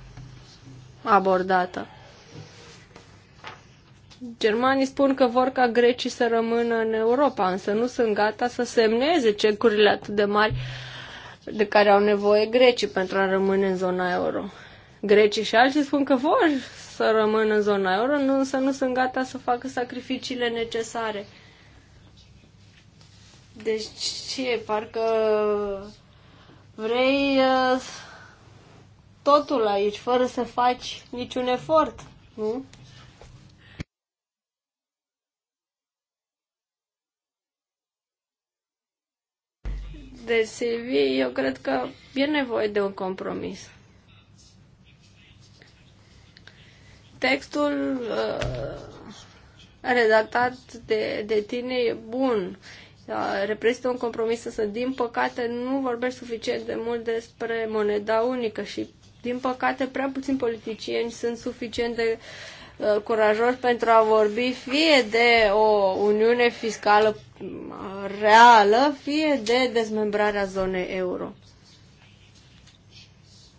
abordată. Germanii spun că vor ca grecii să rămână în Europa, însă nu sunt gata să semneze cecurile atât de mari de care au nevoie grecii pentru a rămâne în zona euro. Grecii și alții spun că vor să rămână în zona euro, însă nu sunt gata să facă sacrificiile necesare deci, parcă vrei uh, totul aici, fără să faci niciun efort, nu? Deci Silvie, eu cred că e nevoie de un compromis. Textul uh, redactat de, de tine e bun. Da, reprezintă un compromis, să, din păcate nu vorbește suficient de mult despre moneda unică și din păcate prea puțini politicieni sunt suficient de uh, curajos pentru a vorbi fie de o uniune fiscală uh, reală, fie de dezmembrarea zonei euro.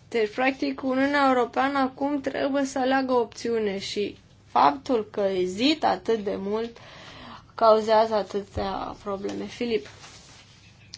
Deci, practic, Uniunea Europeană acum trebuie să aleagă opțiune și faptul că ezit atât de mult uh, cauzează atâtea probleme. Filip,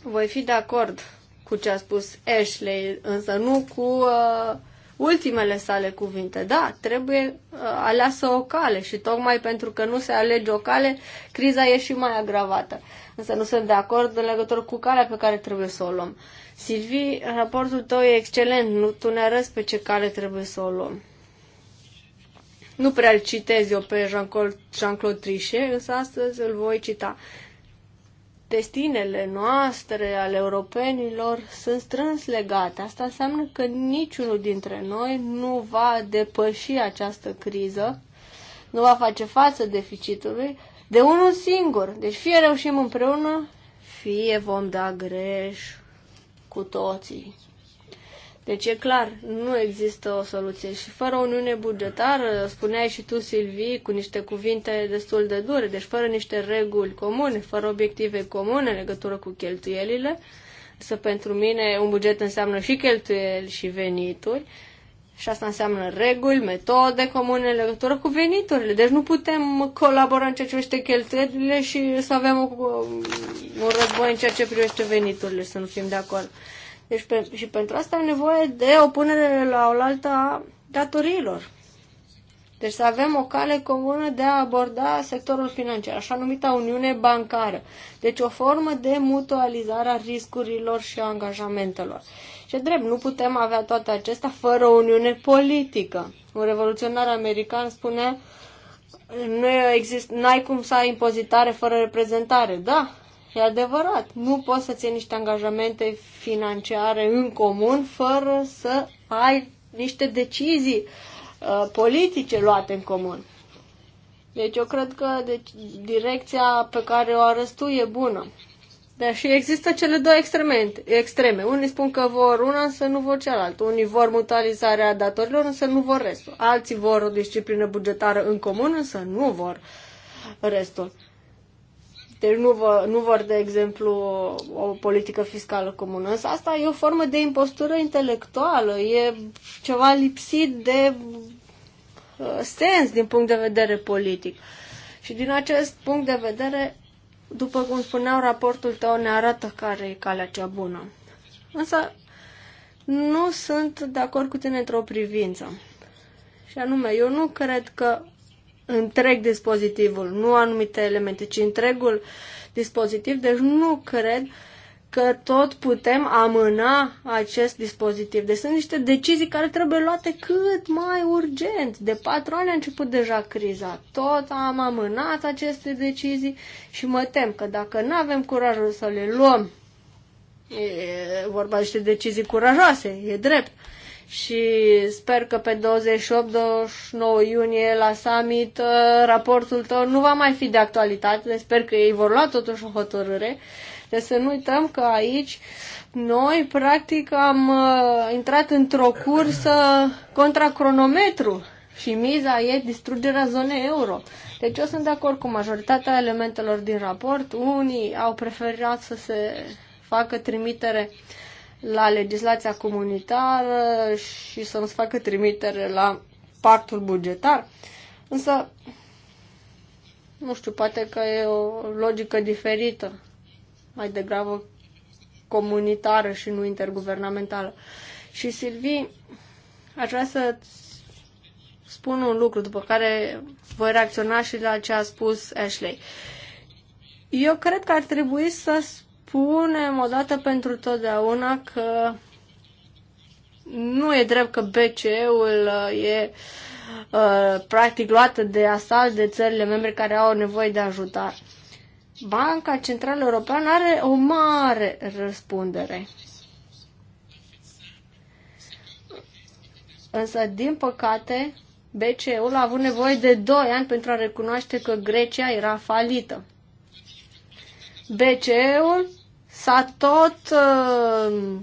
voi fi de acord cu ce a spus Ashley, însă nu cu uh, ultimele sale cuvinte. Da, trebuie uh, aleasă o cale și tocmai pentru că nu se alege o cale, criza e și mai agravată. Însă nu sunt de acord în legătură cu calea pe care trebuie să o luăm. Silvi, raportul tău e excelent, nu tu ne arăți pe ce cale trebuie să o luăm. Nu prea îl citez eu pe Jean-Claude Trichet, însă astăzi îl voi cita. Destinele noastre ale europenilor sunt strâns legate. Asta înseamnă că niciunul dintre noi nu va depăși această criză, nu va face față deficitului de unul singur. Deci fie reușim împreună, fie vom da greș cu toții. Deci e clar, nu există o soluție și fără o uniune bugetară, spuneai și tu, Silvii, cu niște cuvinte destul de dure, deci fără niște reguli comune, fără obiective comune în legătură cu cheltuielile, să pentru mine un buget înseamnă și cheltuieli și venituri, și asta înseamnă reguli, metode comune în legătură cu veniturile. Deci nu putem colabora în ceea ce privește cheltuielile și să avem un război în ceea ce privește veniturile, să nu fim de acord. Deci pe, și pentru asta am nevoie de o punere la oaltă a datoriilor. Deci să avem o cale comună de a aborda sectorul financiar, așa numită Uniune Bancară. Deci o formă de mutualizare a riscurilor și a angajamentelor. Și drept, nu putem avea toate acestea fără o Uniune politică. Un revoluționar american spune nu există, n-ai cum să ai impozitare fără reprezentare. Da, E adevărat, nu poți să ții niște angajamente financiare în comun fără să ai niște decizii uh, politice luate în comun. Deci eu cred că deci, direcția pe care o arăți tu e bună. Dar și există cele două extreme, extreme. Unii spun că vor una, însă nu vor cealaltă. Unii vor mutualizarea datorilor, însă nu vor restul. Alții vor o disciplină bugetară în comun, însă nu vor restul. Deci nu, vă, nu vor, de exemplu, o, politică fiscală comună. asta e o formă de impostură intelectuală, e ceva lipsit de uh, sens din punct de vedere politic. Și din acest punct de vedere, după cum spuneau, raportul tău ne arată care e calea cea bună. Însă nu sunt de acord cu tine într-o privință. Și anume, eu nu cred că întreg dispozitivul, nu anumite elemente, ci întregul dispozitiv. Deci nu cred că tot putem amâna acest dispozitiv. Deci sunt niște decizii care trebuie luate cât mai urgent. De patru ani a început deja criza. Tot am amânat aceste decizii și mă tem că dacă nu avem curajul să le luăm, e vorba de niște decizii curajoase, e drept, și sper că pe 28-29 iunie la summit uh, raportul tău nu va mai fi de actualitate, deci sper că ei vor lua totuși o hotărâre. Deci să nu uităm că aici noi practic am uh, intrat într-o cursă contra cronometru și miza e distrugerea zonei euro. Deci eu sunt de acord cu majoritatea elementelor din raport. Unii au preferat să se facă trimitere uh, la legislația comunitară și să nu facă trimitere la pactul bugetar. Însă, nu știu, poate că e o logică diferită, mai degrabă comunitară și nu interguvernamentală. Și Silvi, aș vrea să spun un lucru, după care voi reacționa și la ce a spus Ashley. Eu cred că ar trebui să spunem odată pentru totdeauna că nu e drept că BCE-ul uh, e uh, practic luată de asalt de țările membre care au nevoie de ajutor. Banca Centrală Europeană are o mare răspundere. Însă, din păcate, BCE-ul a avut nevoie de 2 ani pentru a recunoaște că Grecia era falită. BCE-ul s-a tot uh,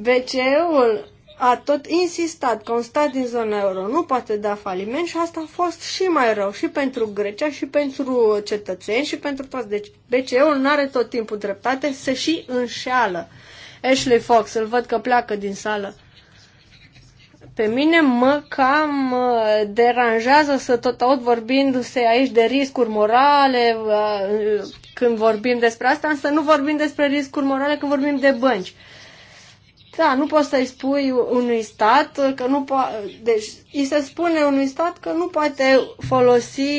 BCE-ul a tot insistat că un stat din zona euro nu poate da faliment și asta a fost și mai rău și pentru Grecia și pentru cetățeni și pentru toți. Deci BCE-ul nu are tot timpul dreptate, se și înșeală. Ashley Fox, îl văd că pleacă din sală. Pe mine mă cam deranjează să tot aud vorbindu-se aici de riscuri morale, când vorbim despre asta, însă nu vorbim despre riscuri morale când vorbim de bănci. Da, nu poți să-i spui unui stat că nu poate... Deci, îi se spune unui stat că nu poate folosi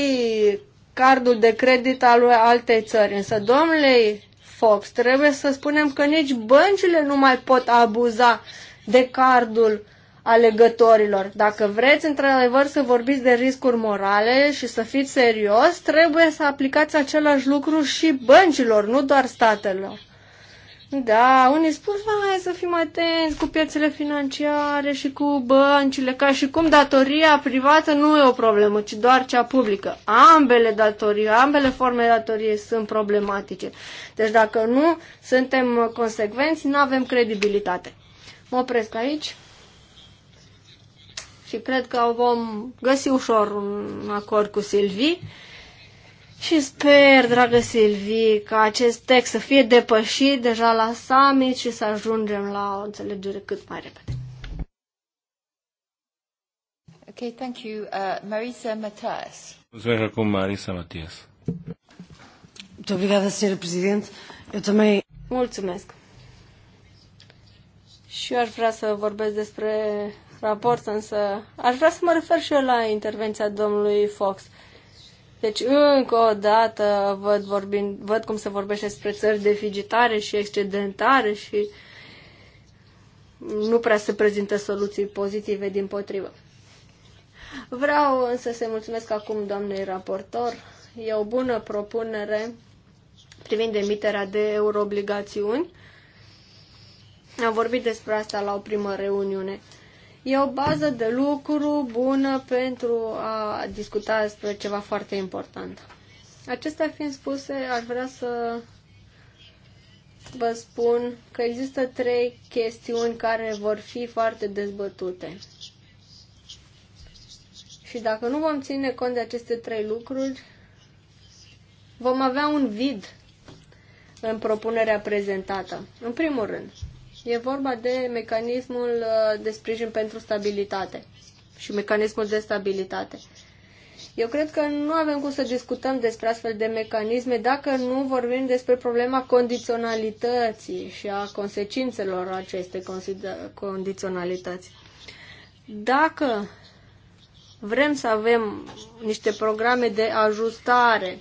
cardul de credit al lui altei țări. Însă, domnule Fox, trebuie să spunem că nici băncile nu mai pot abuza de cardul alegătorilor. Dacă vreți, într-adevăr, să vorbiți de riscuri morale și să fiți serios, trebuie să aplicați același lucru și băncilor, nu doar statelor. Da, unii spun, hai să fim atenți cu piețele financiare și cu băncile, ca și cum datoria privată nu e o problemă, ci doar cea publică. Ambele datorii, ambele forme de datorie sunt problematice. Deci dacă nu suntem consecvenți, nu avem credibilitate. Mă opresc aici și cred că vom găsi ușor un acord cu Silvi. Și sper, dragă Silvi, ca acest text să fie depășit deja la summit și să ajungem la o înțelegere cât mai repede. Ok, thank you. Uh, Marisa Matias. Mulțumesc acum Marisa Matias. Muito obrigada, Sr. Presidente. Eu também... Mulțumesc. Și eu aș vrea să vorbesc despre raport, însă aș vrea să mă refer și eu la intervenția domnului Fox. Deci, încă o dată, văd, vorbind, văd cum se vorbește despre țări deficitare și excedentare și nu prea se prezintă soluții pozitive din potrivă. Vreau însă să-i mulțumesc acum doamnei raportor. E o bună propunere privind emiterea de euroobligațiuni. Am vorbit despre asta la o primă reuniune e o bază de lucru bună pentru a discuta despre ceva foarte important. Acestea fiind spuse, aș vrea să vă spun că există trei chestiuni care vor fi foarte dezbătute. Și dacă nu vom ține cont de aceste trei lucruri, vom avea un vid în propunerea prezentată. În primul rând, E vorba de mecanismul uh, de sprijin pentru stabilitate și mecanismul de stabilitate. Eu cred că nu avem cum să discutăm despre astfel de mecanisme dacă nu vorbim despre problema condiționalității și a consecințelor acestei condiționalități. Dacă vrem să avem niște programe de ajustare,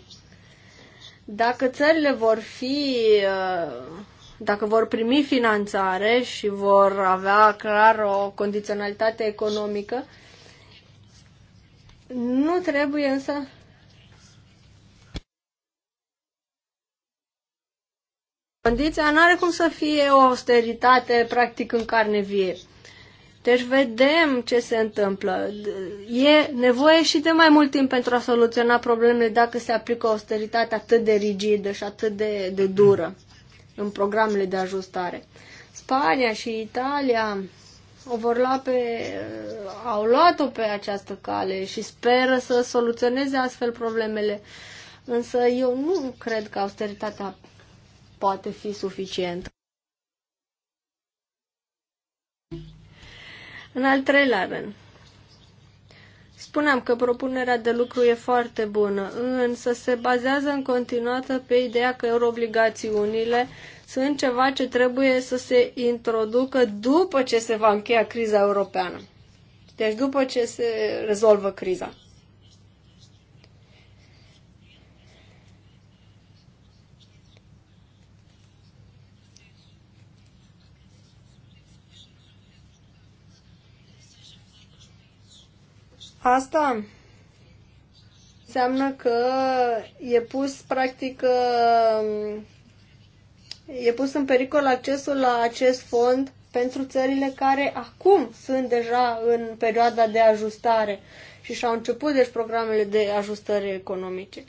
dacă țările vor fi uh, dacă vor primi finanțare și vor avea clar o condiționalitate economică, nu trebuie însă Condiția nu are cum să fie o austeritate practic în carne vie. Deci vedem ce se întâmplă. E nevoie și de mai mult timp pentru a soluționa problemele dacă se aplică o austeritate atât de rigidă și atât de, de dură în programele de ajustare. Spania și Italia o vor lua pe, au luat-o pe această cale și speră să soluționeze astfel problemele. Însă eu nu cred că austeritatea poate fi suficientă. În al treilea rând, Spuneam că propunerea de lucru e foarte bună, însă se bazează în continuată pe ideea că euroobligațiunile sunt ceva ce trebuie să se introducă după ce se va încheia criza europeană. Deci după ce se rezolvă criza. Asta înseamnă că e pus, practic, uh, e pus în pericol accesul la acest fond pentru țările care acum sunt deja în perioada de ajustare și și-au început, deci, programele de ajustare economice.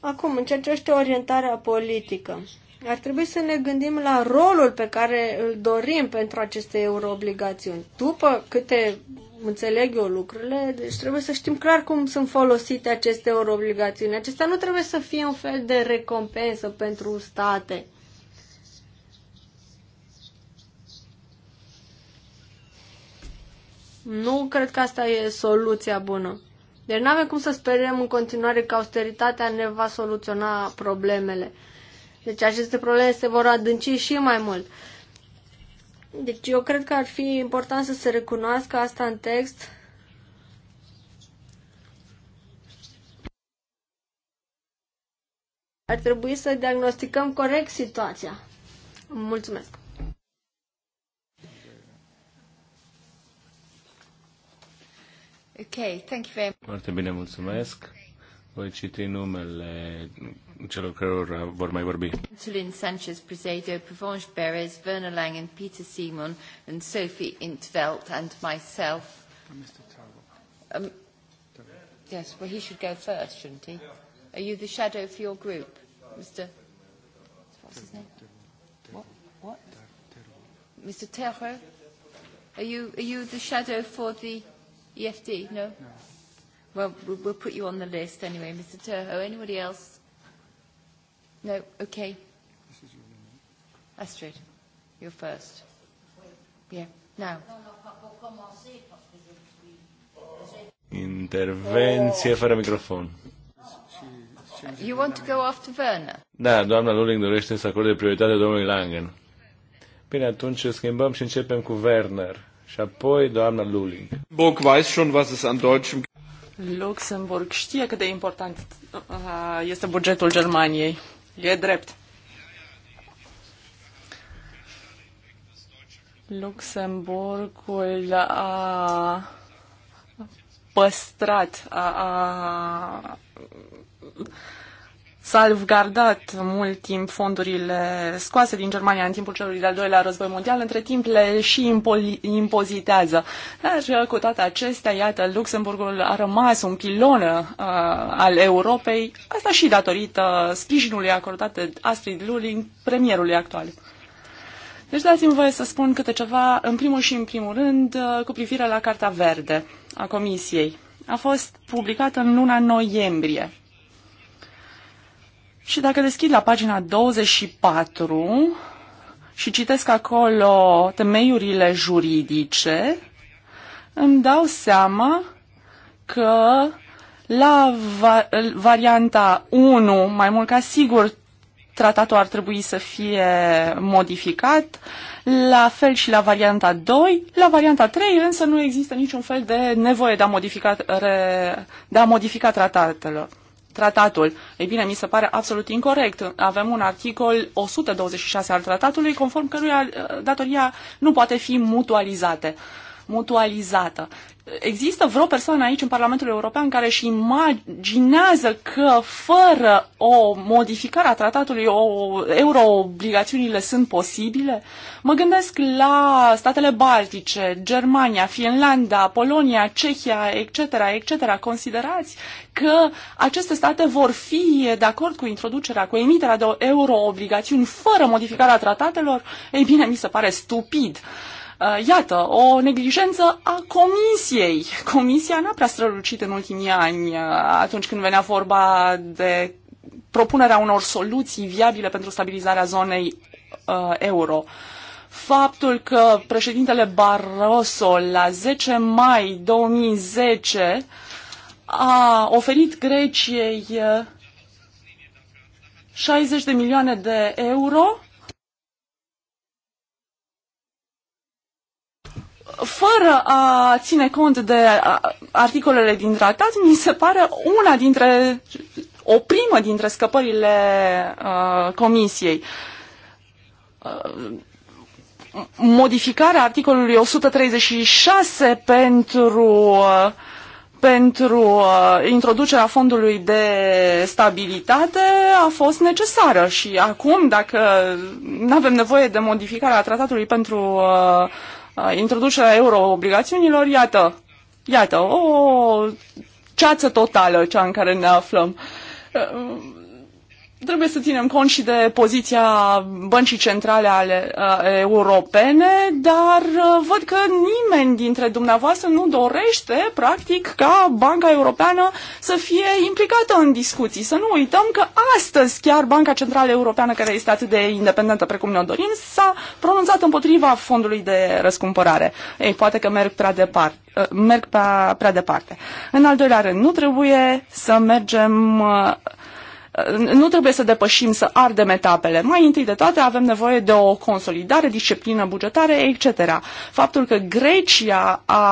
Acum, în ceea ce orientarea politică, ar trebui să ne gândim la rolul pe care îl dorim pentru aceste euroobligațiuni. După câte înțeleg eu lucrurile, deci trebuie să știm clar cum sunt folosite aceste euroobligațiuni. Acestea nu trebuie să fie un fel de recompensă pentru state. Nu cred că asta e soluția bună. Deci nu avem cum să sperăm în continuare că austeritatea ne va soluționa problemele. Deci aceste probleme se vor adânci și mai mult. Deci eu cred că ar fi important să se recunoască asta în text. Ar trebui să diagnosticăm corect situația. Mulțumesc! Okay, thank you very much. Foarte bine, mulțumesc. Voi citi numele celor care vor mai vorbi. Tulin Sanchez, Prezedo, Pavange Beres, Werner Lang, Langen, Peter Simon and Sophie Intveld and myself. Mr. Tarabella. Um, yes, well he should go first, shouldn't he? Are you the shadow for your group, Mr. What's his name? What? What? Mr. Terro? Are you are you the shadow for the EFD? No. no. Well, well, we'll put you on the list anyway, Mr. Terho. Anybody else? No, okay. Astrid, you're first. Yeah, now. Intervenție fără microfon. You want to go after Werner? Da, doamna Luling dorește să acorde prioritate domnului Langen. Bine, atunci schimbăm și începem cu Werner. Și apoi doamna Luling. Burg weiß schon, was es an deutschem... Luxemburg știe cât de important uh, este bugetul Germaniei. E drept. Luxemburgul a păstrat, a, a salvgardat mult timp fondurile scoase din Germania în timpul celui de-al doilea război mondial, între timp le și impozitează. Dar uh, cu toate acestea, iată, Luxemburgul a rămas un pilon uh, al Europei, asta și datorită sprijinului acordat de Astrid Luling, premierului actual. Deci dați-mi voie să spun câte ceva, în primul și în primul rând, uh, cu privire la Carta Verde a Comisiei. A fost publicată în luna noiembrie și dacă deschid la pagina 24 și citesc acolo temeiurile juridice, îmi dau seama că la va- varianta 1, mai mult ca sigur, tratatul ar trebui să fie modificat, la fel și la varianta 2, la varianta 3 însă nu există niciun fel de nevoie de a modifica, de a modifica tratatelor tratatul. Ei bine, mi se pare absolut incorrect. Avem un articol 126 al tratatului, conform căruia uh, datoria nu poate fi mutualizată mutualizată. Există vreo persoană aici în Parlamentul European care își imaginează că fără o modificare a tratatului o, euroobligațiunile sunt posibile? Mă gândesc la statele baltice, Germania, Finlanda, Polonia, Cehia, etc., etc. Considerați că aceste state vor fi de acord cu introducerea, cu emiterea de euroobligațiuni fără modificarea tratatelor? Ei bine, mi se pare stupid. Uh, Uh, iată, o neglijență a comisiei. Comisia n-a prea strălucit în ultimii ani uh, atunci când venea vorba de propunerea unor soluții viabile pentru stabilizarea zonei uh, euro. Faptul că președintele Barroso la 10 mai 2010 a oferit Greciei 60 uh, de milioane de euro fără a ține cont de articolele din tratat, mi se pare una dintre, o primă dintre scăpările uh, comisiei. Uh, modificarea articolului 136 pentru uh, pentru introducerea fondului de stabilitate a fost necesară și acum, dacă nu avem nevoie de modificarea tratatului pentru Uh, introducerea euroobligațiunilor, iată, iată, o ceață totală cea în care ne aflăm. Uh, trebuie să ținem cont și de poziția băncii centrale ale uh, europene, dar uh, văd că nimeni dintre dumneavoastră nu dorește, practic, ca Banca Europeană să fie implicată în discuții. Să nu uităm că astăzi chiar Banca Centrală Europeană, care este atât de independentă precum ne-o dorim, s-a pronunțat împotriva fondului de răscumpărare. Ei, poate că merg prea departe. Uh, merg prea, prea departe. În al doilea rând, nu trebuie să mergem uh, nu trebuie să depășim, să ardem etapele. Mai întâi de toate avem nevoie de o consolidare, disciplină bugetară, etc. Faptul că Grecia a,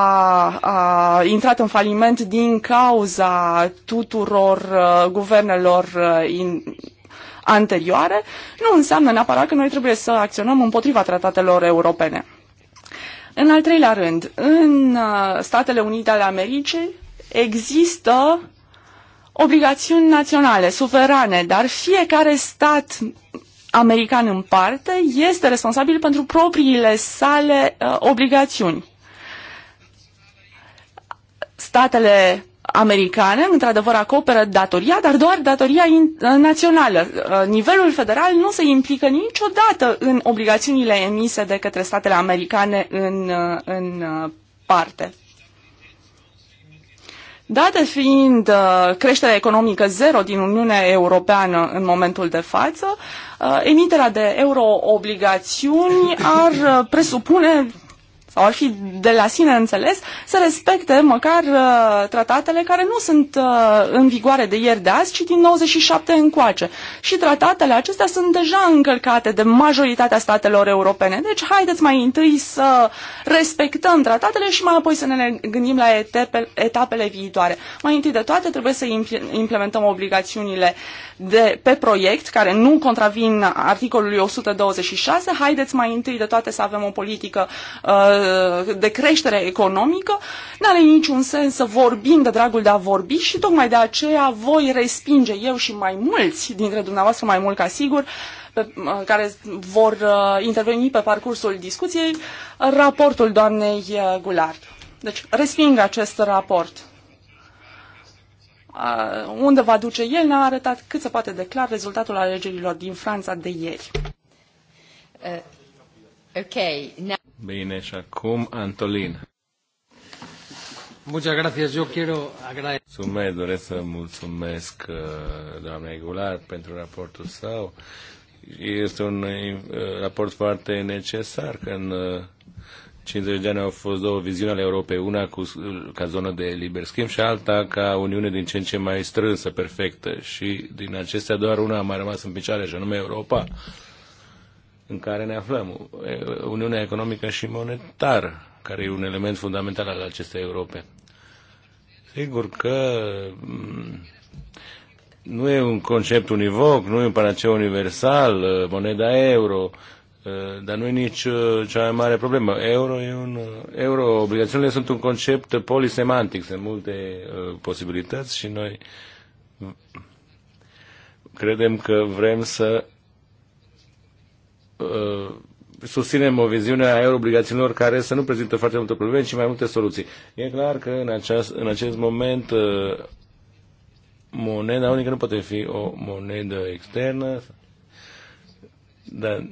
a intrat în faliment din cauza tuturor uh, guvernelor uh, in, anterioare nu înseamnă neapărat că noi trebuie să acționăm împotriva tratatelor europene. În al treilea rând, în uh, Statele Unite ale Americii există obligațiuni naționale, suverane, dar fiecare stat american în parte este responsabil pentru propriile sale uh, obligațiuni. Statele americane, într-adevăr, acoperă datoria, dar doar datoria uh, națională. Uh, nivelul federal nu se implică niciodată în obligațiunile emise de către statele americane în, uh, în parte. Date fiind uh, creșterea economică zero din Uniunea Europeană în momentul de față, uh, emiterea de euroobligațiuni ar uh, presupune ar fi de la sine înțeles să respecte măcar uh, tratatele care nu sunt uh, în vigoare de ieri de azi, ci din 97 încoace. Și tratatele acestea sunt deja încălcate de majoritatea statelor europene. Deci haideți mai întâi să respectăm tratatele și mai apoi să ne gândim la etape, etapele viitoare. Mai întâi de toate trebuie să implementăm obligațiunile de, pe proiect care nu contravin articolului 126. Haideți mai întâi de toate să avem o politică uh, Uh, de creștere economică, n-are niciun sens să vorbim de dragul de a vorbi și tocmai de aceea voi respinge eu și mai mulți dintre dumneavoastră, mai mult ca sigur, pe, uh, care vor uh, interveni pe parcursul discuției, raportul doamnei Gulard. Deci resping acest raport. Uh, unde va duce el, ne-a arătat cât se poate de clar rezultatul alegerilor din Franța de ieri. Uh, ok. Now... Bine, și acum Antolin. Muchas gracias. Yo quiero agradecer. Mulțumesc, doresc să mulțumesc uh, doamnei Gular pentru raportul său. Este un uh, raport foarte necesar că în 50 de ani au fost două viziuni ale Europei, una cu, ca zonă de liber schimb și alta ca Uniune din ce în ce mai strânsă, perfectă. Și din acestea doar una a mai rămas în picioare, și anume Europa. Mm în care ne aflăm, Uniunea Economică și Monetară, care e un element fundamental al acestei Europe. Sigur că mm, nu e un concept univoc, nu e un panaceu universal, uh, moneda euro, uh, dar nu e nici uh, cea mai mare problemă. Euro e un, euro, obligațiunile sunt un concept polisemantic, sunt multe posibilități și noi credem că vrem să uh, susținem o viziune a obligațiilor care să nu prezintă foarte multe probleme, ci mai multe soluții. E clar că în, aceas, în acest moment uh, moneda unică nu poate fi o monedă externă, dar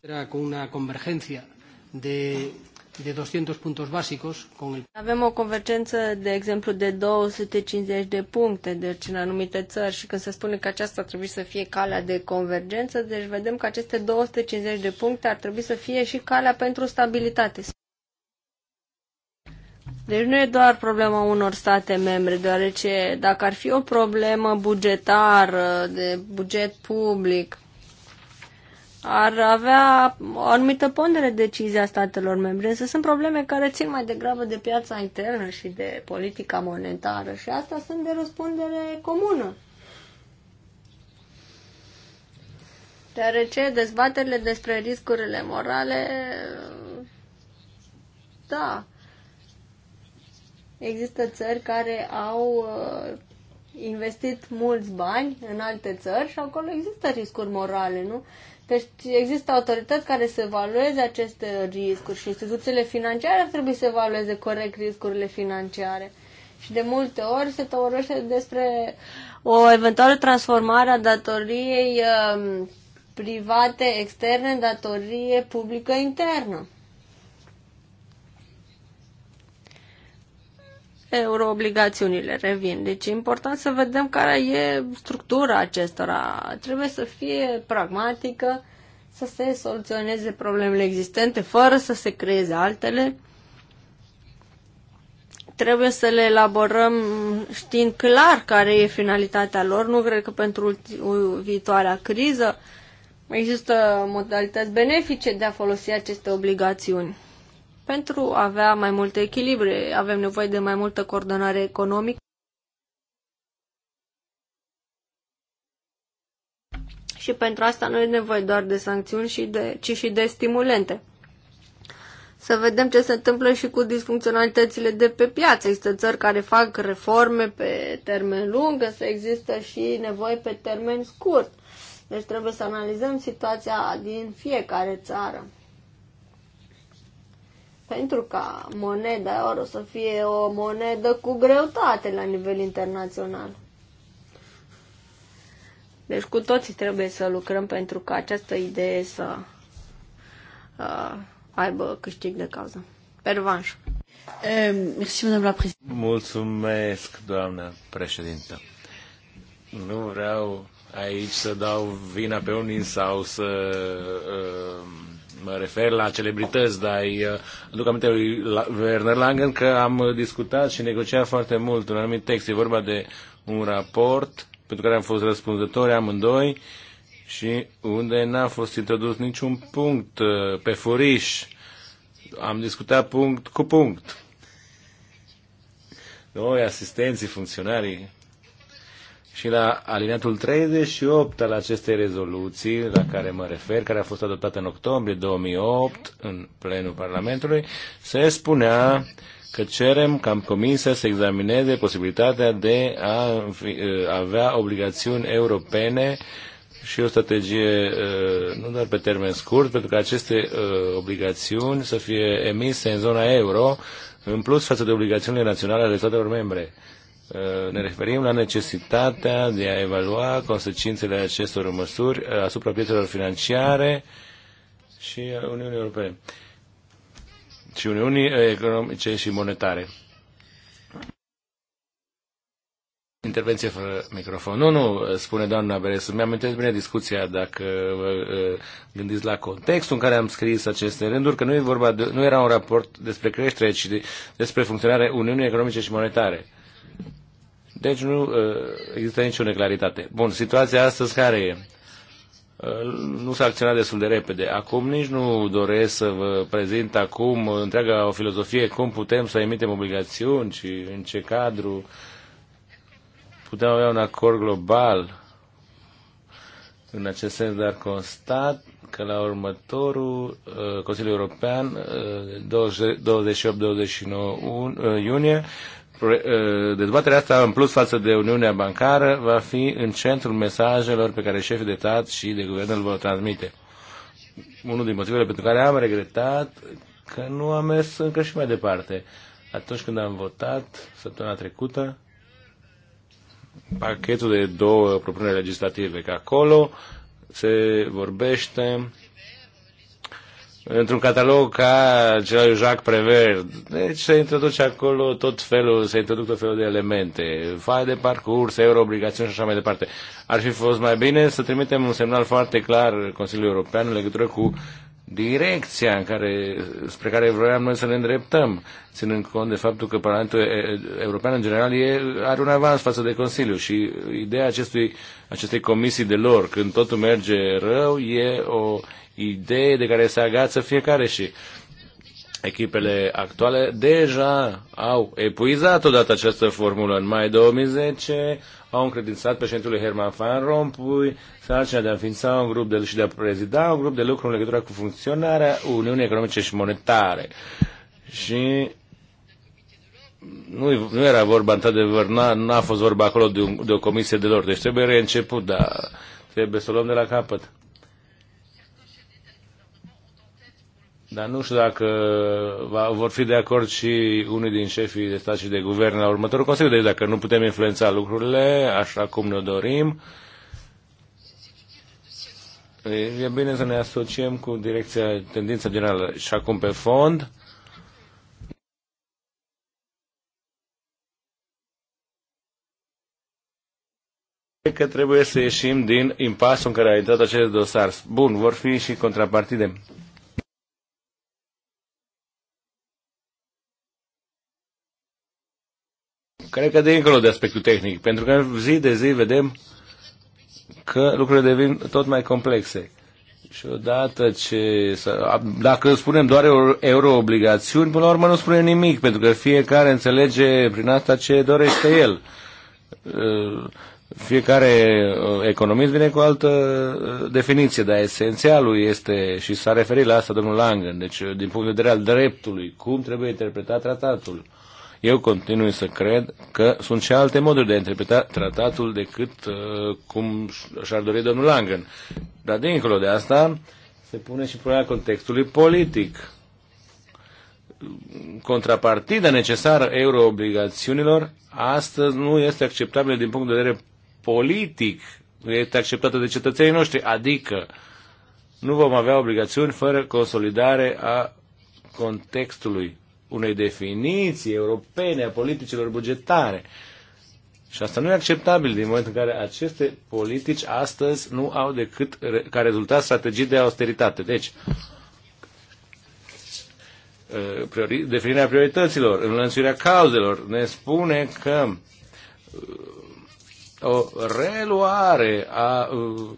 era con una convergencia de de 200 puntos básicos con el... Avem o convergență, de exemplu, de 250 de puncte, deci în anumite țări și când se spune că aceasta ar trebui să fie calea de convergență, deci vedem că aceste 250 de puncte ar trebui să fie și calea pentru stabilitate. Deci nu e doar problema unor state membre, deoarece dacă ar fi o problemă bugetară, de buget public, ar avea o anumită pondere decizia statelor membre, însă sunt probleme care țin mai degrabă de piața internă și de politica monetară și asta sunt de răspundere comună. Deoarece dezbaterile despre riscurile morale, da, există țări care au uh, investit mulți bani în alte țări și acolo există riscuri morale, nu? Deci există autorități care să evalueze aceste riscuri și instituțiile financiare ar trebui să evalueze corect riscurile financiare. Și de multe ori se tăurăște despre o eventuală transformare a datoriei um, private externe în datorie publică internă. euroobligațiunile, revin. Deci e important să vedem care e structura acestora. Trebuie să fie pragmatică, să se soluționeze problemele existente fără să se creeze altele. Trebuie să le elaborăm știind clar care e finalitatea lor. Nu cred că pentru viitoarea criză există modalități benefice de a folosi aceste obligațiuni. Pentru a avea mai multe echilibre, avem nevoie de mai multă coordonare economică și pentru asta nu e nevoie doar de sancțiuni, și de, ci și de stimulente. Să vedem ce se întâmplă și cu disfuncționalitățile de pe piață. Există țări care fac reforme pe termen lung, să există și nevoi pe termen scurt. Deci trebuie să analizăm situația din fiecare țară pentru ca moneda euro să fie o monedă cu greutate la nivel internațional. Deci cu toții trebuie să lucrăm pentru ca această idee să uh, aibă câștig de cauză. Pervanș. Eh, Mulțumesc, doamnă președintă. Nu vreau aici să dau vina pe unii sau să uh, mă refer la celebrități, dar îi uh, aduc aminte lui Werner Langen că am discutat și negociat foarte mult un anumit text. E vorba de un raport pentru care am fost răspunzători amândoi și unde n-a fost introdus niciun punct uh, pe furiș. Am discutat punct cu punct. Noi, asistenții, funcționarii, și la alineatul 38 al acestei rezoluții la care mă refer, care a fost adoptată în octombrie 2008 în plenul Parlamentului, se spunea că cerem ca Comisia să examineze posibilitatea de a uh, avea obligațiuni europene și o strategie uh, nu doar pe termen scurt, pentru că aceste uh, obligațiuni să fie emise în zona euro, în plus față de obligațiunile naționale ale statelor membre. Uh, ne referim la necesitatea de a evalua consecințele acestor măsuri uh, asupra piețelor financiare și Uniunii Europene și Uniunii uh, Economice și Monetare. Intervenție fără microfon. Nu, nu, spune doamna Beres, Mi-am inteles bine discuția dacă vă gândiți la contextul în care am scris aceste rânduri, că nu, e vorba de, nu era un raport despre creștere, ci de, despre funcționarea Uniunii Economice și Monetare. Deci nu uh, există nicio neclaritate. Bun, situația astăzi care e? Uh, nu s-a acționat destul de repede. Acum nici nu doresc să vă prezint acum întreaga o filozofie cum putem să emitem obligațiuni și în ce cadru putem avea un acord global în acest sens, dar constat că la următorul uh, Consiliu European, 28-29 iunie, Uh, dezbaterea asta, în plus față de Uniunea Bancară, va fi în centrul mesajelor pe care șefii de stat și de guvern îl vor transmite. Unul din motivele pentru care am regretat că nu am mers încă și mai departe. Atunci când am votat, săptămâna trecută, pachetul de două propuneri legislative, că acolo se vorbește într-un catalog ca cel al lui Jacques Prévert. Deci se introduce acolo tot felul, se introduc tot felul de elemente, faie de parcurs, euroobligațiuni și așa mai departe. Ar fi fost mai bine să trimitem un semnal foarte clar Consiliului European în legătură cu direcția în care, spre care vroiam noi să ne îndreptăm, ținând cont de faptul că Parlamentul European în general e, are un avans față de Consiliu și ideea acestui, acestei comisii de lor, când totul merge rău, e o idee de care se agață fiecare și echipele actuale deja au epuizat odată această formulă. În mai 2010 au încredințat președintului Herman Van Rompuy sarcina de a înființa un grup de, și de a prezida un grup de lucru în legătură cu funcționarea Uniunii Economice și Monetare. Și nu, nu era vorba, într-adevăr, n-a, fost vorba acolo de, un, de o comisie de lor, deci trebuie reînceput, dar trebuie să o luăm de la capăt. Dar nu știu dacă va, vor fi de acord și unii din șefii de stat și de guvern la următorul Consiliu. Deci dacă nu putem influența lucrurile așa cum ne dorim, e bine să ne asociem cu direcția, tendința generală. Și acum pe fond, că trebuie să ieșim din impasul în care a intrat acest dosar. Bun, vor fi și contrapartide care că dincolo de aspectul tehnic, pentru că zi de zi vedem că lucrurile devin tot mai complexe. Și odată ce, dacă spunem doar euroobligațiuni, până la urmă nu spune nimic, pentru că fiecare înțelege prin asta ce dorește el. Uh, fiecare uh, economist vine cu o altă uh, definiție, dar esențialul este, și s-a referit la asta domnul Langen, deci din punct de vedere al dreptului, cum trebuie interpretat tratatul. Eu continui să cred că sunt și alte moduri de a interpreta tratatul decât uh, cum și-ar dori domnul Langen. Dar dincolo de asta se pune și problema contextului politic. Contrapartida necesară euroobligațiunilor astăzi nu este acceptabilă din punct de vedere politic, este acceptată de cetățenii noștri, adică nu vom avea obligațiuni fără consolidare a contextului unei definiții europene a politicilor bugetare. Și asta nu e acceptabil din momentul în care aceste politici astăzi nu au decât ca rezultat strategii de austeritate. Deci, uh, priori, definirea priorităților, înlănțuirea cauzelor, ne spune că uh, o reluare a uh,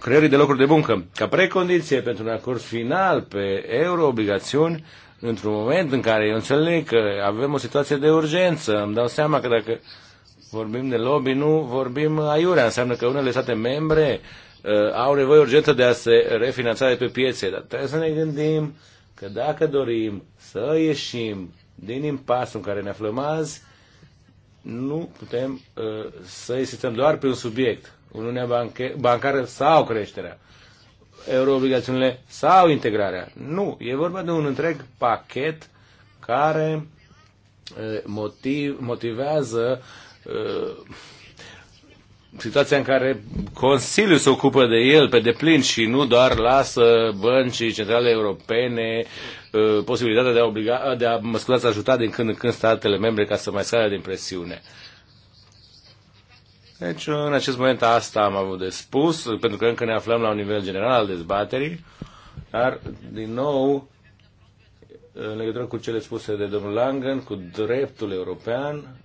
creării de locuri de muncă ca precondiție pentru un acord final pe euroobligațiuni într-un moment în care eu înțeleg că avem o situație de urgență, îmi dau seama că dacă vorbim de lobby, nu vorbim aiurea. Înseamnă că unele state membre uh, au nevoie urgentă de a se refinanța de pe piețe, dar trebuie să ne gândim că dacă dorim să ieșim din impasul în care ne aflăm azi, nu putem uh, să insistăm doar pe un subiect, Uniunea banche- Bancară sau creșterea euroobligațiunile sau integrarea. Nu, e vorba de un întreg pachet care eh, motiv, motivează eh, situația în care Consiliul se ocupă de el pe deplin și nu doar lasă băncii centrale europene eh, posibilitatea de a, obliga, de a mă scuzați, ajuta din când în când statele membre ca să mai scadă din presiune. Uh, deci, în acest moment, asta am avut de spus, pentru că încă ne aflăm la un nivel general al dezbaterii, dar, din nou, în legătură cu cele spuse de domnul Langen, cu dreptul european,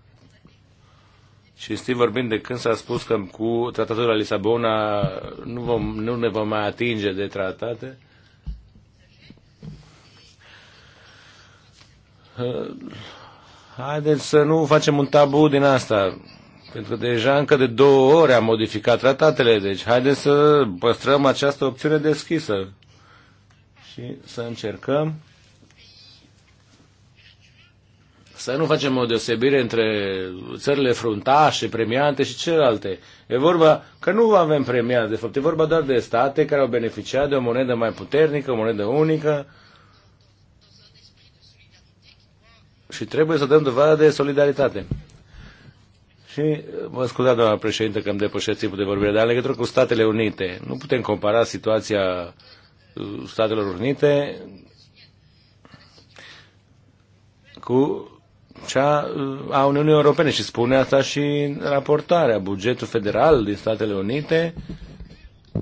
și stii vorbind de când s-a spus că cu tratatul de la Lisabona nu, vom, nu ne vom mai atinge de tratate, haideți să nu facem un tabu din asta. Pentru că deja încă de două ore am modificat tratatele, deci haideți să păstrăm această opțiune deschisă și să încercăm să nu facem o deosebire între țările fruntașe, premiante și celelalte. E vorba că nu avem premiați, de fapt, e vorba doar de state care au beneficiat de o monedă mai puternică, o monedă unică și trebuie să dăm dovadă de solidaritate. Și uh, mă scuzați, doamna președinte, că îmi depășesc timpul de vorbire, dar în legătură cu Statele Unite, nu putem compara situația uh, Statelor Unite cu cea uh, a Uniunii Europene și spune asta și în raportarea. Bugetul federal din Statele Unite,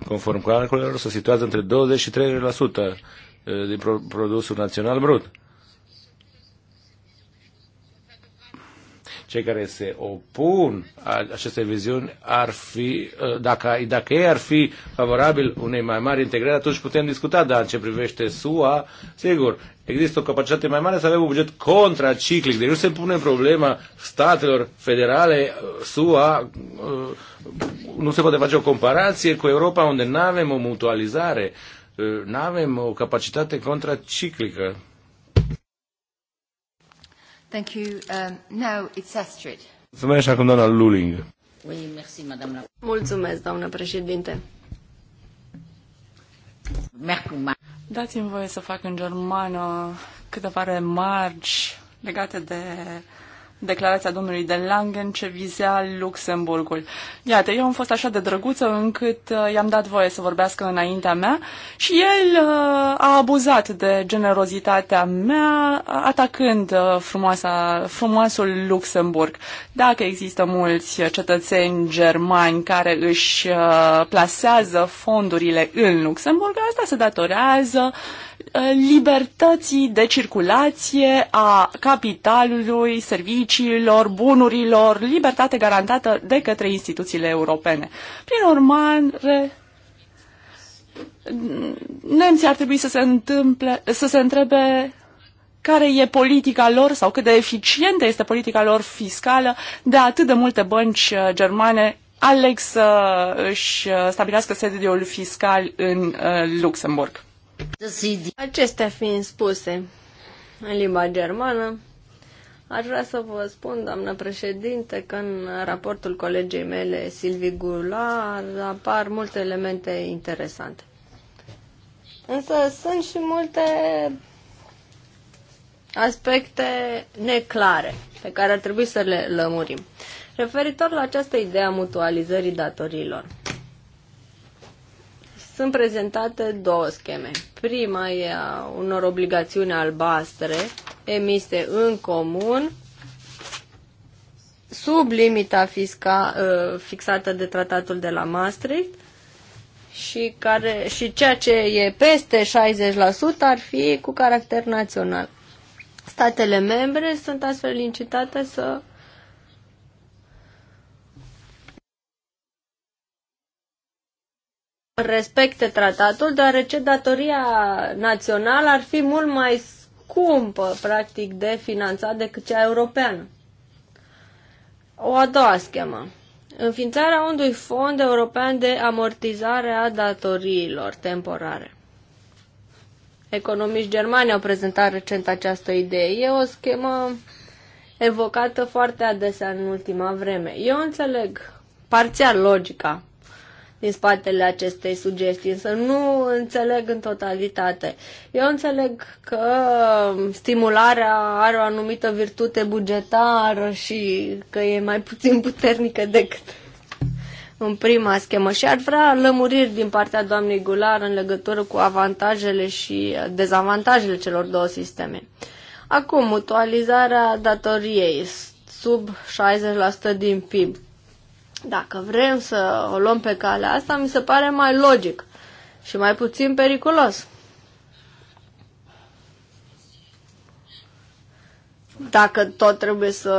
conform calculelor, se situează între 20 și 30% din produsul național brut. cei care se opun acestei viziuni ar fi, ă, dacă, dacă ei ar fi favorabil unei mai mari integrări, atunci putem discuta, dar în ce privește SUA, sigur, există o capacitate mai mare să avem un buget contraciclic, deci nu se pune problema statelor federale, SUA, ă, nu se poate face o comparație cu Europa unde nu avem o mutualizare, ă, nu avem o capacitate contraciclică. Thank you. Um, now it's Astrid. Mulțumesc doamna Luling. Mulțumesc, doamnă președinte. Dați-mi voie să fac în germană câteva remarci legate de declarația domnului de Langen ce vizea Luxemburgul. Iată, eu am fost așa de drăguță încât uh, i-am dat voie să vorbească înaintea mea și el uh, a abuzat de generozitatea mea atacând uh, frumoasa, frumoasul Luxemburg. Dacă există mulți cetățeni germani care își plasează fondurile în Luxemburg, asta se datorează libertății de circulație a capitalului, servicii serviciilor, bunurilor, libertate garantată de către instituțiile europene. Prin urmare, nemții ar trebui să se, întâmple, să se întrebe care e politica lor sau cât de eficientă este politica lor fiscală de atât de multe bănci uh, germane aleg să uh, își uh, stabilească sediul fiscal în Luxemburg. Acestea fiind spuse în limba germană, Aș vrea să vă spun, doamnă președinte, că în raportul colegii mele, Silvi Gular, apar multe elemente interesante. Însă sunt și multe aspecte neclare pe care ar trebui să le lămurim. Referitor la această idee a mutualizării datorilor, sunt prezentate două scheme. Prima e a unor obligațiuni albastre, emise în comun sub limita fisca, uh, fixată de tratatul de la Maastricht și, care, și ceea ce e peste 60% ar fi cu caracter național. Statele membre sunt astfel incitate să respecte tratatul, deoarece datoria națională ar fi mult mai scumpă, practic, de finanțat decât cea europeană. O a doua schemă. Înființarea unui fond european de amortizare a datoriilor temporare. Economiști germani au prezentat recent această idee. E o schemă evocată foarte adesea în ultima vreme. Eu înțeleg parțial logica din spatele acestei sugestii, însă nu înțeleg în totalitate. Eu înțeleg că stimularea are o anumită virtute bugetară și că e mai puțin puternică decât în prima schemă și ar vrea lămuriri din partea doamnei Gular în legătură cu avantajele și dezavantajele celor două sisteme. Acum, mutualizarea datoriei sub 60% din PIB. Dacă vrem să o luăm pe calea asta, mi se pare mai logic și mai puțin periculos. Dacă tot trebuie să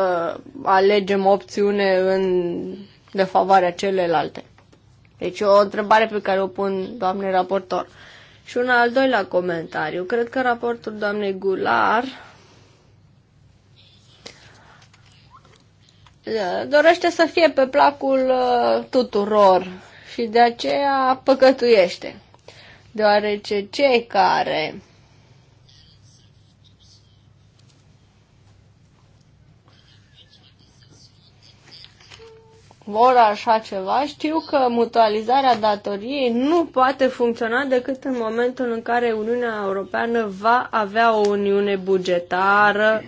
alegem o opțiune în defavoarea celelalte. Deci o întrebare pe care o pun doamnei raportor. Și un al doilea comentariu. Cred că raportul doamnei Gular dorește să fie pe placul uh, tuturor și de aceea păcătuiește. Deoarece cei care vor așa ceva, știu că mutualizarea datoriei nu poate funcționa decât în momentul în care Uniunea Europeană va avea o uniune bugetară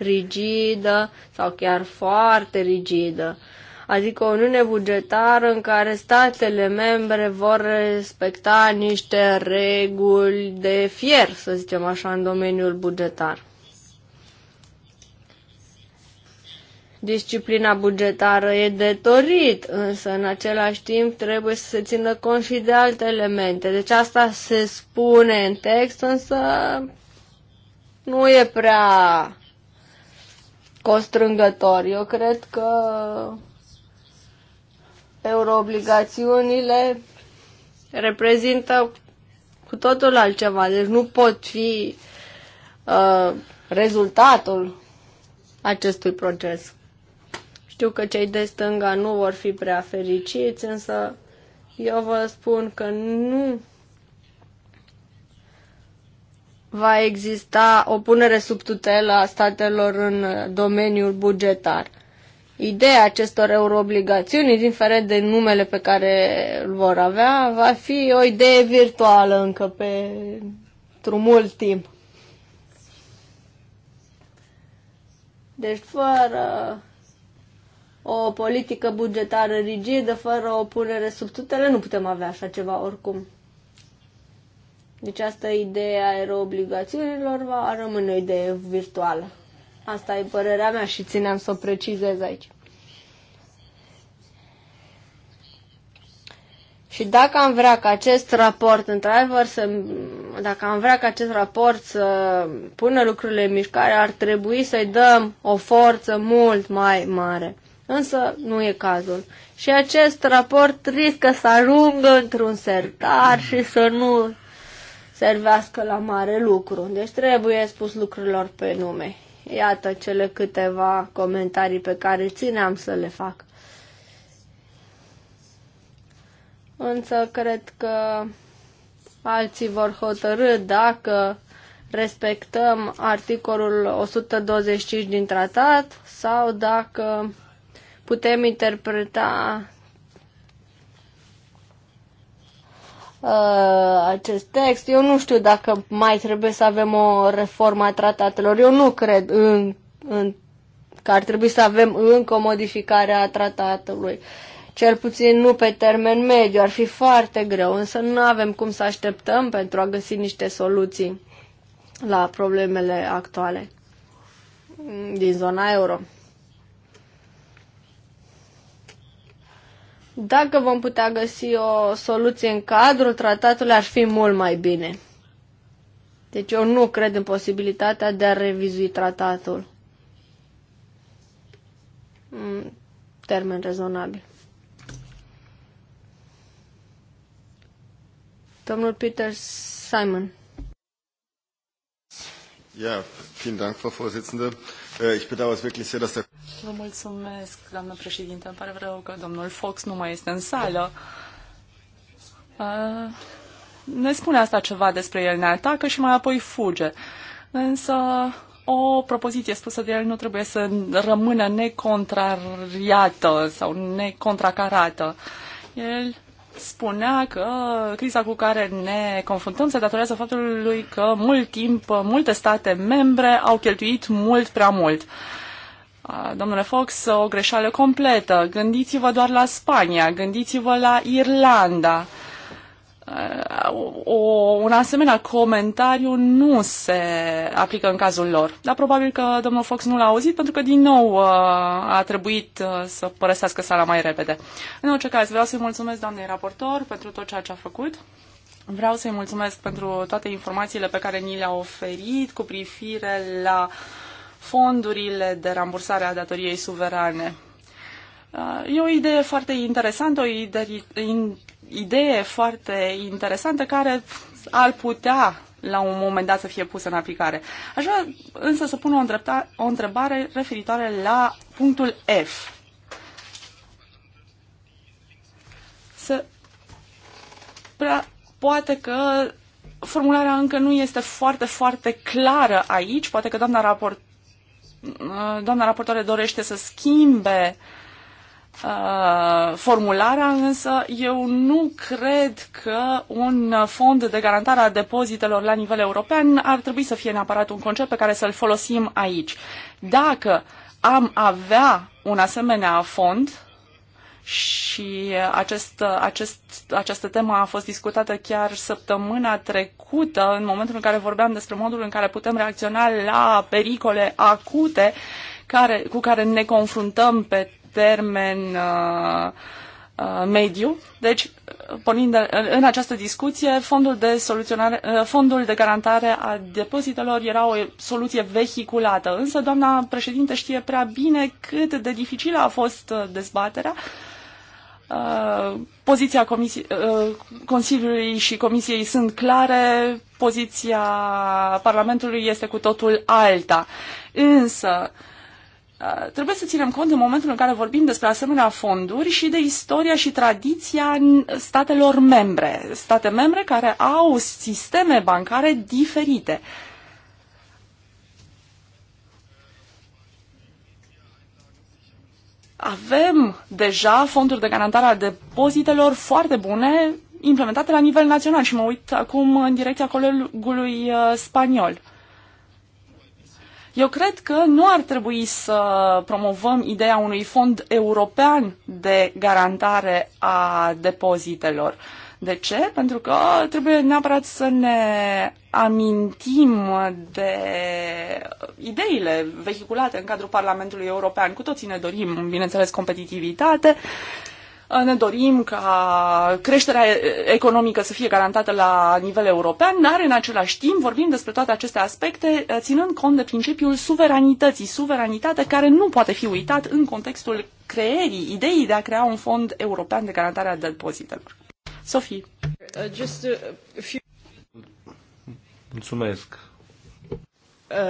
rigidă sau chiar foarte rigidă. Adică o uniune bugetară în care statele membre vor respecta niște reguli de fier, să zicem așa, în domeniul bugetar. Disciplina bugetară e de dorit, însă în același timp trebuie să se țină cont și de alte elemente. Deci asta se spune în text, însă nu e prea constrângător. Eu cred că euroobligațiunile reprezintă cu totul altceva, deci nu pot fi uh, rezultatul acestui proces. Știu că cei de stânga nu vor fi prea fericiți, însă eu vă spun că nu va exista o punere sub tutelă a statelor în domeniul bugetar. Ideea acestor euroobligațiuni, indiferent de numele pe care îl vor avea, va fi o idee virtuală încă pe mult timp. Deci fără o politică bugetară rigidă, fără o punere sub tutele, nu putem avea așa ceva oricum. Deci asta e ideea eroobligațiunilor va rămâne o idee virtuală. Asta e părerea mea și țineam să o precizez aici. Și dacă am vrea ca acest raport, în driver să, dacă am vrea ca acest raport să pună lucrurile în mișcare, ar trebui să-i dăm o forță mult mai mare. Însă nu e cazul. Și acest raport riscă să ajungă într-un sertar și să nu servească la mare lucru. Deci trebuie spus lucrurilor pe nume. Iată cele câteva comentarii pe care țineam să le fac. Însă cred că alții vor hotărâ dacă respectăm articolul 125 din tratat sau dacă putem interpreta Uh, acest text. Eu nu știu dacă mai trebuie să avem o reformă a tratatelor. Eu nu cred în, în, că ar trebui să avem încă o modificare a tratatului. Cel puțin nu pe termen mediu, ar fi foarte greu, însă nu avem cum să așteptăm pentru a găsi niște soluții la problemele actuale din zona euro. Dacă vom putea găsi o soluție în cadrul tratatului, ar fi mult mai bine. Deci eu nu cred în posibilitatea de a revizui tratatul. Termen rezonabil. Domnul Peter Simon. Ja, vielen Dank, Frau Vorsitzende. Äh, ich bedauere es wirklich sehr, dass der... Vă mulțumesc, doamnă președinte. Îmi pare rău că domnul Fox nu mai este în sală. Äh, ne spune asta ceva despre el, ne atacă și mai apoi fuge. Însă o propoziție spusă de el nu trebuie să rămână necontrariată sau necontracarată. El spunea că criza cu care ne confruntăm se datorează faptului că mult timp multe state membre au cheltuit mult prea mult. Domnule Fox, o greșeală completă. Gândiți-vă doar la Spania, gândiți-vă la Irlanda o, un asemenea comentariu nu se aplică în cazul lor. Dar probabil că domnul Fox nu l-a auzit pentru că din nou uh, a trebuit uh, să părăsească sala mai repede. În orice caz, vreau să-i mulțumesc doamnei raportor pentru tot ceea ce a făcut. Vreau să-i mulțumesc pentru toate informațiile pe care ni le-a oferit cu privire la fondurile de rambursare a datoriei suverane. E o idee foarte interesantă, o idee, foarte interesantă care ar putea la un moment dat să fie pusă în aplicare. Aș vrea însă să pun o, îndrepta, o întrebare referitoare la punctul F. Să prea, poate că formularea încă nu este foarte, foarte clară aici, poate că doamna, raport, doamna raportoare dorește să schimbe uh, uh, formularea, însă eu nu cred că un fond de garantare a depozitelor la nivel european ar trebui să fie neapărat un concept pe care să-l folosim aici. Dacă am avea un asemenea fond, și acest, acest, această temă a fost discutată chiar săptămâna trecută, în momentul în care vorbeam despre modul în care putem reacționa la pericole acute care, cu care ne confruntăm pe termen uh, uh, mediu. Deci, pornind de, în această discuție, fondul de, soluționare, uh, fondul de garantare a depozitelor era o soluție vehiculată. Însă, doamna președinte știe prea bine cât de dificilă a fost dezbaterea. Poziția comisii, Consiliului și Comisiei sunt clare, poziția Parlamentului este cu totul alta. Însă, uh, Uh, trebuie să ținem cont în momentul în care vorbim despre asemenea fonduri și de istoria și tradiția statelor membre, state membre care au sisteme bancare diferite. Avem deja fonduri de garantare a depozitelor foarte bune implementate la nivel național și mă uit acum în direcția colegului uh, spaniol. Eu cred că nu ar trebui să promovăm ideea unui fond european de garantare a depozitelor. De ce? Pentru că trebuie neapărat să ne amintim de ideile vehiculate în cadrul Parlamentului European. Cu toții ne dorim, bineînțeles, competitivitate, ne dorim ca creșterea economică să fie garantată la nivel european, dar în același timp vorbim despre toate aceste aspecte ținând cont de principiul suveranității, suveranitate care nu poate fi uitat în contextul creierii ideii de a crea un fond european de garantare a depozitelor. Sofie. Uh, just a few... Mulțumesc.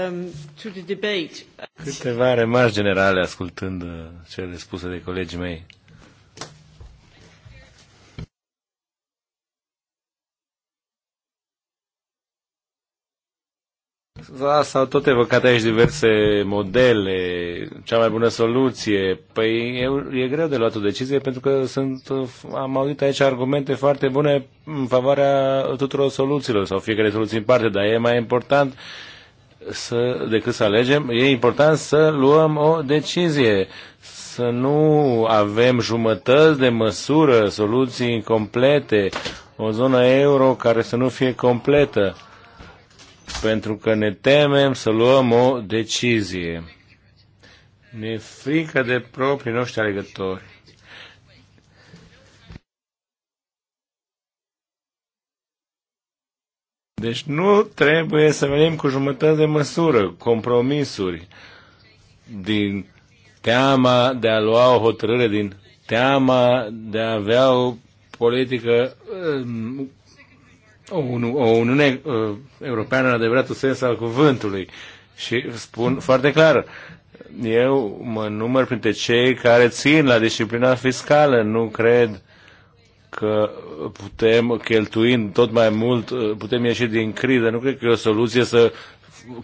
Um, to the debate. Câteva remarci generale ascultând uh, cele spuse de colegii mei. Da, s-au tot evocat aici diverse modele, cea mai bună soluție. Păi e, e greu de luat o decizie pentru că sunt, am auzit aici argumente foarte bune în favoarea tuturor soluțiilor sau fiecare soluție în parte, dar e mai important să, decât să alegem, e important să luăm o decizie, să nu avem jumătăți de măsură, soluții incomplete, o zonă euro care să nu fie completă pentru că ne temem să luăm o decizie. Ne frică de proprii noștri alegători. Deci nu trebuie să venim cu jumătate de măsură, compromisuri, din teama de a lua o hotărâre, din teama de a avea o politică o, o Uniune uh, Europeană în adevăratul sens al cuvântului. Și spun foarte clar, eu mă număr printre cei care țin la disciplina fiscală, nu cred că putem, cheltuind tot mai mult, uh, putem ieși din criză. Nu cred că e o soluție să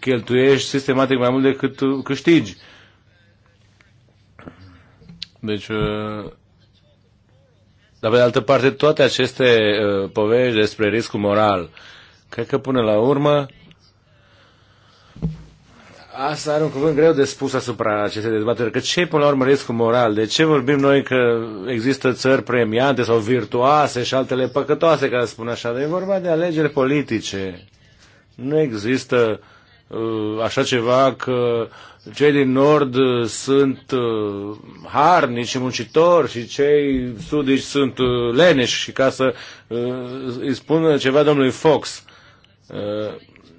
cheltuiești sistematic mai mult decât uh, câștigi. Deci, dar pe de altă parte, toate aceste uh, povești despre riscul moral, cred că până la urmă, Asta are un cuvânt greu de spus asupra acestei dezbateri, că ce până la urmă riscul moral? De ce vorbim noi că există țări premiante sau virtuoase și altele păcătoase, ca să spun așa? Dar e vorba de alegeri politice. Nu există uh, Uh, așa ceva că cei din nord uh, sunt uh, harnici și muncitori și cei sudici sunt leneși și ca să îi spună ceva domnului Fox.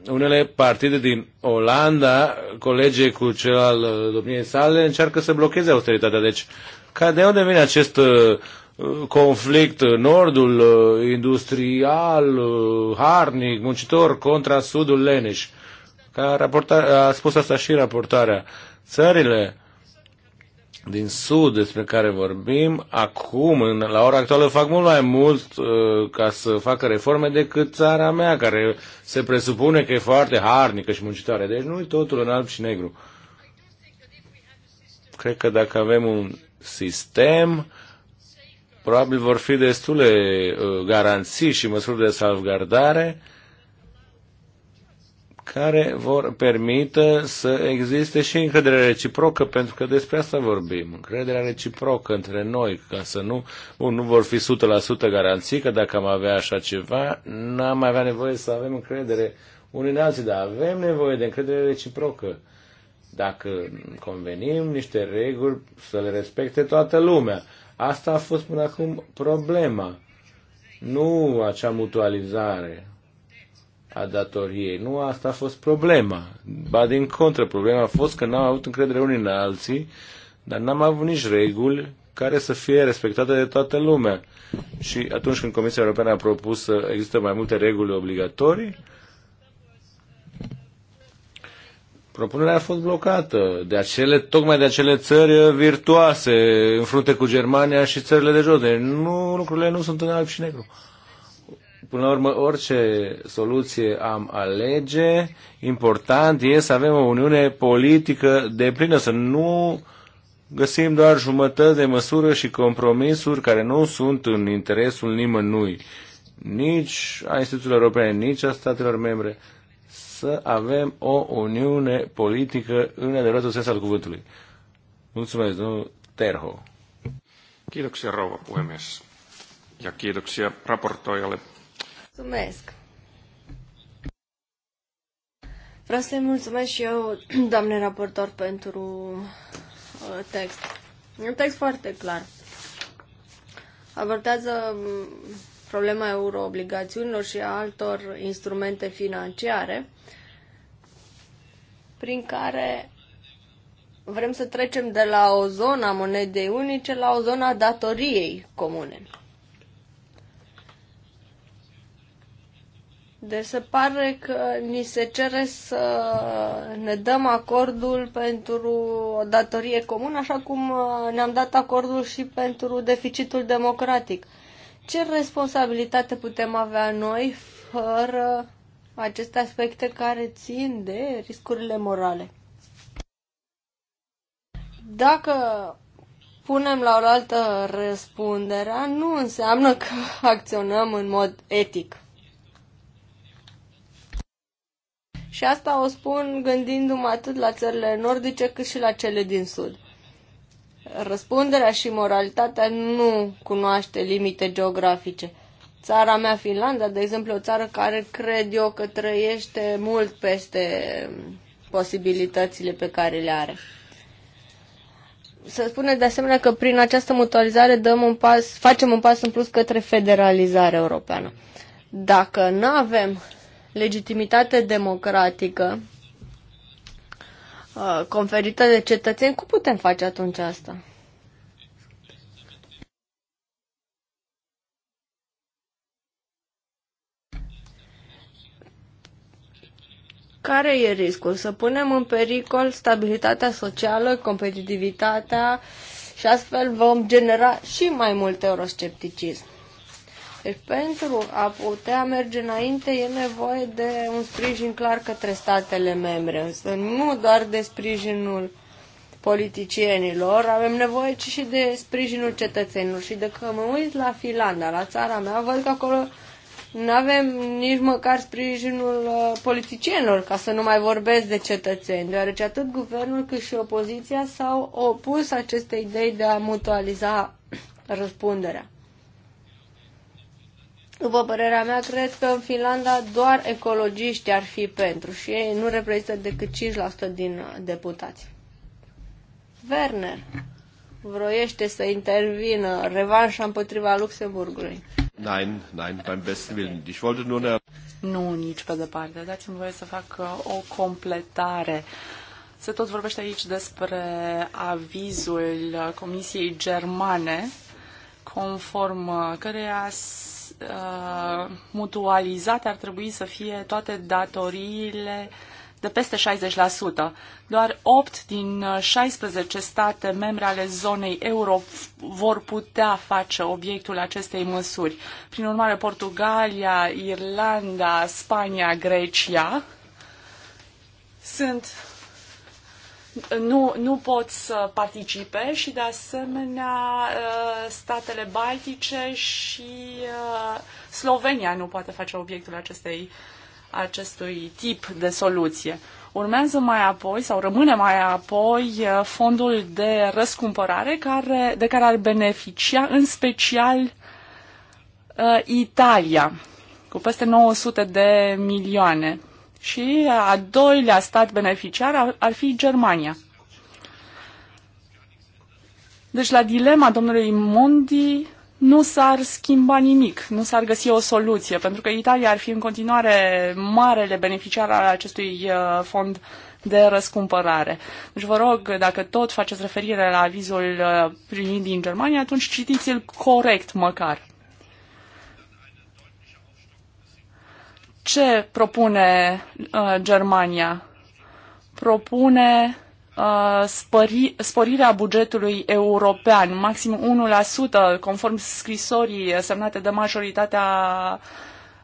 Unele partide din Olanda, colege cu cel al domniei sale, încearcă să blocheze austeritatea. Deci, ca de unde vine acest conflict, nordul industrial, harnic, muncitor contra sudul leneși? Ca a spus asta și raportarea. Țările din sud despre care vorbim, acum, în, la ora actuală, fac mult mai mult uh, ca să facă reforme decât țara mea, care se presupune că e foarte harnică și muncitoare. Deci nu e totul în alb și negru. Cred că dacă avem un sistem, probabil vor fi destule uh, garanții și măsuri de salvgardare uh, care vor permite să existe și încredere reciprocă, pentru că despre asta vorbim. Încrederea reciprocă între noi, ca să nu, bun, nu vor fi 100% garanții că dacă am avea așa ceva, n-am avea nevoie să avem încredere unii în alții, dar avem nevoie de încredere reciprocă. Dacă convenim niște reguli, să le respecte toată lumea. Asta a fost până acum problema, nu acea mutualizare a datoriei. Nu asta a fost problema. Ba din contră, problema a fost că n-am avut încredere unii în alții, dar n-am avut nici reguli care să fie respectate de toată lumea. Și atunci când Comisia Europeană a propus să există mai multe reguli obligatorii, propunerea a fost blocată de acele, tocmai de acele țări virtuoase în frunte cu Germania și țările de jos. Deci nu, lucrurile nu sunt în alb și negru. Până la urmă, orice soluție am alege, important e să avem o uniune politică de plină, să nu găsim doar jumătăți de măsură și compromisuri care nu sunt în interesul nimănui, nici a instituțiilor europene, nici a statelor membre, să avem o uniune politică în adevăratul sens al cuvântului. Mulțumesc, domnul Terho. Kiitoksia, rouva puhemies. Ja kiitoksia raportoijalle Mulțumesc! Vreau să-i mulțumesc și eu, doamne raportor, pentru uh, text. un text foarte clar. Abordează mm, problema euroobligațiunilor și a altor instrumente financiare prin care vrem să trecem de la o zonă a monedei unice la o zonă a datoriei comune. Deci se pare că ni se cere să ne dăm acordul pentru o datorie comună, așa cum uh, ne-am dat acordul și pentru deficitul democratic. Ce responsabilitate putem avea noi fără aceste aspecte care țin de riscurile morale? Dacă punem la o altă răspunderea, nu înseamnă că acționăm în mod etic Și asta o spun gândindu-mă atât la țările nordice cât și la cele din sud. Răspunderea și moralitatea nu cunoaște limite geografice. Țara mea, Finlanda, de exemplu, o țară care cred eu că trăiește mult peste posibilitățile pe care le are. Se spune de asemenea că prin această mutualizare dăm un pas, facem un pas în plus către federalizarea europeană. Dacă nu avem legitimitate democratică uh, conferită de cetățeni, cum putem face atunci asta? Care e riscul? Să punem în pericol stabilitatea socială, competitivitatea și astfel vom genera și mai mult euroscepticism. Deci pentru a putea merge înainte e nevoie de un sprijin clar către statele membre, însă nu doar de sprijinul politicienilor, avem nevoie ci și de sprijinul cetățenilor. Și de că mă uit la Finlanda, la țara mea, văd că acolo nu avem nici măcar sprijinul uh, politicienilor, ca să nu mai vorbesc de cetățeni, deoarece atât guvernul cât și opoziția s-au opus acestei idei de a mutualiza răspunderea. După părerea mea, cred că în Finlanda doar ecologiști ar fi pentru și ei nu reprezintă decât 5% din deputați. Werner vroiește să intervină revanșa împotriva Luxemburgului. Nein, nein, beim besten Willen. Ich wollte nur eine... Nu, nici pe departe. Dați-mi voie să fac uh, o completare. Se tot vorbește aici despre avizul uh, Comisiei Germane, conform uh, căreia uh, mutualizate ar trebui să fie toate datoriile de peste 60%. Doar 8 din 16 state membre ale zonei euro vor putea face obiectul acestei măsuri. Prin urmare, Portugalia, Irlanda, Spania, Grecia sunt nu, nu pot să participe și de asemenea uh, statele baltice și uh, Slovenia nu poate face obiectul acestei, acestui tip de soluție. Urmează mai apoi sau rămâne mai apoi uh, fondul de răscumpărare care, de care ar beneficia în special Italia cu peste 900 de milioane și a doilea stat beneficiar ar, ar fi Germania. Deci la dilema domnului Mondi nu s-ar schimba nimic, nu s-ar găsi o soluție, pentru că Italia ar fi în continuare marele beneficiar al acestui uh, fond de răscumpărare. Deci vă rog, dacă tot faceți referire la avizul uh, primit din Germania, atunci citiți-l corect măcar. Ce propune uh, Germania? Propune uh, spări, sporirea bugetului european, maxim 1%, conform scrisorii semnate de majoritatea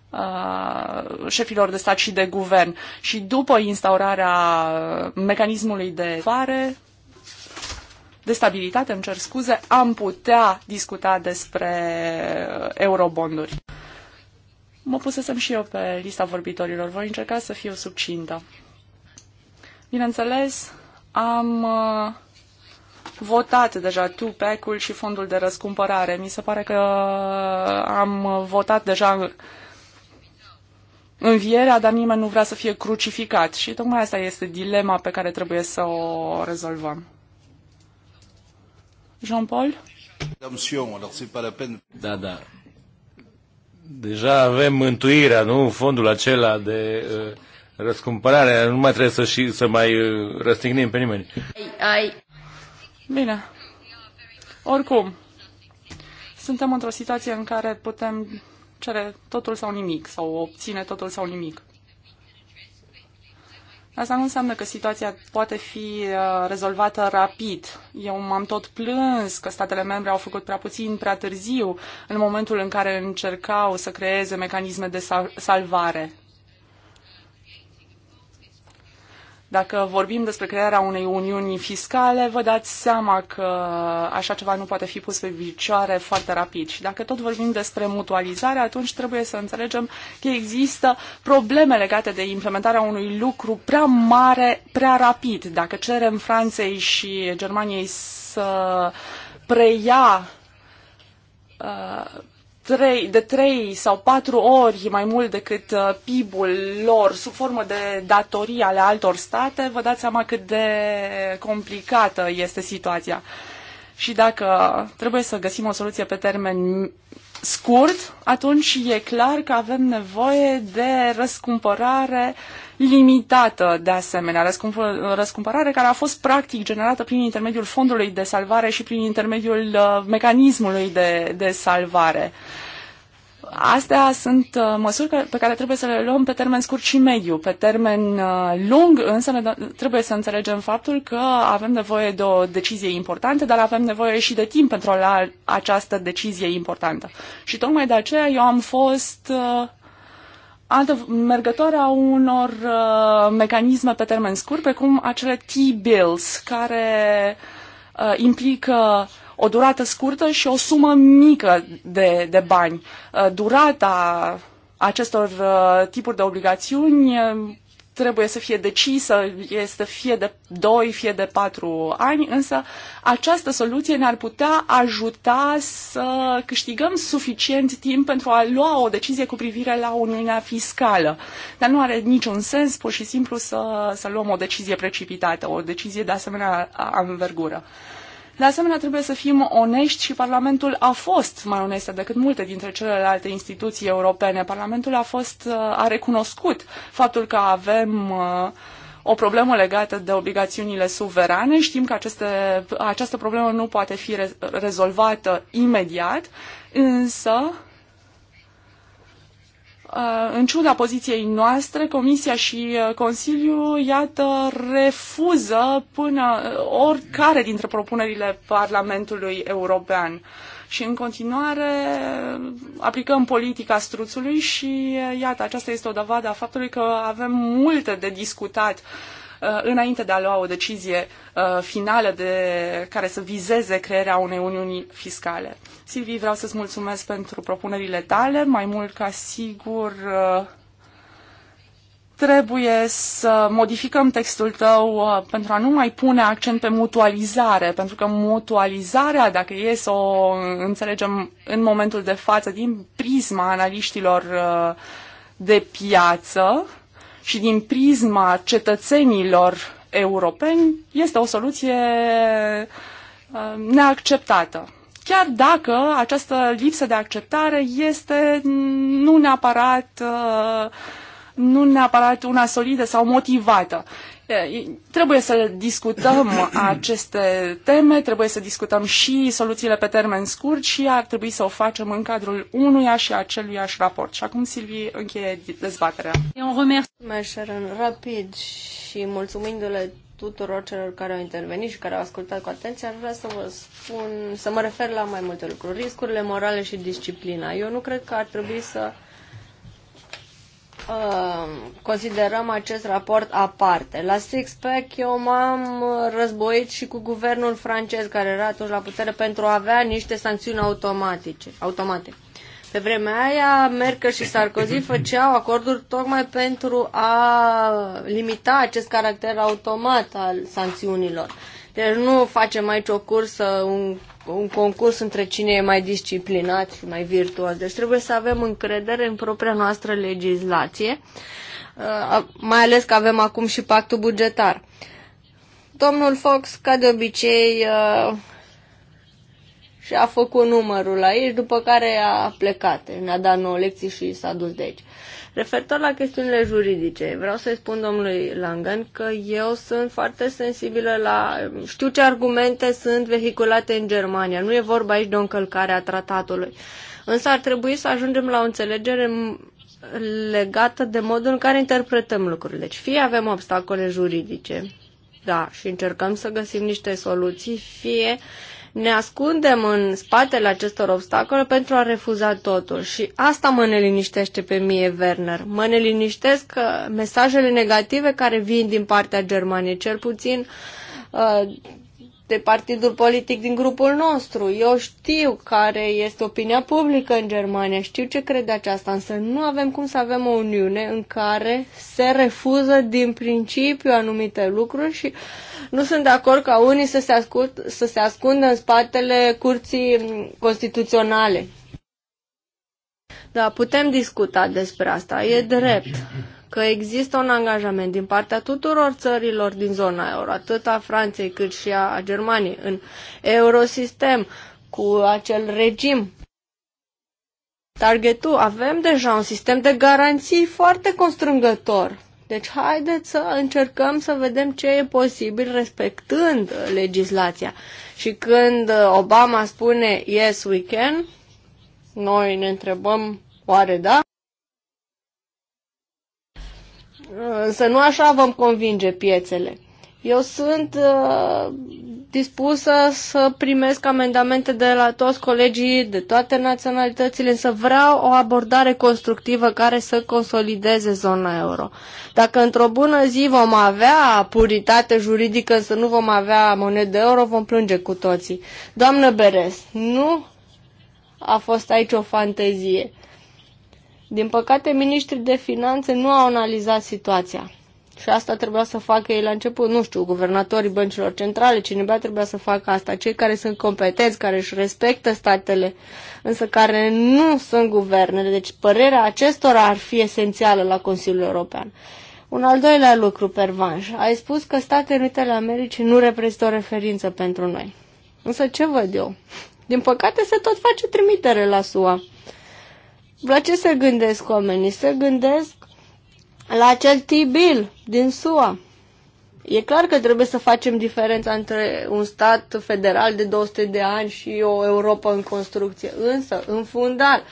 uh, șefilor de stat și de guvern. Și după instaurarea mecanismului de fare, de stabilitate, îmi cer scuze, am putea discuta despre eurobonduri. Mă pusesem și eu pe lista vorbitorilor. Voi încerca să fiu subcintă. Bineînțeles, am uh, votat deja tu ul și fondul de răscumpărare. Mi se pare că am votat deja învierea, dar nimeni nu vrea să fie crucificat. Și tocmai asta este dilema pe care trebuie să o rezolvăm. Jean-Paul? Da, da deja avem mântuirea, nu? Fondul acela de uh, răscumpărare, nu mai trebuie să, și, să mai uh, răstignim pe nimeni. Bine. Oricum, suntem într-o situație în care putem cere totul sau nimic, sau obține totul sau nimic. Asta nu înseamnă că situația poate fi uh, rezolvată rapid. Eu m-am tot plâns că statele membre au făcut prea puțin, prea târziu, în momentul în care încercau să creeze mecanisme de salvare. Dacă vorbim despre crearea unei uniuni fiscale, vă dați seama că așa ceva nu poate fi pus pe vicioare foarte rapid. Și dacă tot vorbim despre mutualizare, atunci trebuie să înțelegem că există probleme legate de implementarea unui lucru prea mare, prea rapid. Dacă cerem Franței și Germaniei să preia uh, trei, de trei sau patru ori mai mult decât uh, PIB-ul lor sub formă de datorii ale altor state, vă dați seama cât de complicată este situația. Și dacă trebuie să găsim o soluție pe termen scurt, atunci e clar că avem nevoie de răscumpărare limitată de asemenea, răscump- răscumpărare care a fost practic generată prin intermediul fondului de salvare și prin intermediul uh, mecanismului de, de salvare. Astea sunt uh, măsuri pe care trebuie să le luăm pe termen scurt și mediu. Pe termen uh, lung, însă, ne trebuie să înțelegem faptul că avem nevoie de o decizie importantă, dar avem nevoie și de timp pentru a lua această decizie importantă. Și tocmai de aceea eu am fost uh, mergătoare a unor uh, mecanisme pe termen scurt, precum acele T-bills, care uh, implică o durată scurtă și o sumă mică de, de bani. Uh, durata acestor uh, tipuri de obligațiuni uh, trebuie să fie decisă, este fie de 2, fie de 4 ani, însă această soluție ne-ar putea ajuta să câștigăm suficient timp pentru a lua o decizie cu privire la Uniunea Fiscală. Dar nu are niciun sens pur și simplu să, să luăm o decizie precipitată, o decizie de asemenea anvergură. Am de asemenea, trebuie să fim onești și Parlamentul a fost mai onest decât multe dintre celelalte instituții europene. Parlamentul a fost, uh, a recunoscut faptul că avem uh, o problemă legată de obligațiunile suverane. Știm că aceste, această problemă nu poate fi rezolvată imediat, însă Uh, în ciuda poziției noastre, Comisia și uh, Consiliul, iată, refuză până uh, oricare dintre propunerile Parlamentului European. Și în continuare aplicăm politica struțului și, iată, aceasta este o dovadă a faptului că avem multe de discutat uh, Uh, înainte de a lua o decizie uh, finală de care să vizeze crearea unei uniuni fiscale. Silvi vreau să-ți mulțumesc pentru propunerile tale, mai mult ca sigur uh, trebuie să modificăm textul tău pentru a nu mai pune accent pe mutualizare, pentru că mutualizarea, dacă e să o înțelegem în momentul de față din prisma analiștilor de piață, și din prisma cetățenilor europeni este o soluție uh, neacceptată. Chiar dacă această lipsă de acceptare este nu neapărat, uh, nu neapărat una solidă sau motivată. Trebuie să discutăm aceste teme, trebuie să discutăm și soluțiile pe termen scurt și ar trebui să o facem în cadrul unuia și aceluiași raport. Și acum Silvi încheie dezbaterea. Eu mulțumesc, rapid și mulțumindu-le tuturor celor care au intervenit și care au ascultat cu atenție, ar vrea să vă spun, să mă refer la mai multe lucruri. Riscurile morale și disciplina. Eu nu cred că ar trebui să uh, considerăm acest raport aparte. La Six Pack eu m-am războit și cu guvernul francez care era atunci la putere pentru a avea niște sancțiuni automatice, automate. Pe vremea aia, Merkel și Sarkozy făceau acorduri tocmai pentru a limita acest caracter automat al sancțiunilor. Deci nu facem aici o cursă, un un concurs între cine e mai disciplinat și mai virtuos. Deci trebuie să avem încredere în propria noastră legislație, uh, mai ales că avem acum și pactul bugetar. Domnul Fox, ca de obicei, uh, și a făcut numărul aici, după care a plecat. Ne-a dat nouă lecții și s-a dus de aici. Referitor la chestiunile juridice, vreau să-i spun domnului Langen că eu sunt foarte sensibilă la... Știu ce argumente sunt vehiculate în Germania. Nu e vorba aici de o încălcare a tratatului. Însă ar trebui să ajungem la o înțelegere legată de modul în care interpretăm lucrurile. Deci fie avem obstacole juridice, da, și încercăm să găsim niște soluții, fie uh, ne ascundem în spatele acestor obstacole pentru a refuza totul și asta mă neliniștește pe mie, Werner. Mă neliniștesc uh, mesajele negative care vin din partea Germaniei, cel puțin uh, de partidul politic din grupul nostru. Eu știu care este opinia publică în Germania, știu ce crede aceasta, însă nu avem cum să avem o uniune în care se refuză din principiu anumite lucruri și uh, nu sunt de acord ca unii să se, ascult, să se ascundă în spatele curții constituționale. Da, putem discuta despre asta. E drept că există un angajament din partea tuturor țărilor din zona euro, atât a Franței cât și a Germaniei, în eurosistem, cu acel regim. Targetul, avem deja un sistem de garanții foarte constrângător deci haideți să încercăm să vedem ce e posibil respectând legislația. Și când Obama spune yes we can, noi ne întrebăm oare da? Să nu așa vom convinge piețele. Eu sunt uh, dispusă să primesc amendamente de la toți colegii, de toate naționalitățile, însă vreau o abordare constructivă care să consolideze zona euro. Dacă într-o bună zi vom avea puritate juridică, să nu vom avea monedă euro, vom plânge cu toții. Doamnă Beres, nu a fost aici o fantezie. Din păcate, ministrii de finanțe nu au analizat situația. Și asta trebuia să facă ei la început, nu știu, guvernatorii băncilor centrale, cineva trebuia să facă asta, cei care sunt competenți, care își respectă statele, însă care nu sunt guvernele. Deci părerea acestora ar fi esențială la Consiliul European. Un al doilea lucru, Pervanș, ai spus că Statele Unite ale Americii nu reprezintă o referință pentru noi. Însă ce văd eu? Din păcate se tot face trimitere la SUA. La ce se gândesc oamenii? Se gândesc la acel tibil din SUA. E clar că trebuie să facem diferența între un stat federal de 200 de ani și o Europa în construcție. Însă, în fundal,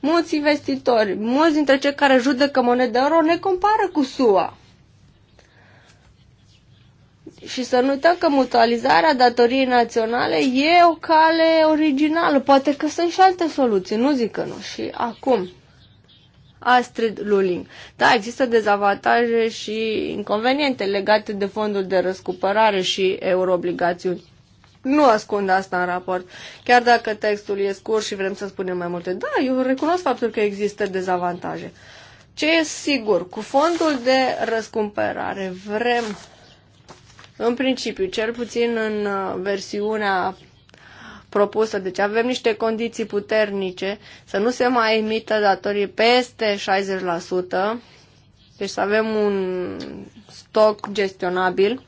mulți investitori, mulți dintre cei care judecă moneda euro ne compară cu SUA. Și să nu uităm că mutualizarea datoriei naționale e o cale originală. Poate că sunt și alte soluții, nu zic că nu. Și acum, Astrid Luling. Da, există dezavantaje și inconveniente legate de fondul de răscumpărare și euroobligațiuni. Nu ascund asta în raport. Chiar dacă textul e scurt și vrem să spunem mai multe, da, eu recunosc faptul că există dezavantaje. Ce e sigur, cu fondul de răscumpărare vrem, în principiu, cel puțin în uh, versiunea propusă. Deci avem niște condiții puternice să nu se mai emită datorii peste 60%, deci să avem un stoc gestionabil.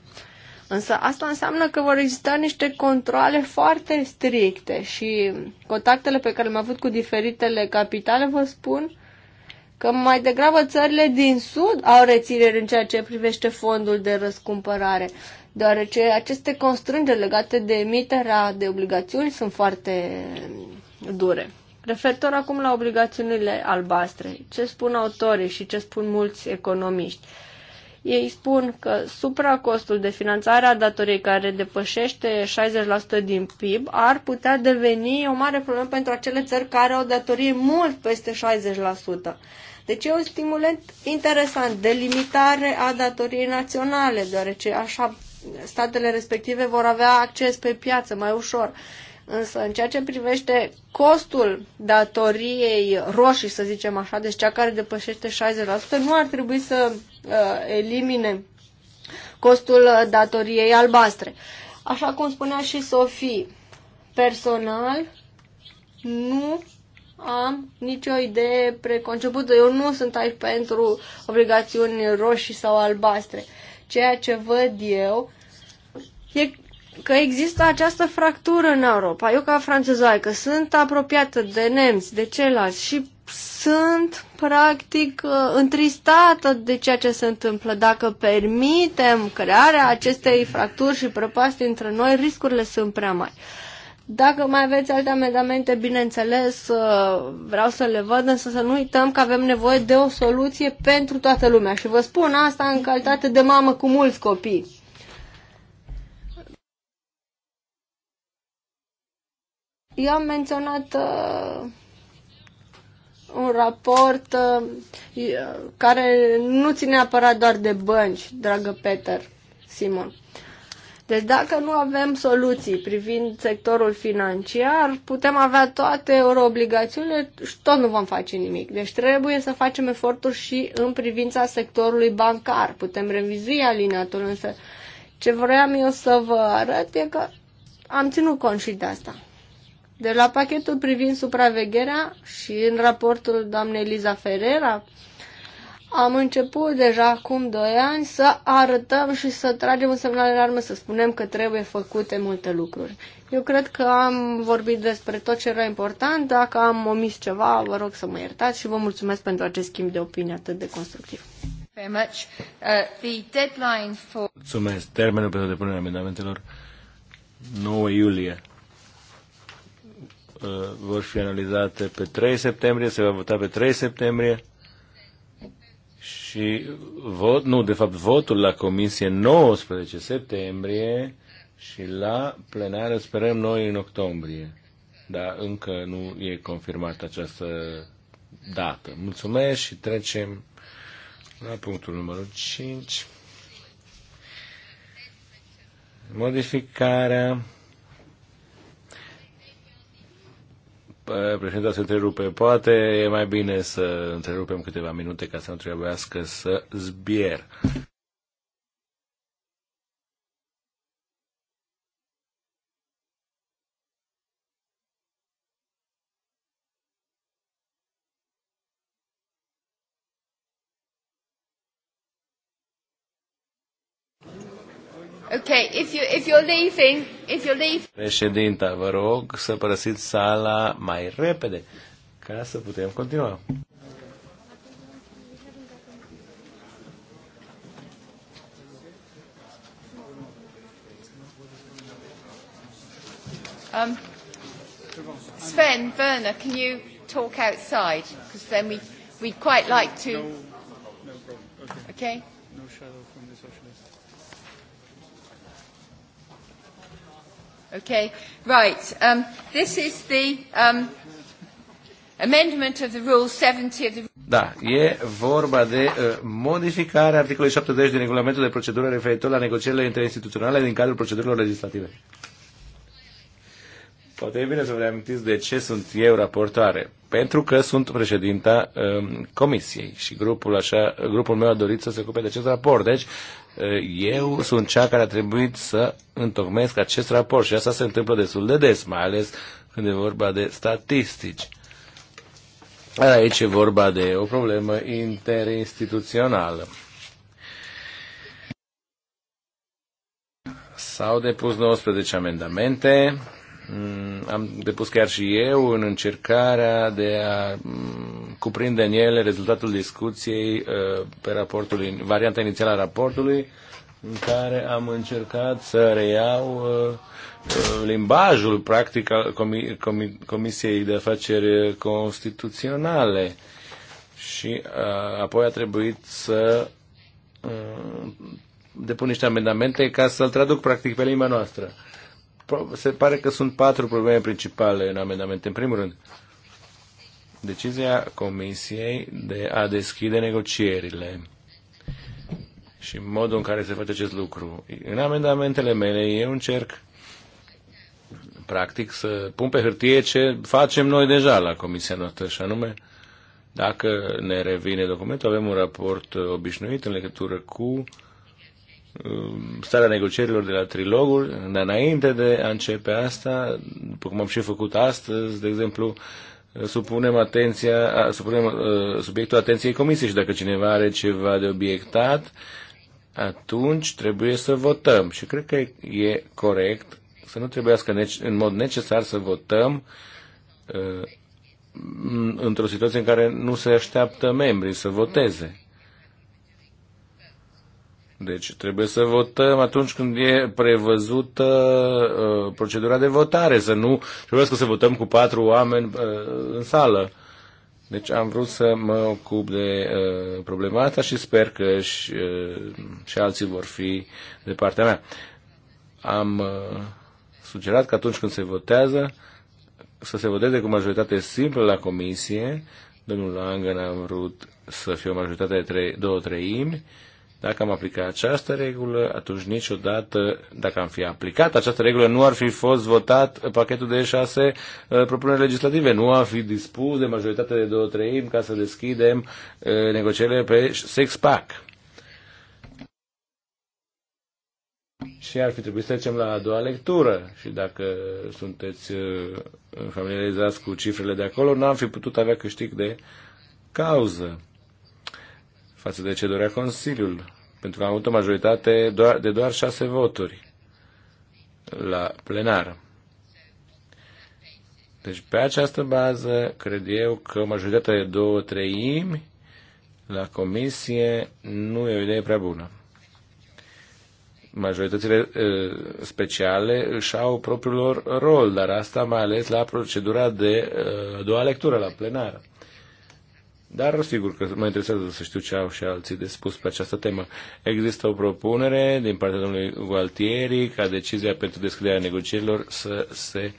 Însă asta înseamnă că vor exista niște controle foarte stricte și contactele pe care le-am avut cu diferitele capitale vă spun că mai degrabă țările din sud au rețineri în ceea ce privește fondul de răscumpărare deoarece aceste constrângeri legate de emiterea de obligațiuni sunt foarte dure. Referitor acum la obligațiunile albastre, ce spun autorii și ce spun mulți economiști? Ei spun că supracostul de finanțare a datoriei care depășește 60% din PIB ar putea deveni o mare problemă pentru acele țări care au datorie mult peste 60%. Deci e un stimulant interesant de limitare a datoriei naționale, deoarece așa statele respective vor avea acces pe piață mai ușor. Însă, în ceea ce privește costul datoriei roșii, să zicem așa, deci cea care depășește 60%, nu ar trebui să uh, elimine costul datoriei albastre. Așa cum spunea și Sofie, personal nu am nicio idee preconcepută. Eu nu sunt aici pentru obligațiuni roșii sau albastre. Uh, ceea ce văd eu e că există această fractură în Europa. Eu ca franțezoaică sunt apropiată de nemți, de ceilalți și sunt practic uh, întristată de ceea ce se întâmplă. Dacă permitem crearea acestei fracturi și prăpastii între noi, riscurile sunt prea mari. Dacă mai aveți alte amendamente, bineînțeles, uh, vreau să le văd, însă să nu uităm că avem nevoie de o soluție pentru toată lumea. Și vă spun asta în calitate de mamă cu mulți copii. Eu am menționat uh, un raport uh, care nu ține apărat doar de bănci, dragă Peter Simon. Deci dacă nu avem soluții privind sectorul financiar, putem avea toate euroobligațiunile și tot nu vom face nimic. Deci trebuie să facem eforturi și în privința sectorului bancar. Putem revizui alineatul, însă ce vreau eu să vă arăt e că am ținut cont și de asta. De la pachetul privind supravegherea și în raportul doamnei Eliza Ferrera, am început deja acum 2 ani să arătăm și să tragem un semnal în armă, să spunem că trebuie făcute multe lucruri. Eu cred că am vorbit despre tot ce era important. Dacă am omis ceva, vă rog să mă iertați și vă mulțumesc pentru acest schimb de opinie atât de constructiv. Uh, mulțumesc. Termenul pentru depunerea amendamentelor 9 iulie uh, vor fi analizate pe 3 septembrie, se va vota pe 3 septembrie și vot, nu, de fapt, votul la comisie 19 septembrie și la plenară sperăm noi în octombrie. Dar încă nu e confirmată această dată. Mulțumesc și trecem la punctul numărul 5. Modificarea președinte se întrerupe. Poate e mai bine să întrerupem câteva minute ca să nu trebuiască să zbier. Okay, if you if you're leaving, if you leave. Președinta, vă rog să părăsiți sala mai repede ca să putem continua. Um, Sven, Werner, can you talk outside? Because then we, we'd quite like to... No, no problem. Okay. okay? No shadow from the social Okay, right. Um, this is the um, amendment of the rule 70 of the... Da, e vorba de uh, modificarea articolului 70 din regulamentul de procedură referitor la negocierile interinstituționale din cadrul procedurilor legislative. Poate e bine să vă reamintiți de ce sunt eu raportoare. Pentru că sunt președinta um, comisiei și grupul, așa, grupul meu a dorit să se ocupe de acest raport. Deci, uh, eu sunt cea care a trebuit să întocmesc acest raport și asta se întâmplă destul de des, mai ales când e vorba de statistici. Aici e vorba de o problemă interinstituțională. S-au depus 19 amendamente Mm, am depus chiar și eu în încercarea de a mm, cuprinde în ele rezultatul discuției uh, pe raportul, varianta inițială a raportului, în care am încercat să reiau uh, uh, limbajul practic al Comisiei de Afaceri Constituționale și apoi a trebuit să depun niște amendamente ca să-l traduc practic pe limba noastră se pare că sunt patru probleme principale în amendamente. În primul rând, decizia Comisiei de a deschide negocierile și modul în care se face acest lucru. În amendamentele mele eu încerc practic să pun pe hârtie ce facem noi deja la comisia noastră și anume dacă ne revine documentul, avem un raport obișnuit în legătură cu uh, starea negocierilor de la trilogul dar înainte de a începe asta, după cum am și făcut astăzi, de exemplu, supunem, atenția, supunem uh, subiectul atenției comisiei și dacă cineva are ceva de obiectat, atunci trebuie să votăm. Și cred că e corect să nu trebuiască în mod necesar să votăm uh, într-o situație în care nu se așteaptă membrii să voteze. Deci trebuie să votăm atunci când e prevăzută uh, procedura de votare, să nu trebuie să votăm cu patru oameni uh, în sală. Deci am vrut să mă ocup de uh, problema asta și sper că și, uh, și alții vor fi de partea mea. Am uh, sugerat că atunci când se votează, să se voteze cu majoritate simplă la comisie. Domnul Langen a vrut să fie o majoritate de trei, două treimi. Uh, dacă am aplicat această regulă, atunci niciodată, dacă am fi aplicat această regulă, nu ar fi fost votat pachetul de șase uh, propuneri legislative. Nu ar fi dispus de majoritatea de două treimi ca să deschidem uh, negocierile pe sex-pack. și ar fi trebuit să trecem la a doua lectură. Și dacă sunteți uh, familiarizați cu cifrele de acolo, n-am fi putut avea câștig de cauză față de ce dorea Consiliul, pentru că am avut o majoritate de doar șase voturi la plenar. Deci pe această bază cred eu că majoritatea de două treimi la comisie nu e o idee prea bună. Majoritățile speciale își au propriul lor rol, dar asta mai ales la procedura de a doua lectură, la plenară. Dar sigur că mă interesează să știu ce au și alții de spus pe această temă. Există o propunere din partea domnului Gualtieri ca decizia pentru deschiderea negocierilor să se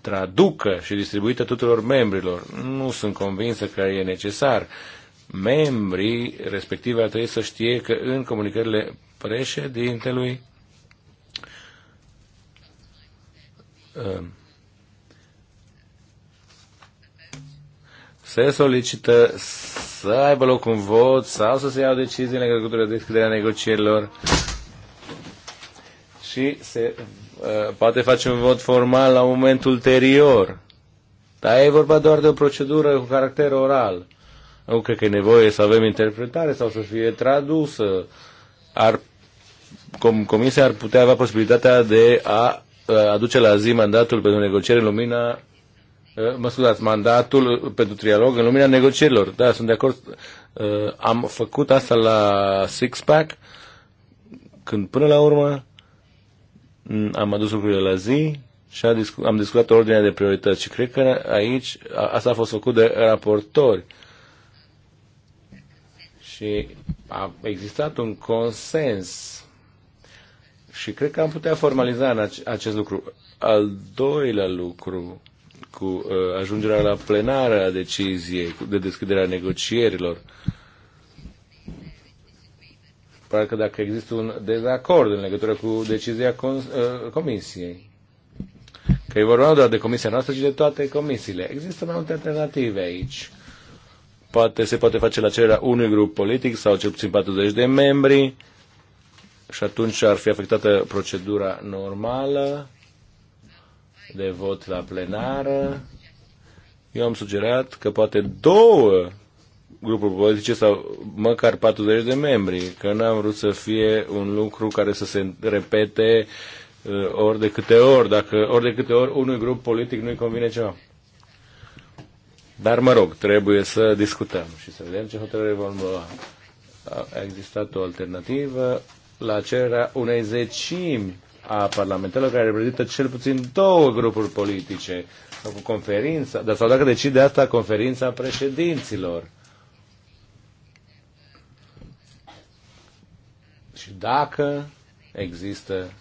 traducă și distribuită tuturor membrilor. Nu sunt convinsă că e necesar. Membrii respective ar trebui să știe că în comunicările președintelui uh, se solicită să aibă loc un vot sau să se iau decizii în legătură de deschiderea negocierilor și se uh, poate face un vot formal la un moment ulterior. Dar e vorba doar de o procedură cu caracter oral. Nu cred că e nevoie să avem interpretare sau să fie tradusă. Ar, com, comisia ar putea avea posibilitatea de a uh, aduce la zi mandatul pentru negociere în lumina Uh, mă scuzați, mandatul pentru trialog în lumina negocierilor. Da, sunt de acord. Uh, am făcut asta la six-pack, când până la urmă mm, am adus lucrurile la zi și am discutat ordinea de priorități. Și cred că aici asta a fost făcut de raportori. Și a existat un consens și cred că am putea formaliza în acest lucru. Al doilea lucru, cu uh, ajungerea la plenară a deciziei de deschiderea negocierilor. Parcă dacă există un dezacord în legătură cu decizia uh, Comisiei. Că e vorba nu doar de Comisia noastră, ci de toate comisiile. Există mai multe alternative aici. Poate se poate face la cererea unui grup politic sau cel puțin 40 de membri și atunci ar fi afectată procedura normală de vot la plenară. Eu am sugerat că poate două grupuri politice sau măcar 40 de membri, că n-am vrut să fie un lucru care să se repete uh, ori de câte ori, dacă ori de câte ori unui grup politic nu-i convine ceva. Dar mă rog, trebuie să discutăm și să vedem ce hotărâre vom lua. A existat o alternativă la cererea unei zecimi a parlamentelor care reprezintă cel puțin două grupuri politice sau cu conferința, dar sau dacă decide asta conferința președinților. Și dacă există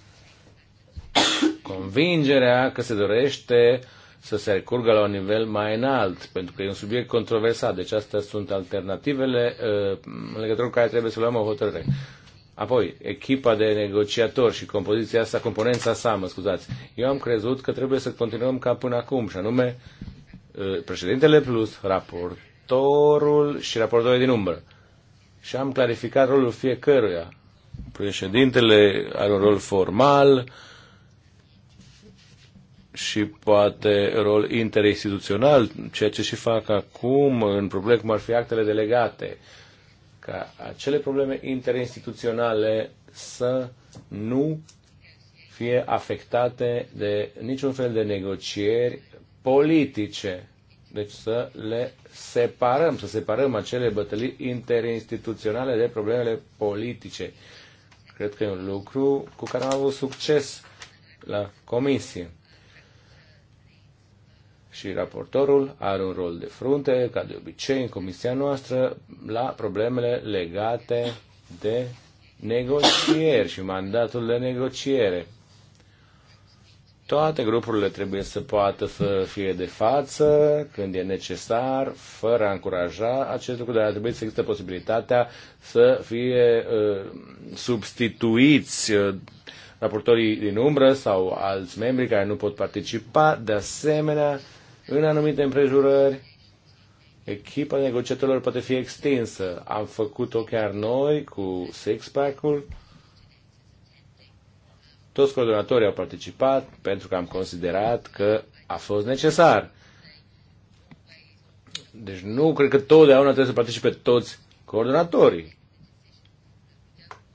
convingerea că se dorește să se recurgă la un nivel mai înalt, pentru că e un subiect controversat. Deci astea sunt alternativele uh, în legătură cu care trebuie să luăm o hotărâre. Apoi, echipa de negociatori și compoziția sa, componența sa, mă scuzați. Eu am crezut că trebuie să continuăm ca până acum, și anume ă, președintele plus raportorul și raportorul din umbră. Și am clarificat rolul fiecăruia. Președintele are un rol formal și poate rol interinstituțional, ceea ce și fac acum în probleme cum ar fi actele delegate ca acele probleme interinstituționale să nu fie afectate de niciun fel de negocieri politice. Deci să le separăm, să separăm acele bătălii interinstituționale de problemele politice. Cred că e un lucru cu care am avut succes la comisie și raportorul are un rol de frunte, ca de obicei, în comisia noastră, la problemele legate de negocieri și mandatul de negociere. Toate grupurile trebuie să poată să fie de față când e necesar, fără a încuraja acest lucru, dar trebuie să există posibilitatea să fie uh, substituiți uh, raportorii din umbră sau alți membri care nu pot participa. De asemenea, în anumite împrejurări, echipa negociatorilor poate fi extinsă. Am făcut-o chiar noi cu six-pack-ul. Toți coordonatorii au participat pentru că am considerat că a fost necesar. Deci nu cred că totdeauna trebuie să participe toți coordonatorii.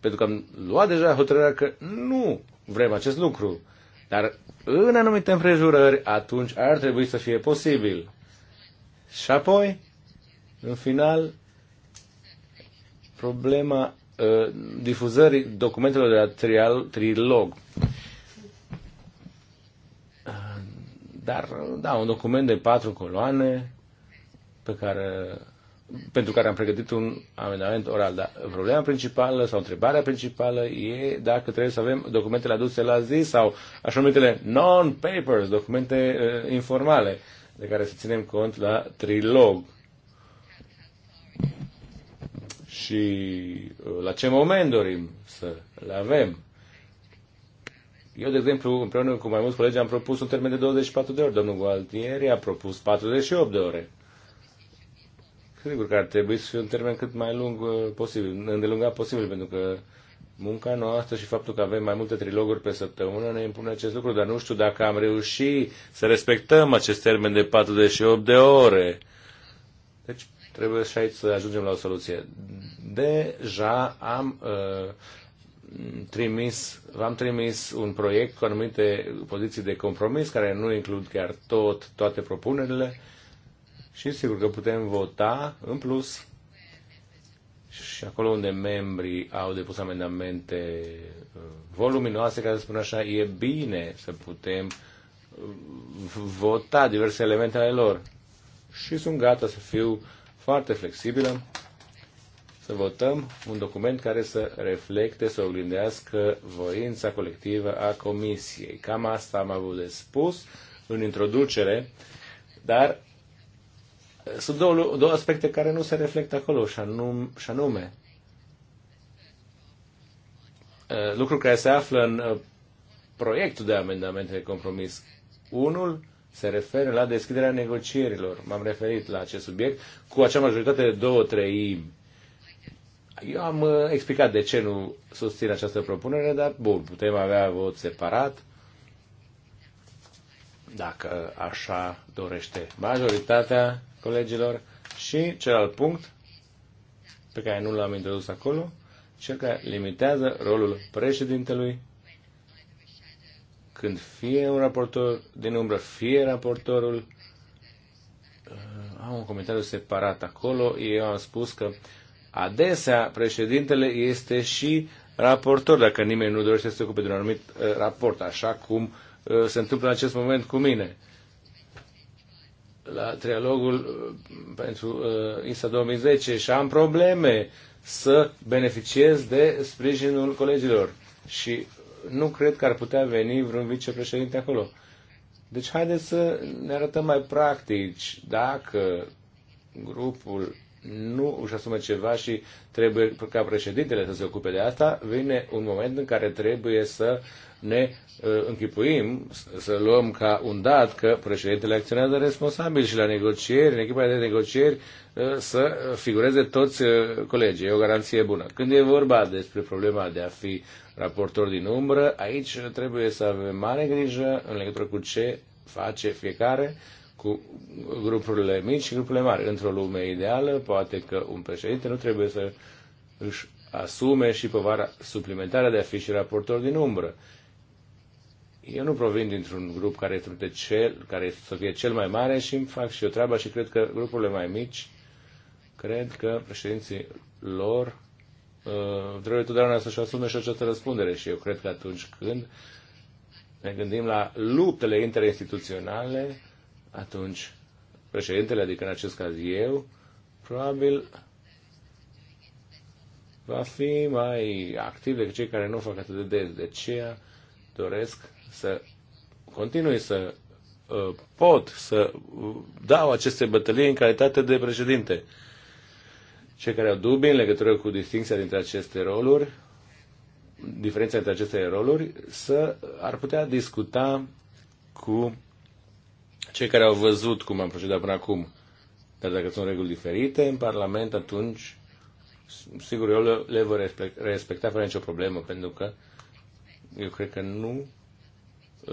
Pentru că am luat deja hotărârea că nu vrem acest lucru. Dar în anumite împrejurări, atunci ar trebui să fie posibil. Și apoi, în final, problema uh, difuzării documentelor de la trial, trilog. Uh, dar, da, un document de patru coloane pe care pentru care am pregătit un amendament oral. Dar problema principală sau întrebarea principală e dacă trebuie să avem documentele aduse la zi sau așa numitele non-papers, documente uh, informale, de care să ținem cont la trilog. Și uh, la ce moment dorim să le avem. Eu, de exemplu, împreună cu mai mulți colegi am propus un termen de 24 de ore. Domnul Gualtieri a propus 48 de ore sigur că ar trebui să fie un termen cât mai lung uh, posibil, îndelungat posibil, pentru că munca noastră și faptul că avem mai multe triloguri pe săptămână ne impune acest lucru, dar nu știu dacă am reușit să respectăm acest termen de 48 de ore. Deci trebuie și aici să ajungem la o soluție. Deja am uh, trimis, v-am trimis un proiect cu anumite poziții de compromis care nu includ chiar tot, toate propunerile, uh, și sigur că putem vota în plus și acolo unde membrii au depus amendamente uh, voluminoase, ca să spun așa, e bine să putem uh, vota diverse elemente ale lor. Și sunt gata să fiu foarte flexibilă, să votăm un document care să reflecte, să oglindească voința colectivă a Comisiei. Cam asta am avut de spus în introducere, dar sunt două, două aspecte care nu se reflectă acolo, și, anume, și anume lucruri care se află în proiectul de amendamente de compromis. Unul se referă la deschiderea negocierilor. M-am referit la acest subiect cu acea majoritate de două treimi. Eu am explicat de ce nu susțin această propunere, dar bun, putem avea vot separat dacă așa dorește majoritatea colegilor. Și celălalt punct, pe care nu l-am introdus acolo, cel care limitează rolul președintelui când fie un raportor din umbră, fie raportorul uh, am un comentariu separat acolo. Eu am spus că adesea președintele este și raportor, dacă nimeni nu dorește să se ocupe de un anumit uh, raport, așa cum uh, se întâmplă în acest moment cu mine. Uh, la trialogul uh, pentru uh, ISA 2010 și am probleme să beneficiez de sprijinul colegilor. Și nu cred că ar putea veni vreun vicepreședinte acolo. Deci haideți să ne arătăm mai practici. Dacă grupul nu își asume ceva și trebuie ca președintele să se ocupe de asta, vine un moment în care trebuie să ne uh, închipuim să luăm ca un dat că președintele acționează responsabil și la negocieri, în echipa de negocieri, uh, să figureze toți uh, colegii. E o garanție bună. Când e vorba despre problema de a fi raportor din umbră, aici trebuie să avem mare grijă în legătură cu ce face fiecare cu grupurile mici și grupurile mari. Într-o lume ideală, poate că un președinte nu trebuie să își asume și povara suplimentară de a fi și raportor din umbră eu nu provin dintr-un grup care este cel, care să fie cel mai mare și îmi fac și eu treaba și cred că grupurile mai mici, cred că președinții lor uh, trebuie totdeauna să-și asume și această răspundere și eu cred că atunci când ne gândim la luptele interinstituționale, atunci președintele, adică în acest caz eu, probabil va fi mai activ decât cei care nu fac atât de des. De aceea doresc să continui să uh, pot să dau aceste bătălii în calitate de președinte. Cei care au dubii în legătură cu distinția dintre aceste roluri, diferența între aceste roluri, să ar putea discuta cu cei care au văzut cum am procedat până acum. Dar dacă sunt reguli diferite în Parlament, atunci, sigur, eu le voi respecta fără nicio problemă, pentru că eu cred că nu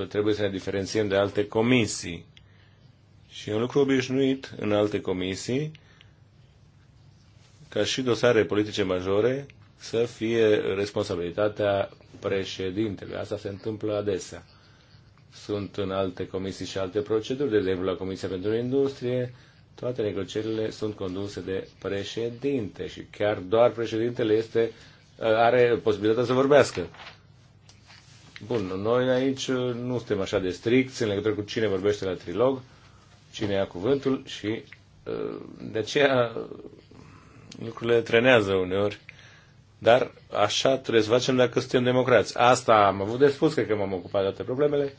trebuie să ne diferențiem de alte comisii. Și e un lucru obișnuit în alte comisii ca și dosare politice majore să fie responsabilitatea președintele. Asta se întâmplă adesea. Sunt în alte comisii și alte proceduri, de exemplu la Comisia pentru Industrie, toate negocierile sunt conduse de președinte și chiar doar președintele este, are posibilitatea să vorbească. Bun, noi aici uh, nu suntem așa de stricți în legătură cu cine vorbește la trilog, cine ia cuvântul și uh, de aceea uh, lucrurile trenează uneori. Dar așa trebuie să facem dacă suntem democrați. Asta am avut de spus, cred că m-am ocupat de toate problemele,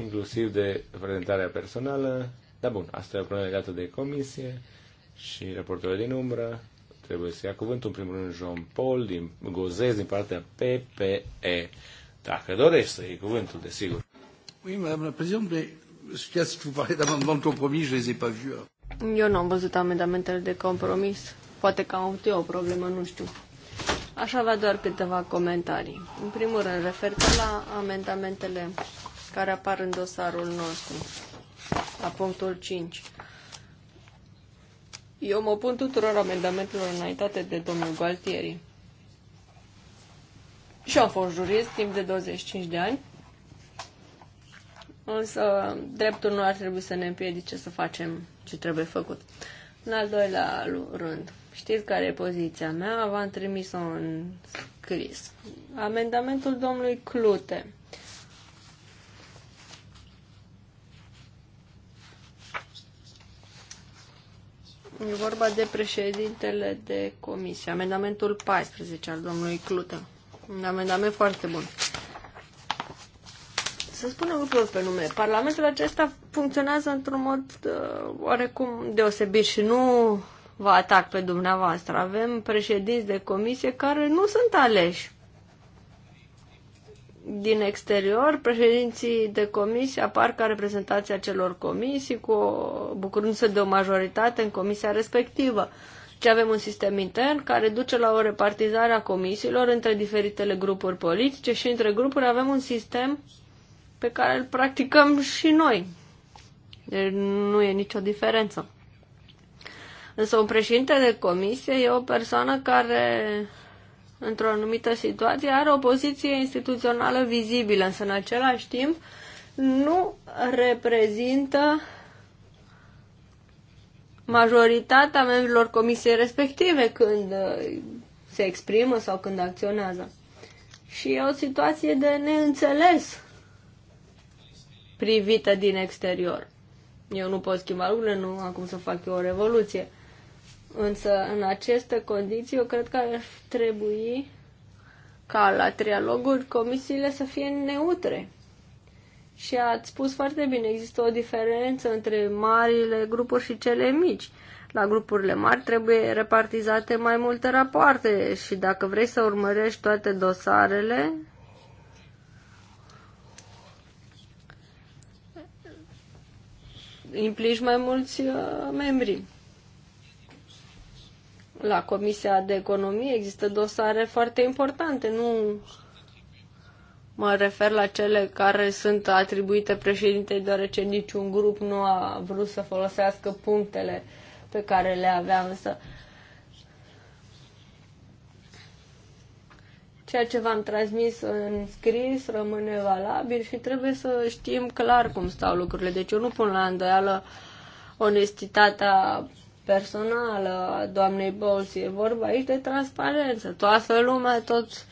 inclusiv de prezentarea personală. Dar bun, asta e o problemă legată de comisie și raportul din umbră. Trebuie să ia cuvântul, în primul rând, Jean Paul din Gozez, din partea PPE. Dacă dorești să iei cuvântul, desigur. Oui, madame la présidente, mais cas, je vous de compromis, je les ai pas vus. Eu nu am văzut amendamentele de compromis. Poate că am avut eu o problemă, nu știu. Aș avea doar câteva comentarii. În primul rând, referitor la amendamentele care apar în dosarul nostru, la punctul 5. Eu mă pun tuturor amendamentelor înaintate de domnul Gualtieri și eu am fost jurist timp de 25 de ani. Însă dreptul nu ar trebui să ne împiedice să facem ce trebuie făcut. În al doilea rând, știți care e poziția mea, v-am trimis-o în scris. Amendamentul domnului Clute. E vorba de președintele de comisie. Amendamentul 14 al domnului Clute. Un amendament foarte bun. Să spunem lucrurile pe nume. Parlamentul acesta funcționează într-un mod uh, oarecum deosebit și nu vă atac pe dumneavoastră. Avem președinți de comisie care nu sunt aleși din exterior, președinții de comisie apar ca reprezentația celor comisii, cu o, bucurându-se de o majoritate în comisia respectivă. Uh, ci avem un sistem intern care duce la o repartizare a comisiilor între diferitele grupuri politice și între grupuri avem un sistem pe care îl practicăm și noi. Deci nu e nicio diferență. Însă un președinte de comisie e o persoană care, într-o anumită situație, are o poziție instituțională vizibilă, însă în același timp nu reprezintă majoritatea membrilor comisiei respective când uh, se exprimă sau când acționează. Și e o situație de neînțeles privită din exterior. Eu nu pot schimba lucrurile, nu acum să fac eu o revoluție. Însă, în aceste condiții, eu cred că ar trebui ca la trialoguri comisiile să fie neutre. Și ați spus foarte bine, există o diferență între marile grupuri și cele mici. La grupurile mari trebuie repartizate mai multe rapoarte și dacă vrei să urmărești toate dosarele, implici mai mulți uh, membri. La Comisia de Economie există dosare foarte importante, nu Mă refer la cele care sunt atribuite președintei, deoarece niciun grup nu a vrut să folosească punctele pe care le aveam. Însă, ceea ce v-am transmis în scris rămâne valabil și trebuie să știm clar cum stau lucrurile. Deci eu nu pun la îndoială onestitatea personală a doamnei Bowles. E vorba aici de transparență. Toată lumea, toți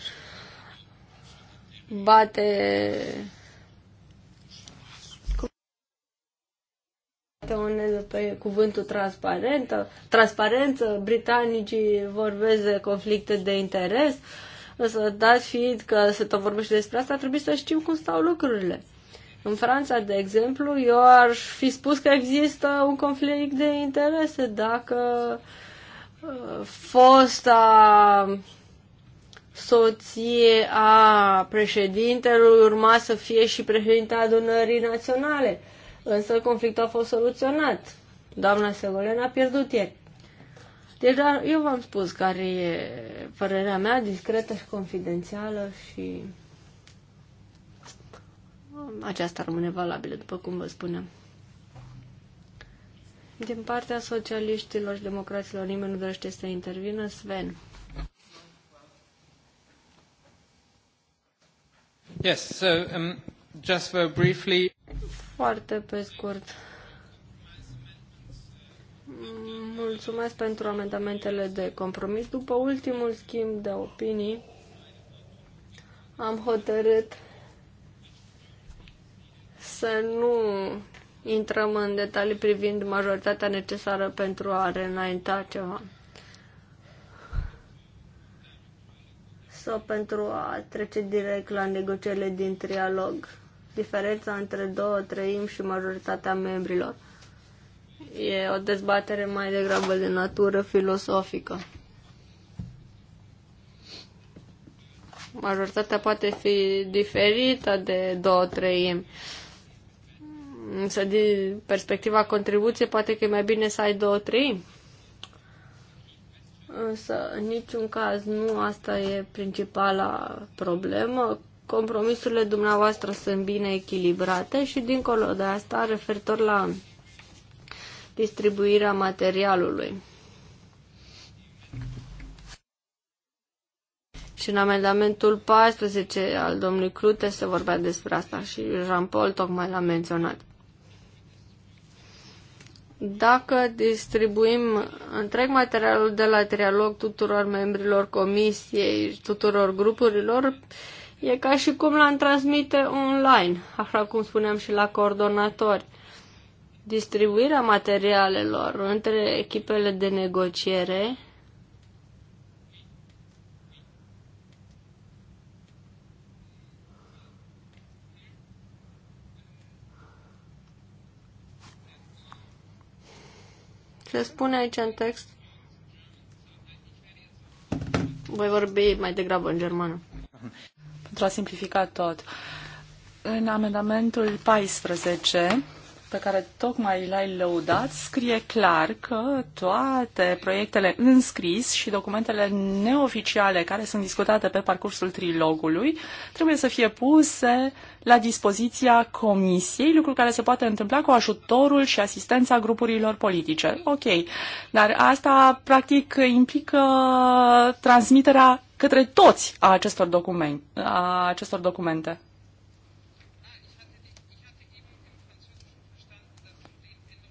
bate unele pe cuvântul transparentă, transparență, britanicii vorbesc de conflicte de interes, însă dat fiind că se tot vorbește despre asta, trebuie să știm cum stau lucrurile. În Franța, de exemplu, eu ar fi spus că există un conflict de interese dacă uh, fosta soție a președintelui urma să fie și președinta adunării naționale. Însă conflictul a fost soluționat. Doamna Segolen a pierdut ieri. Deci dar eu v-am spus care e părerea mea, discretă și confidențială și aceasta rămâne valabilă, după cum vă spuneam. Din partea socialiștilor și democraților nimeni nu dorește să intervină. Sven. Yes, so um, just very briefly. Foarte pe scurt. Mulțumesc pentru amendamentele de compromis. După ultimul schimb de opinii, am hotărât să nu intrăm în detalii privind majoritatea necesară pentru a reînainta ceva. sau pentru a trece direct la negocierile din trialog? Diferența între două treimi și majoritatea membrilor. E o dezbatere mai degrabă de natură filosofică. Majoritatea poate fi diferită de două treimi. Însă, din perspectiva contribuției, poate că e mai bine să ai două treimi însă în niciun caz nu asta e principala problemă. Compromisurile dumneavoastră sunt bine echilibrate și dincolo de asta, referitor la distribuirea materialului. Și în amendamentul 14 al domnului Clute se vorbea despre asta și Jean-Paul tocmai l-a menționat dacă distribuim întreg materialul de la trialog tuturor membrilor comisiei, tuturor grupurilor, e ca și cum l-am transmite online, așa cum spuneam și la coordonatori. Distribuirea materialelor între echipele de negociere se spune aici în text. Voi vorbi mai degrabă în germană. Pentru a simplifica tot. În amendamentul 14 pe care tocmai l-ai lăudat scrie clar că toate proiectele înscris și documentele neoficiale care sunt discutate pe parcursul trilogului trebuie să fie puse la dispoziția comisiei, lucru care se poate întâmpla cu ajutorul și asistența grupurilor politice. Ok, dar asta practic implică transmiterea către toți a acestor, documente, a acestor documente.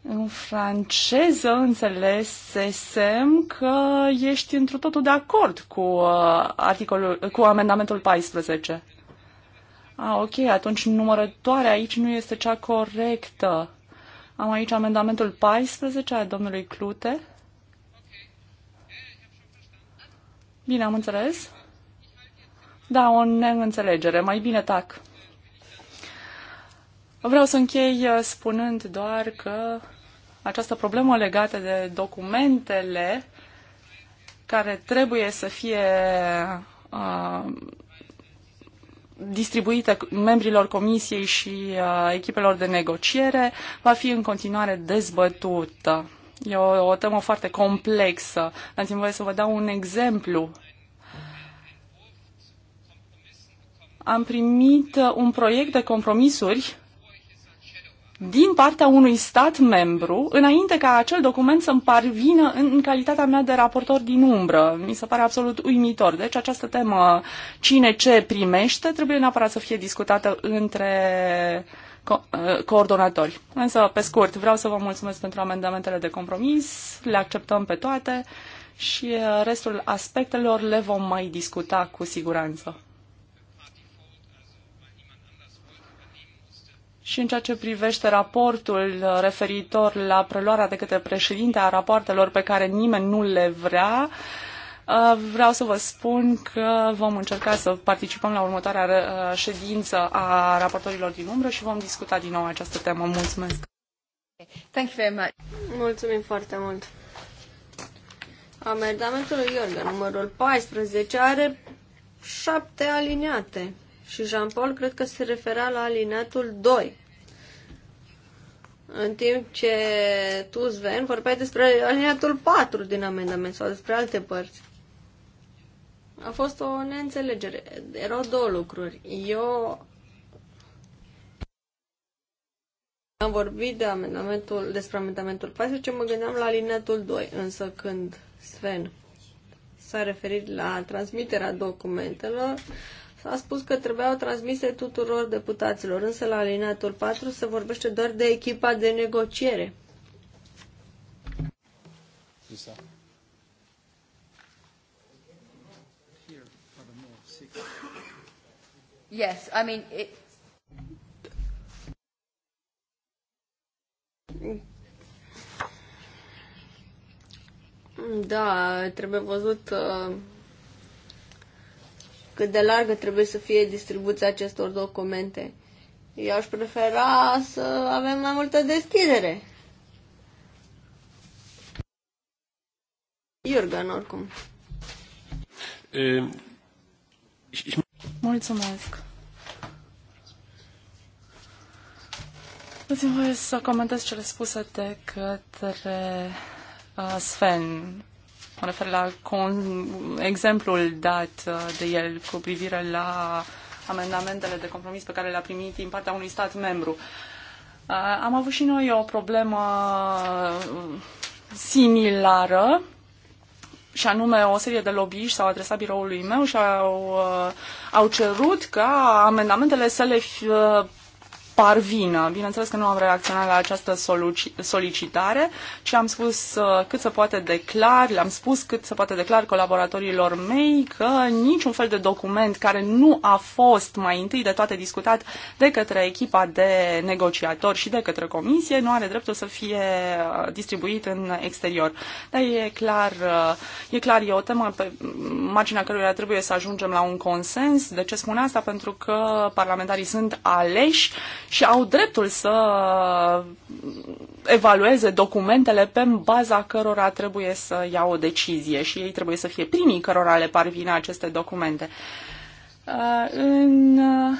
În franceză înțelesesem că ești într totul de acord cu, uh, articolul, cu amendamentul 14. A, ok, atunci numărătoarea aici nu este cea corectă. Am aici amendamentul 14 a domnului Clute. Bine, am înțeles. Da, o neînțelegere. Mai bine tac. Vreau să închei uh, spunând doar că această problemă legată de documentele care trebuie să fie uh, distribuite membrilor comisiei și uh, echipelor de negociere va fi în continuare dezbătută. E o, o temă foarte complexă. dați voie să vă dau un exemplu. Am primit un proiect de compromisuri din partea unui stat membru, înainte ca acel document să-mi parvină în, calitatea mea de raportor din umbră. Mi se pare absolut uimitor. Deci această temă, cine ce primește, trebuie neapărat să fie discutată între co- uh, coordonatori. Însă, pe scurt, vreau să vă mulțumesc pentru amendamentele de compromis, le acceptăm pe toate și uh, restul aspectelor le vom mai discuta cu siguranță. Și în ceea ce privește raportul uh, referitor la preluarea de către președinte a rapoartelor pe care nimeni nu le vrea, uh, vreau să vă spun că vom încerca să participăm la următoarea uh, ședință a raportorilor din umbră și vom discuta din nou această temă. Mulțumesc! Thank you very much. Mulțumim foarte mult! Amendamentul Iorga, numărul 14, are șapte aliniate. Și Jean-Paul cred că se referea la alineatul 2. În timp ce tu, Sven, vorbeai despre alineatul 4 din amendament sau despre alte părți. A fost o neînțelegere. Erau două lucruri. Eu am vorbit de amendamentul, despre amendamentul 4 ce mă gândeam la alineatul 2, însă când Sven s-a referit la transmiterea documentelor, a spus că trebuiau transmise tuturor deputaților, însă la alineatul 4 se vorbește doar de echipa de negociere. Lisa. Yes, I mean it... Da, trebuie văzut uh, cât de largă trebuie să fie distribuția acestor documente. Eu aș prefera să avem mai multă deschidere. Iurgan, oricum. Mulțumesc. dați voie să comentez cele spuse de către uh, Sven. Mă refer la con- exemplul dat uh, de el cu privire la amendamentele de compromis pe care le-a primit din partea unui stat membru. Uh, am avut și noi o problemă uh, similară și anume o serie de lobbyiști s-au adresat biroului meu și au, au cerut ca amendamentele să le parvină. Bineînțeles că nu am reacționat la această solicitare, ci am spus uh, cât se poate de clar, le-am spus cât se poate de clar colaboratorilor mei că niciun fel de document care nu a fost mai întâi de toate discutat de către echipa de negociatori și de către comisie nu are dreptul să fie uh, distribuit în exterior. Dar e clar, uh, e clar, e o temă pe marginea căruia trebuie să ajungem la un consens. De ce spun asta? Pentru că parlamentarii sunt aleși și au dreptul să evalueze documentele pe baza cărora trebuie să ia o decizie și ei trebuie să fie primii cărora le parvine aceste documente. Uh, în uh,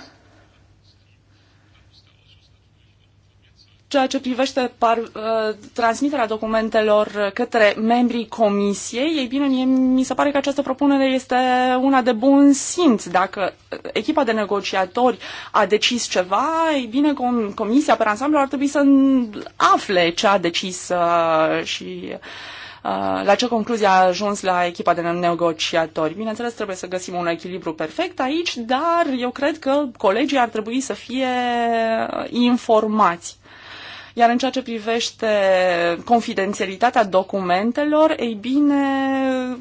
ceea ce privește par, uh, transmiterea documentelor către membrii comisiei, ei bine, mie, mi se pare că această propunere este una de bun simț. Dacă echipa de negociatori a decis ceva, ei bine, com, comisia pe ansamblu ar trebui să afle ce a decis uh, și uh, la ce concluzie a ajuns la echipa de negociatori. Bineînțeles, trebuie să găsim un echilibru perfect aici, dar eu cred că colegii ar trebui să fie uh, informați. Iar în ceea ce privește confidențialitatea documentelor, ei bine,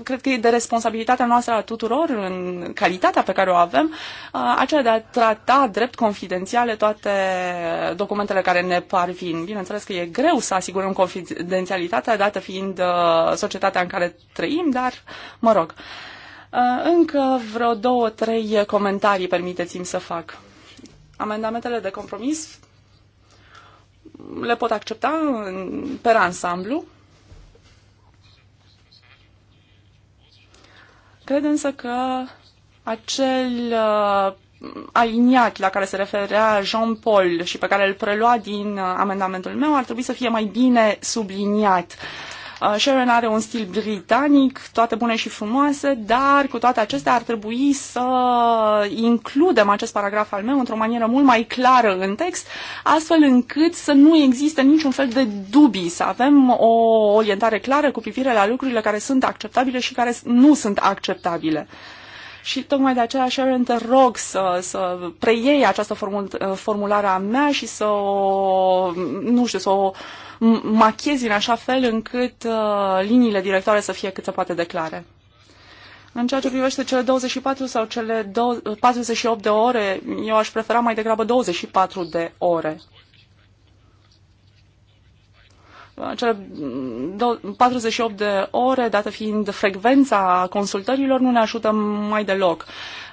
cred că e de responsabilitatea noastră a tuturor, în calitatea pe care o avem, aceea de a trata drept confidențiale toate documentele care ne parvin. Bineînțeles că e greu să asigurăm confidențialitatea, dată fiind societatea în care trăim, dar, mă rog, încă vreo două, trei comentarii permiteți-mi să fac. Amendamentele de compromis le pot accepta pe ansamblu. Cred însă că acel uh, aliniat la care se referea Jean-Paul și pe care îl prelua din uh, amendamentul meu ar trebui să fie mai bine subliniat. Uh, Uh, Sharon are un stil britanic, toate bune și frumoase, dar cu toate acestea ar trebui să includem acest paragraf al meu într-o manieră mult mai clară în text, astfel încât să nu existe niciun fel de dubii, să avem o orientare clară cu privire la lucrurile care sunt acceptabile și care nu sunt acceptabile. Și tocmai de aceea, Sharon, te rog să, să preiei această formul, uh, formulare a mea și să o, nu știu, să o machezi în așa fel încât uh, liniile directoare să fie cât se poate de clare. În ceea ce privește cele 24 sau cele 48 de ore, eu aș prefera mai degrabă 24 de ore cele 48 de ore, dată fiind frecvența consultărilor, nu ne ajută mai deloc.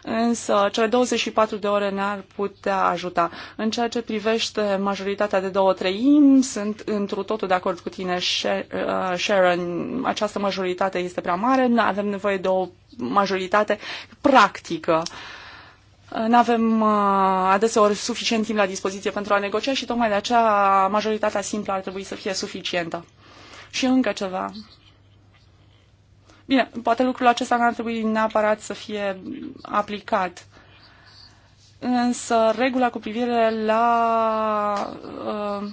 Însă cele 24 de ore ne-ar putea ajuta. În ceea ce privește majoritatea de două treimi, sunt întru totul de acord cu tine, uh, Sharon. Această majoritate este prea mare, avem nevoie de o majoritate practică. Uh, nu avem uh, adeseori suficient timp la dispoziție pentru a negocia și tocmai de aceea majoritatea simplă ar trebui să fie suficientă. Și încă ceva. Bine, poate lucrul acesta n-ar trebui neapărat să fie aplicat. Însă regula cu privire la uh,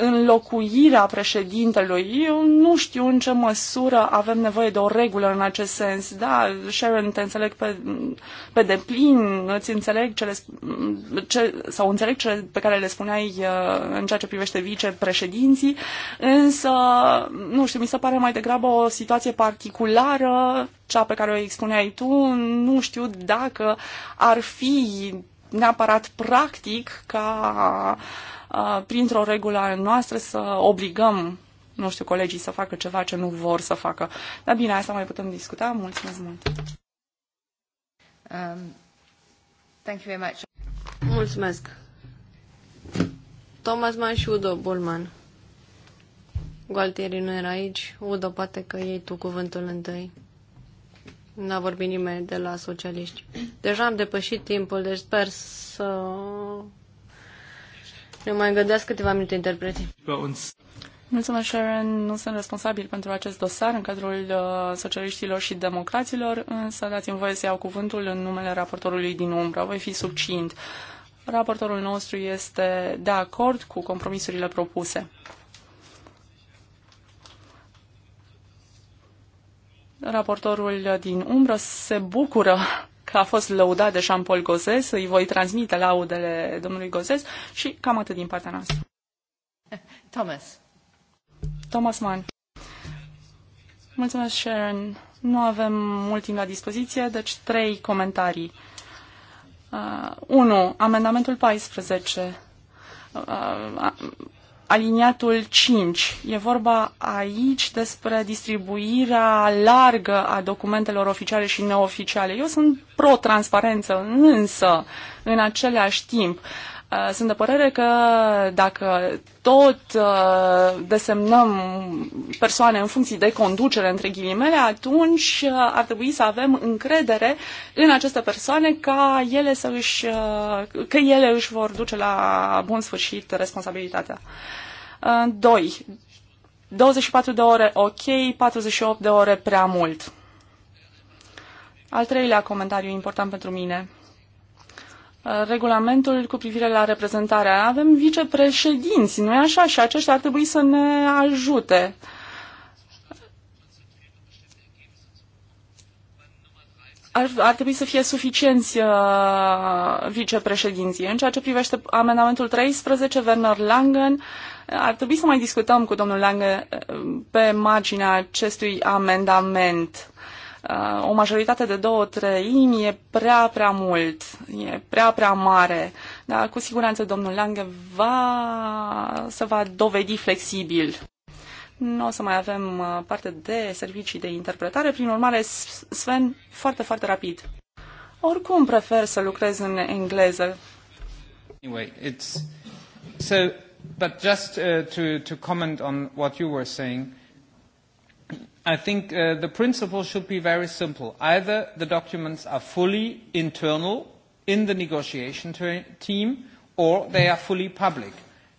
înlocuirea președintelui. Eu nu știu în ce măsură avem nevoie de o regulă în acest sens. Da, Sharon, te înțeleg pe, pe deplin, îți înțeleg cele, ce, sau înțeleg cele pe care le spuneai uh, în ceea ce privește vicepreședinții, însă, nu știu, mi se pare mai degrabă o situație particulară, cea pe care o expuneai tu, nu știu dacă ar fi neapărat practic ca uh, Uh, printr-o regulă noastră să obligăm, nu știu, colegii să facă ceva ce nu vor să facă. Dar bine, asta mai putem discuta. Mulțumesc mult! Um, thank you very much. Mulțumesc! Thomas Mann și Udo Bullman. Gualtieri nu era aici. Udo, poate că iei tu cuvântul întâi. N-a vorbit nimeni de la socialiști. Deja am depășit timpul, deci sper să ne mai îngădeați câteva minute interpreții. Mulțumesc, Sharon. Nu sunt responsabil pentru acest dosar în cadrul uh, socialiștilor și democraților, însă dați-mi voie să iau cuvântul în numele raportorului din umbră. Voi fi succint. Raportorul nostru este de acord cu compromisurile propuse. Raportorul din umbră se bucură că a fost lăudat de Jean-Paul Gozes, îi voi transmite laudele domnului Gozes și cam atât din partea noastră. Thomas. Thomas Mann. Mulțumesc, Sharon. Nu avem mult timp la dispoziție, deci trei comentarii. Uh, Amendamentul 14. Uh, uh aliniatul 5. E vorba aici despre distribuirea largă a documentelor oficiale și neoficiale. Eu sunt pro-transparență, însă, în același timp, uh, Uh, sunt de părere că dacă tot uh, desemnăm persoane în funcții de conducere, între ghilimele, atunci uh, ar trebui să avem încredere în aceste persoane ca ele să își, că ele își vor duce la bun sfârșit responsabilitatea. 2. 24 de ore ok, 48 de ore prea mult. Al treilea comentariu important pentru mine – regulamentul cu privire la reprezentarea Avem vicepreședinți, nu-i așa? Și aceștia ar trebui să ne ajute. Ar, ar trebui să fie suficienți uh, vicepreședinții. În ceea ce privește amendamentul 13, Werner Langen, ar trebui să mai discutăm cu domnul Lange uh, pe marginea acestui amendament. Uh, o majoritate de două treimi e prea, prea mult, e prea, prea mare. Dar cu siguranță domnul Lange va, se va dovedi flexibil. Nu o să mai avem uh, parte de servicii de interpretare, prin urmare, Sven, foarte, foarte rapid. Oricum prefer să lucrez în engleză. Anyway, it's... So, but just uh, to, to comment on what you were saying, uh, I think uh, the principle should be very simple. Either the documents are fully internal in the negotiation team, or they are fully public.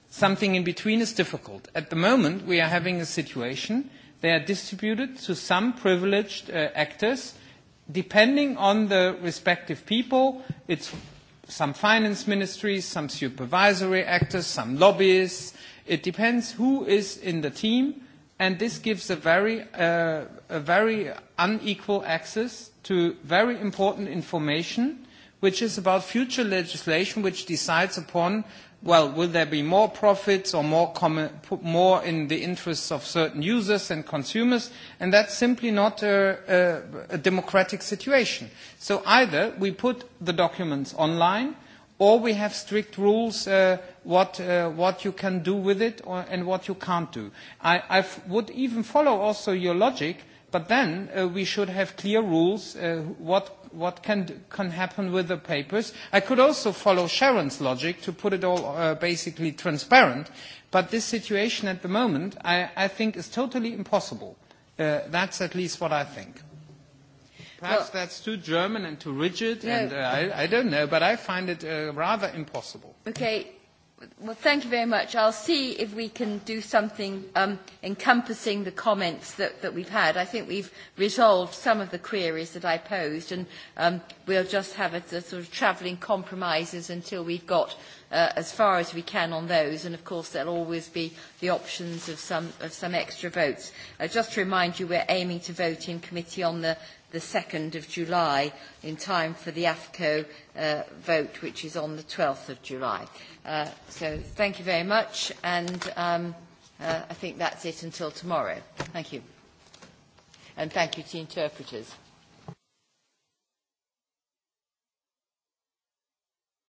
Something in between is difficult. At the moment, we are having a situation they are distributed to some privileged uh, actors. Depending on the respective people, it's some finance ministries, some supervisory actors, some lobbyists. It depends who is in the team and this gives a very, uh, a very unequal access to very important information, which is about future legislation which decides upon, well, will there be more profits or more, common, more in the interests of certain users and consumers, and that's simply not a, a, a democratic situation. So either we put the documents online, or we have strict rules uh, what, uh, what you can do with it or, and what you can't do. I, I would even follow also your logic, but then uh, we should have clear rules uh, what, what can, can happen with the papers. I could also follow Sharon's logic to put it all uh, basically transparent, but this situation at the moment I, I think is totally impossible. Uh, that's at least what I think. Perhaps well, that's too German and too rigid, yeah. and uh, I, I don't know, but I find it uh, rather impossible. Okay, Well, thank you very much. I'll see if we can do something um, encompassing the comments that, that we've had. I think we've resolved some of the queries that I posed, and um, we'll just have a, a sort of travelling compromises until we've got uh, as far as we can on those. And of course, there'll always be the options of some, of some extra votes. Uh, just to remind you, we're aiming to vote in committee on the the 2nd of July in time for the AFCO uh, vote, which is on the 12th of July. Uh, so thank you very much, and um, uh, I think that's it until tomorrow. Thank you. And thank you to interpreters.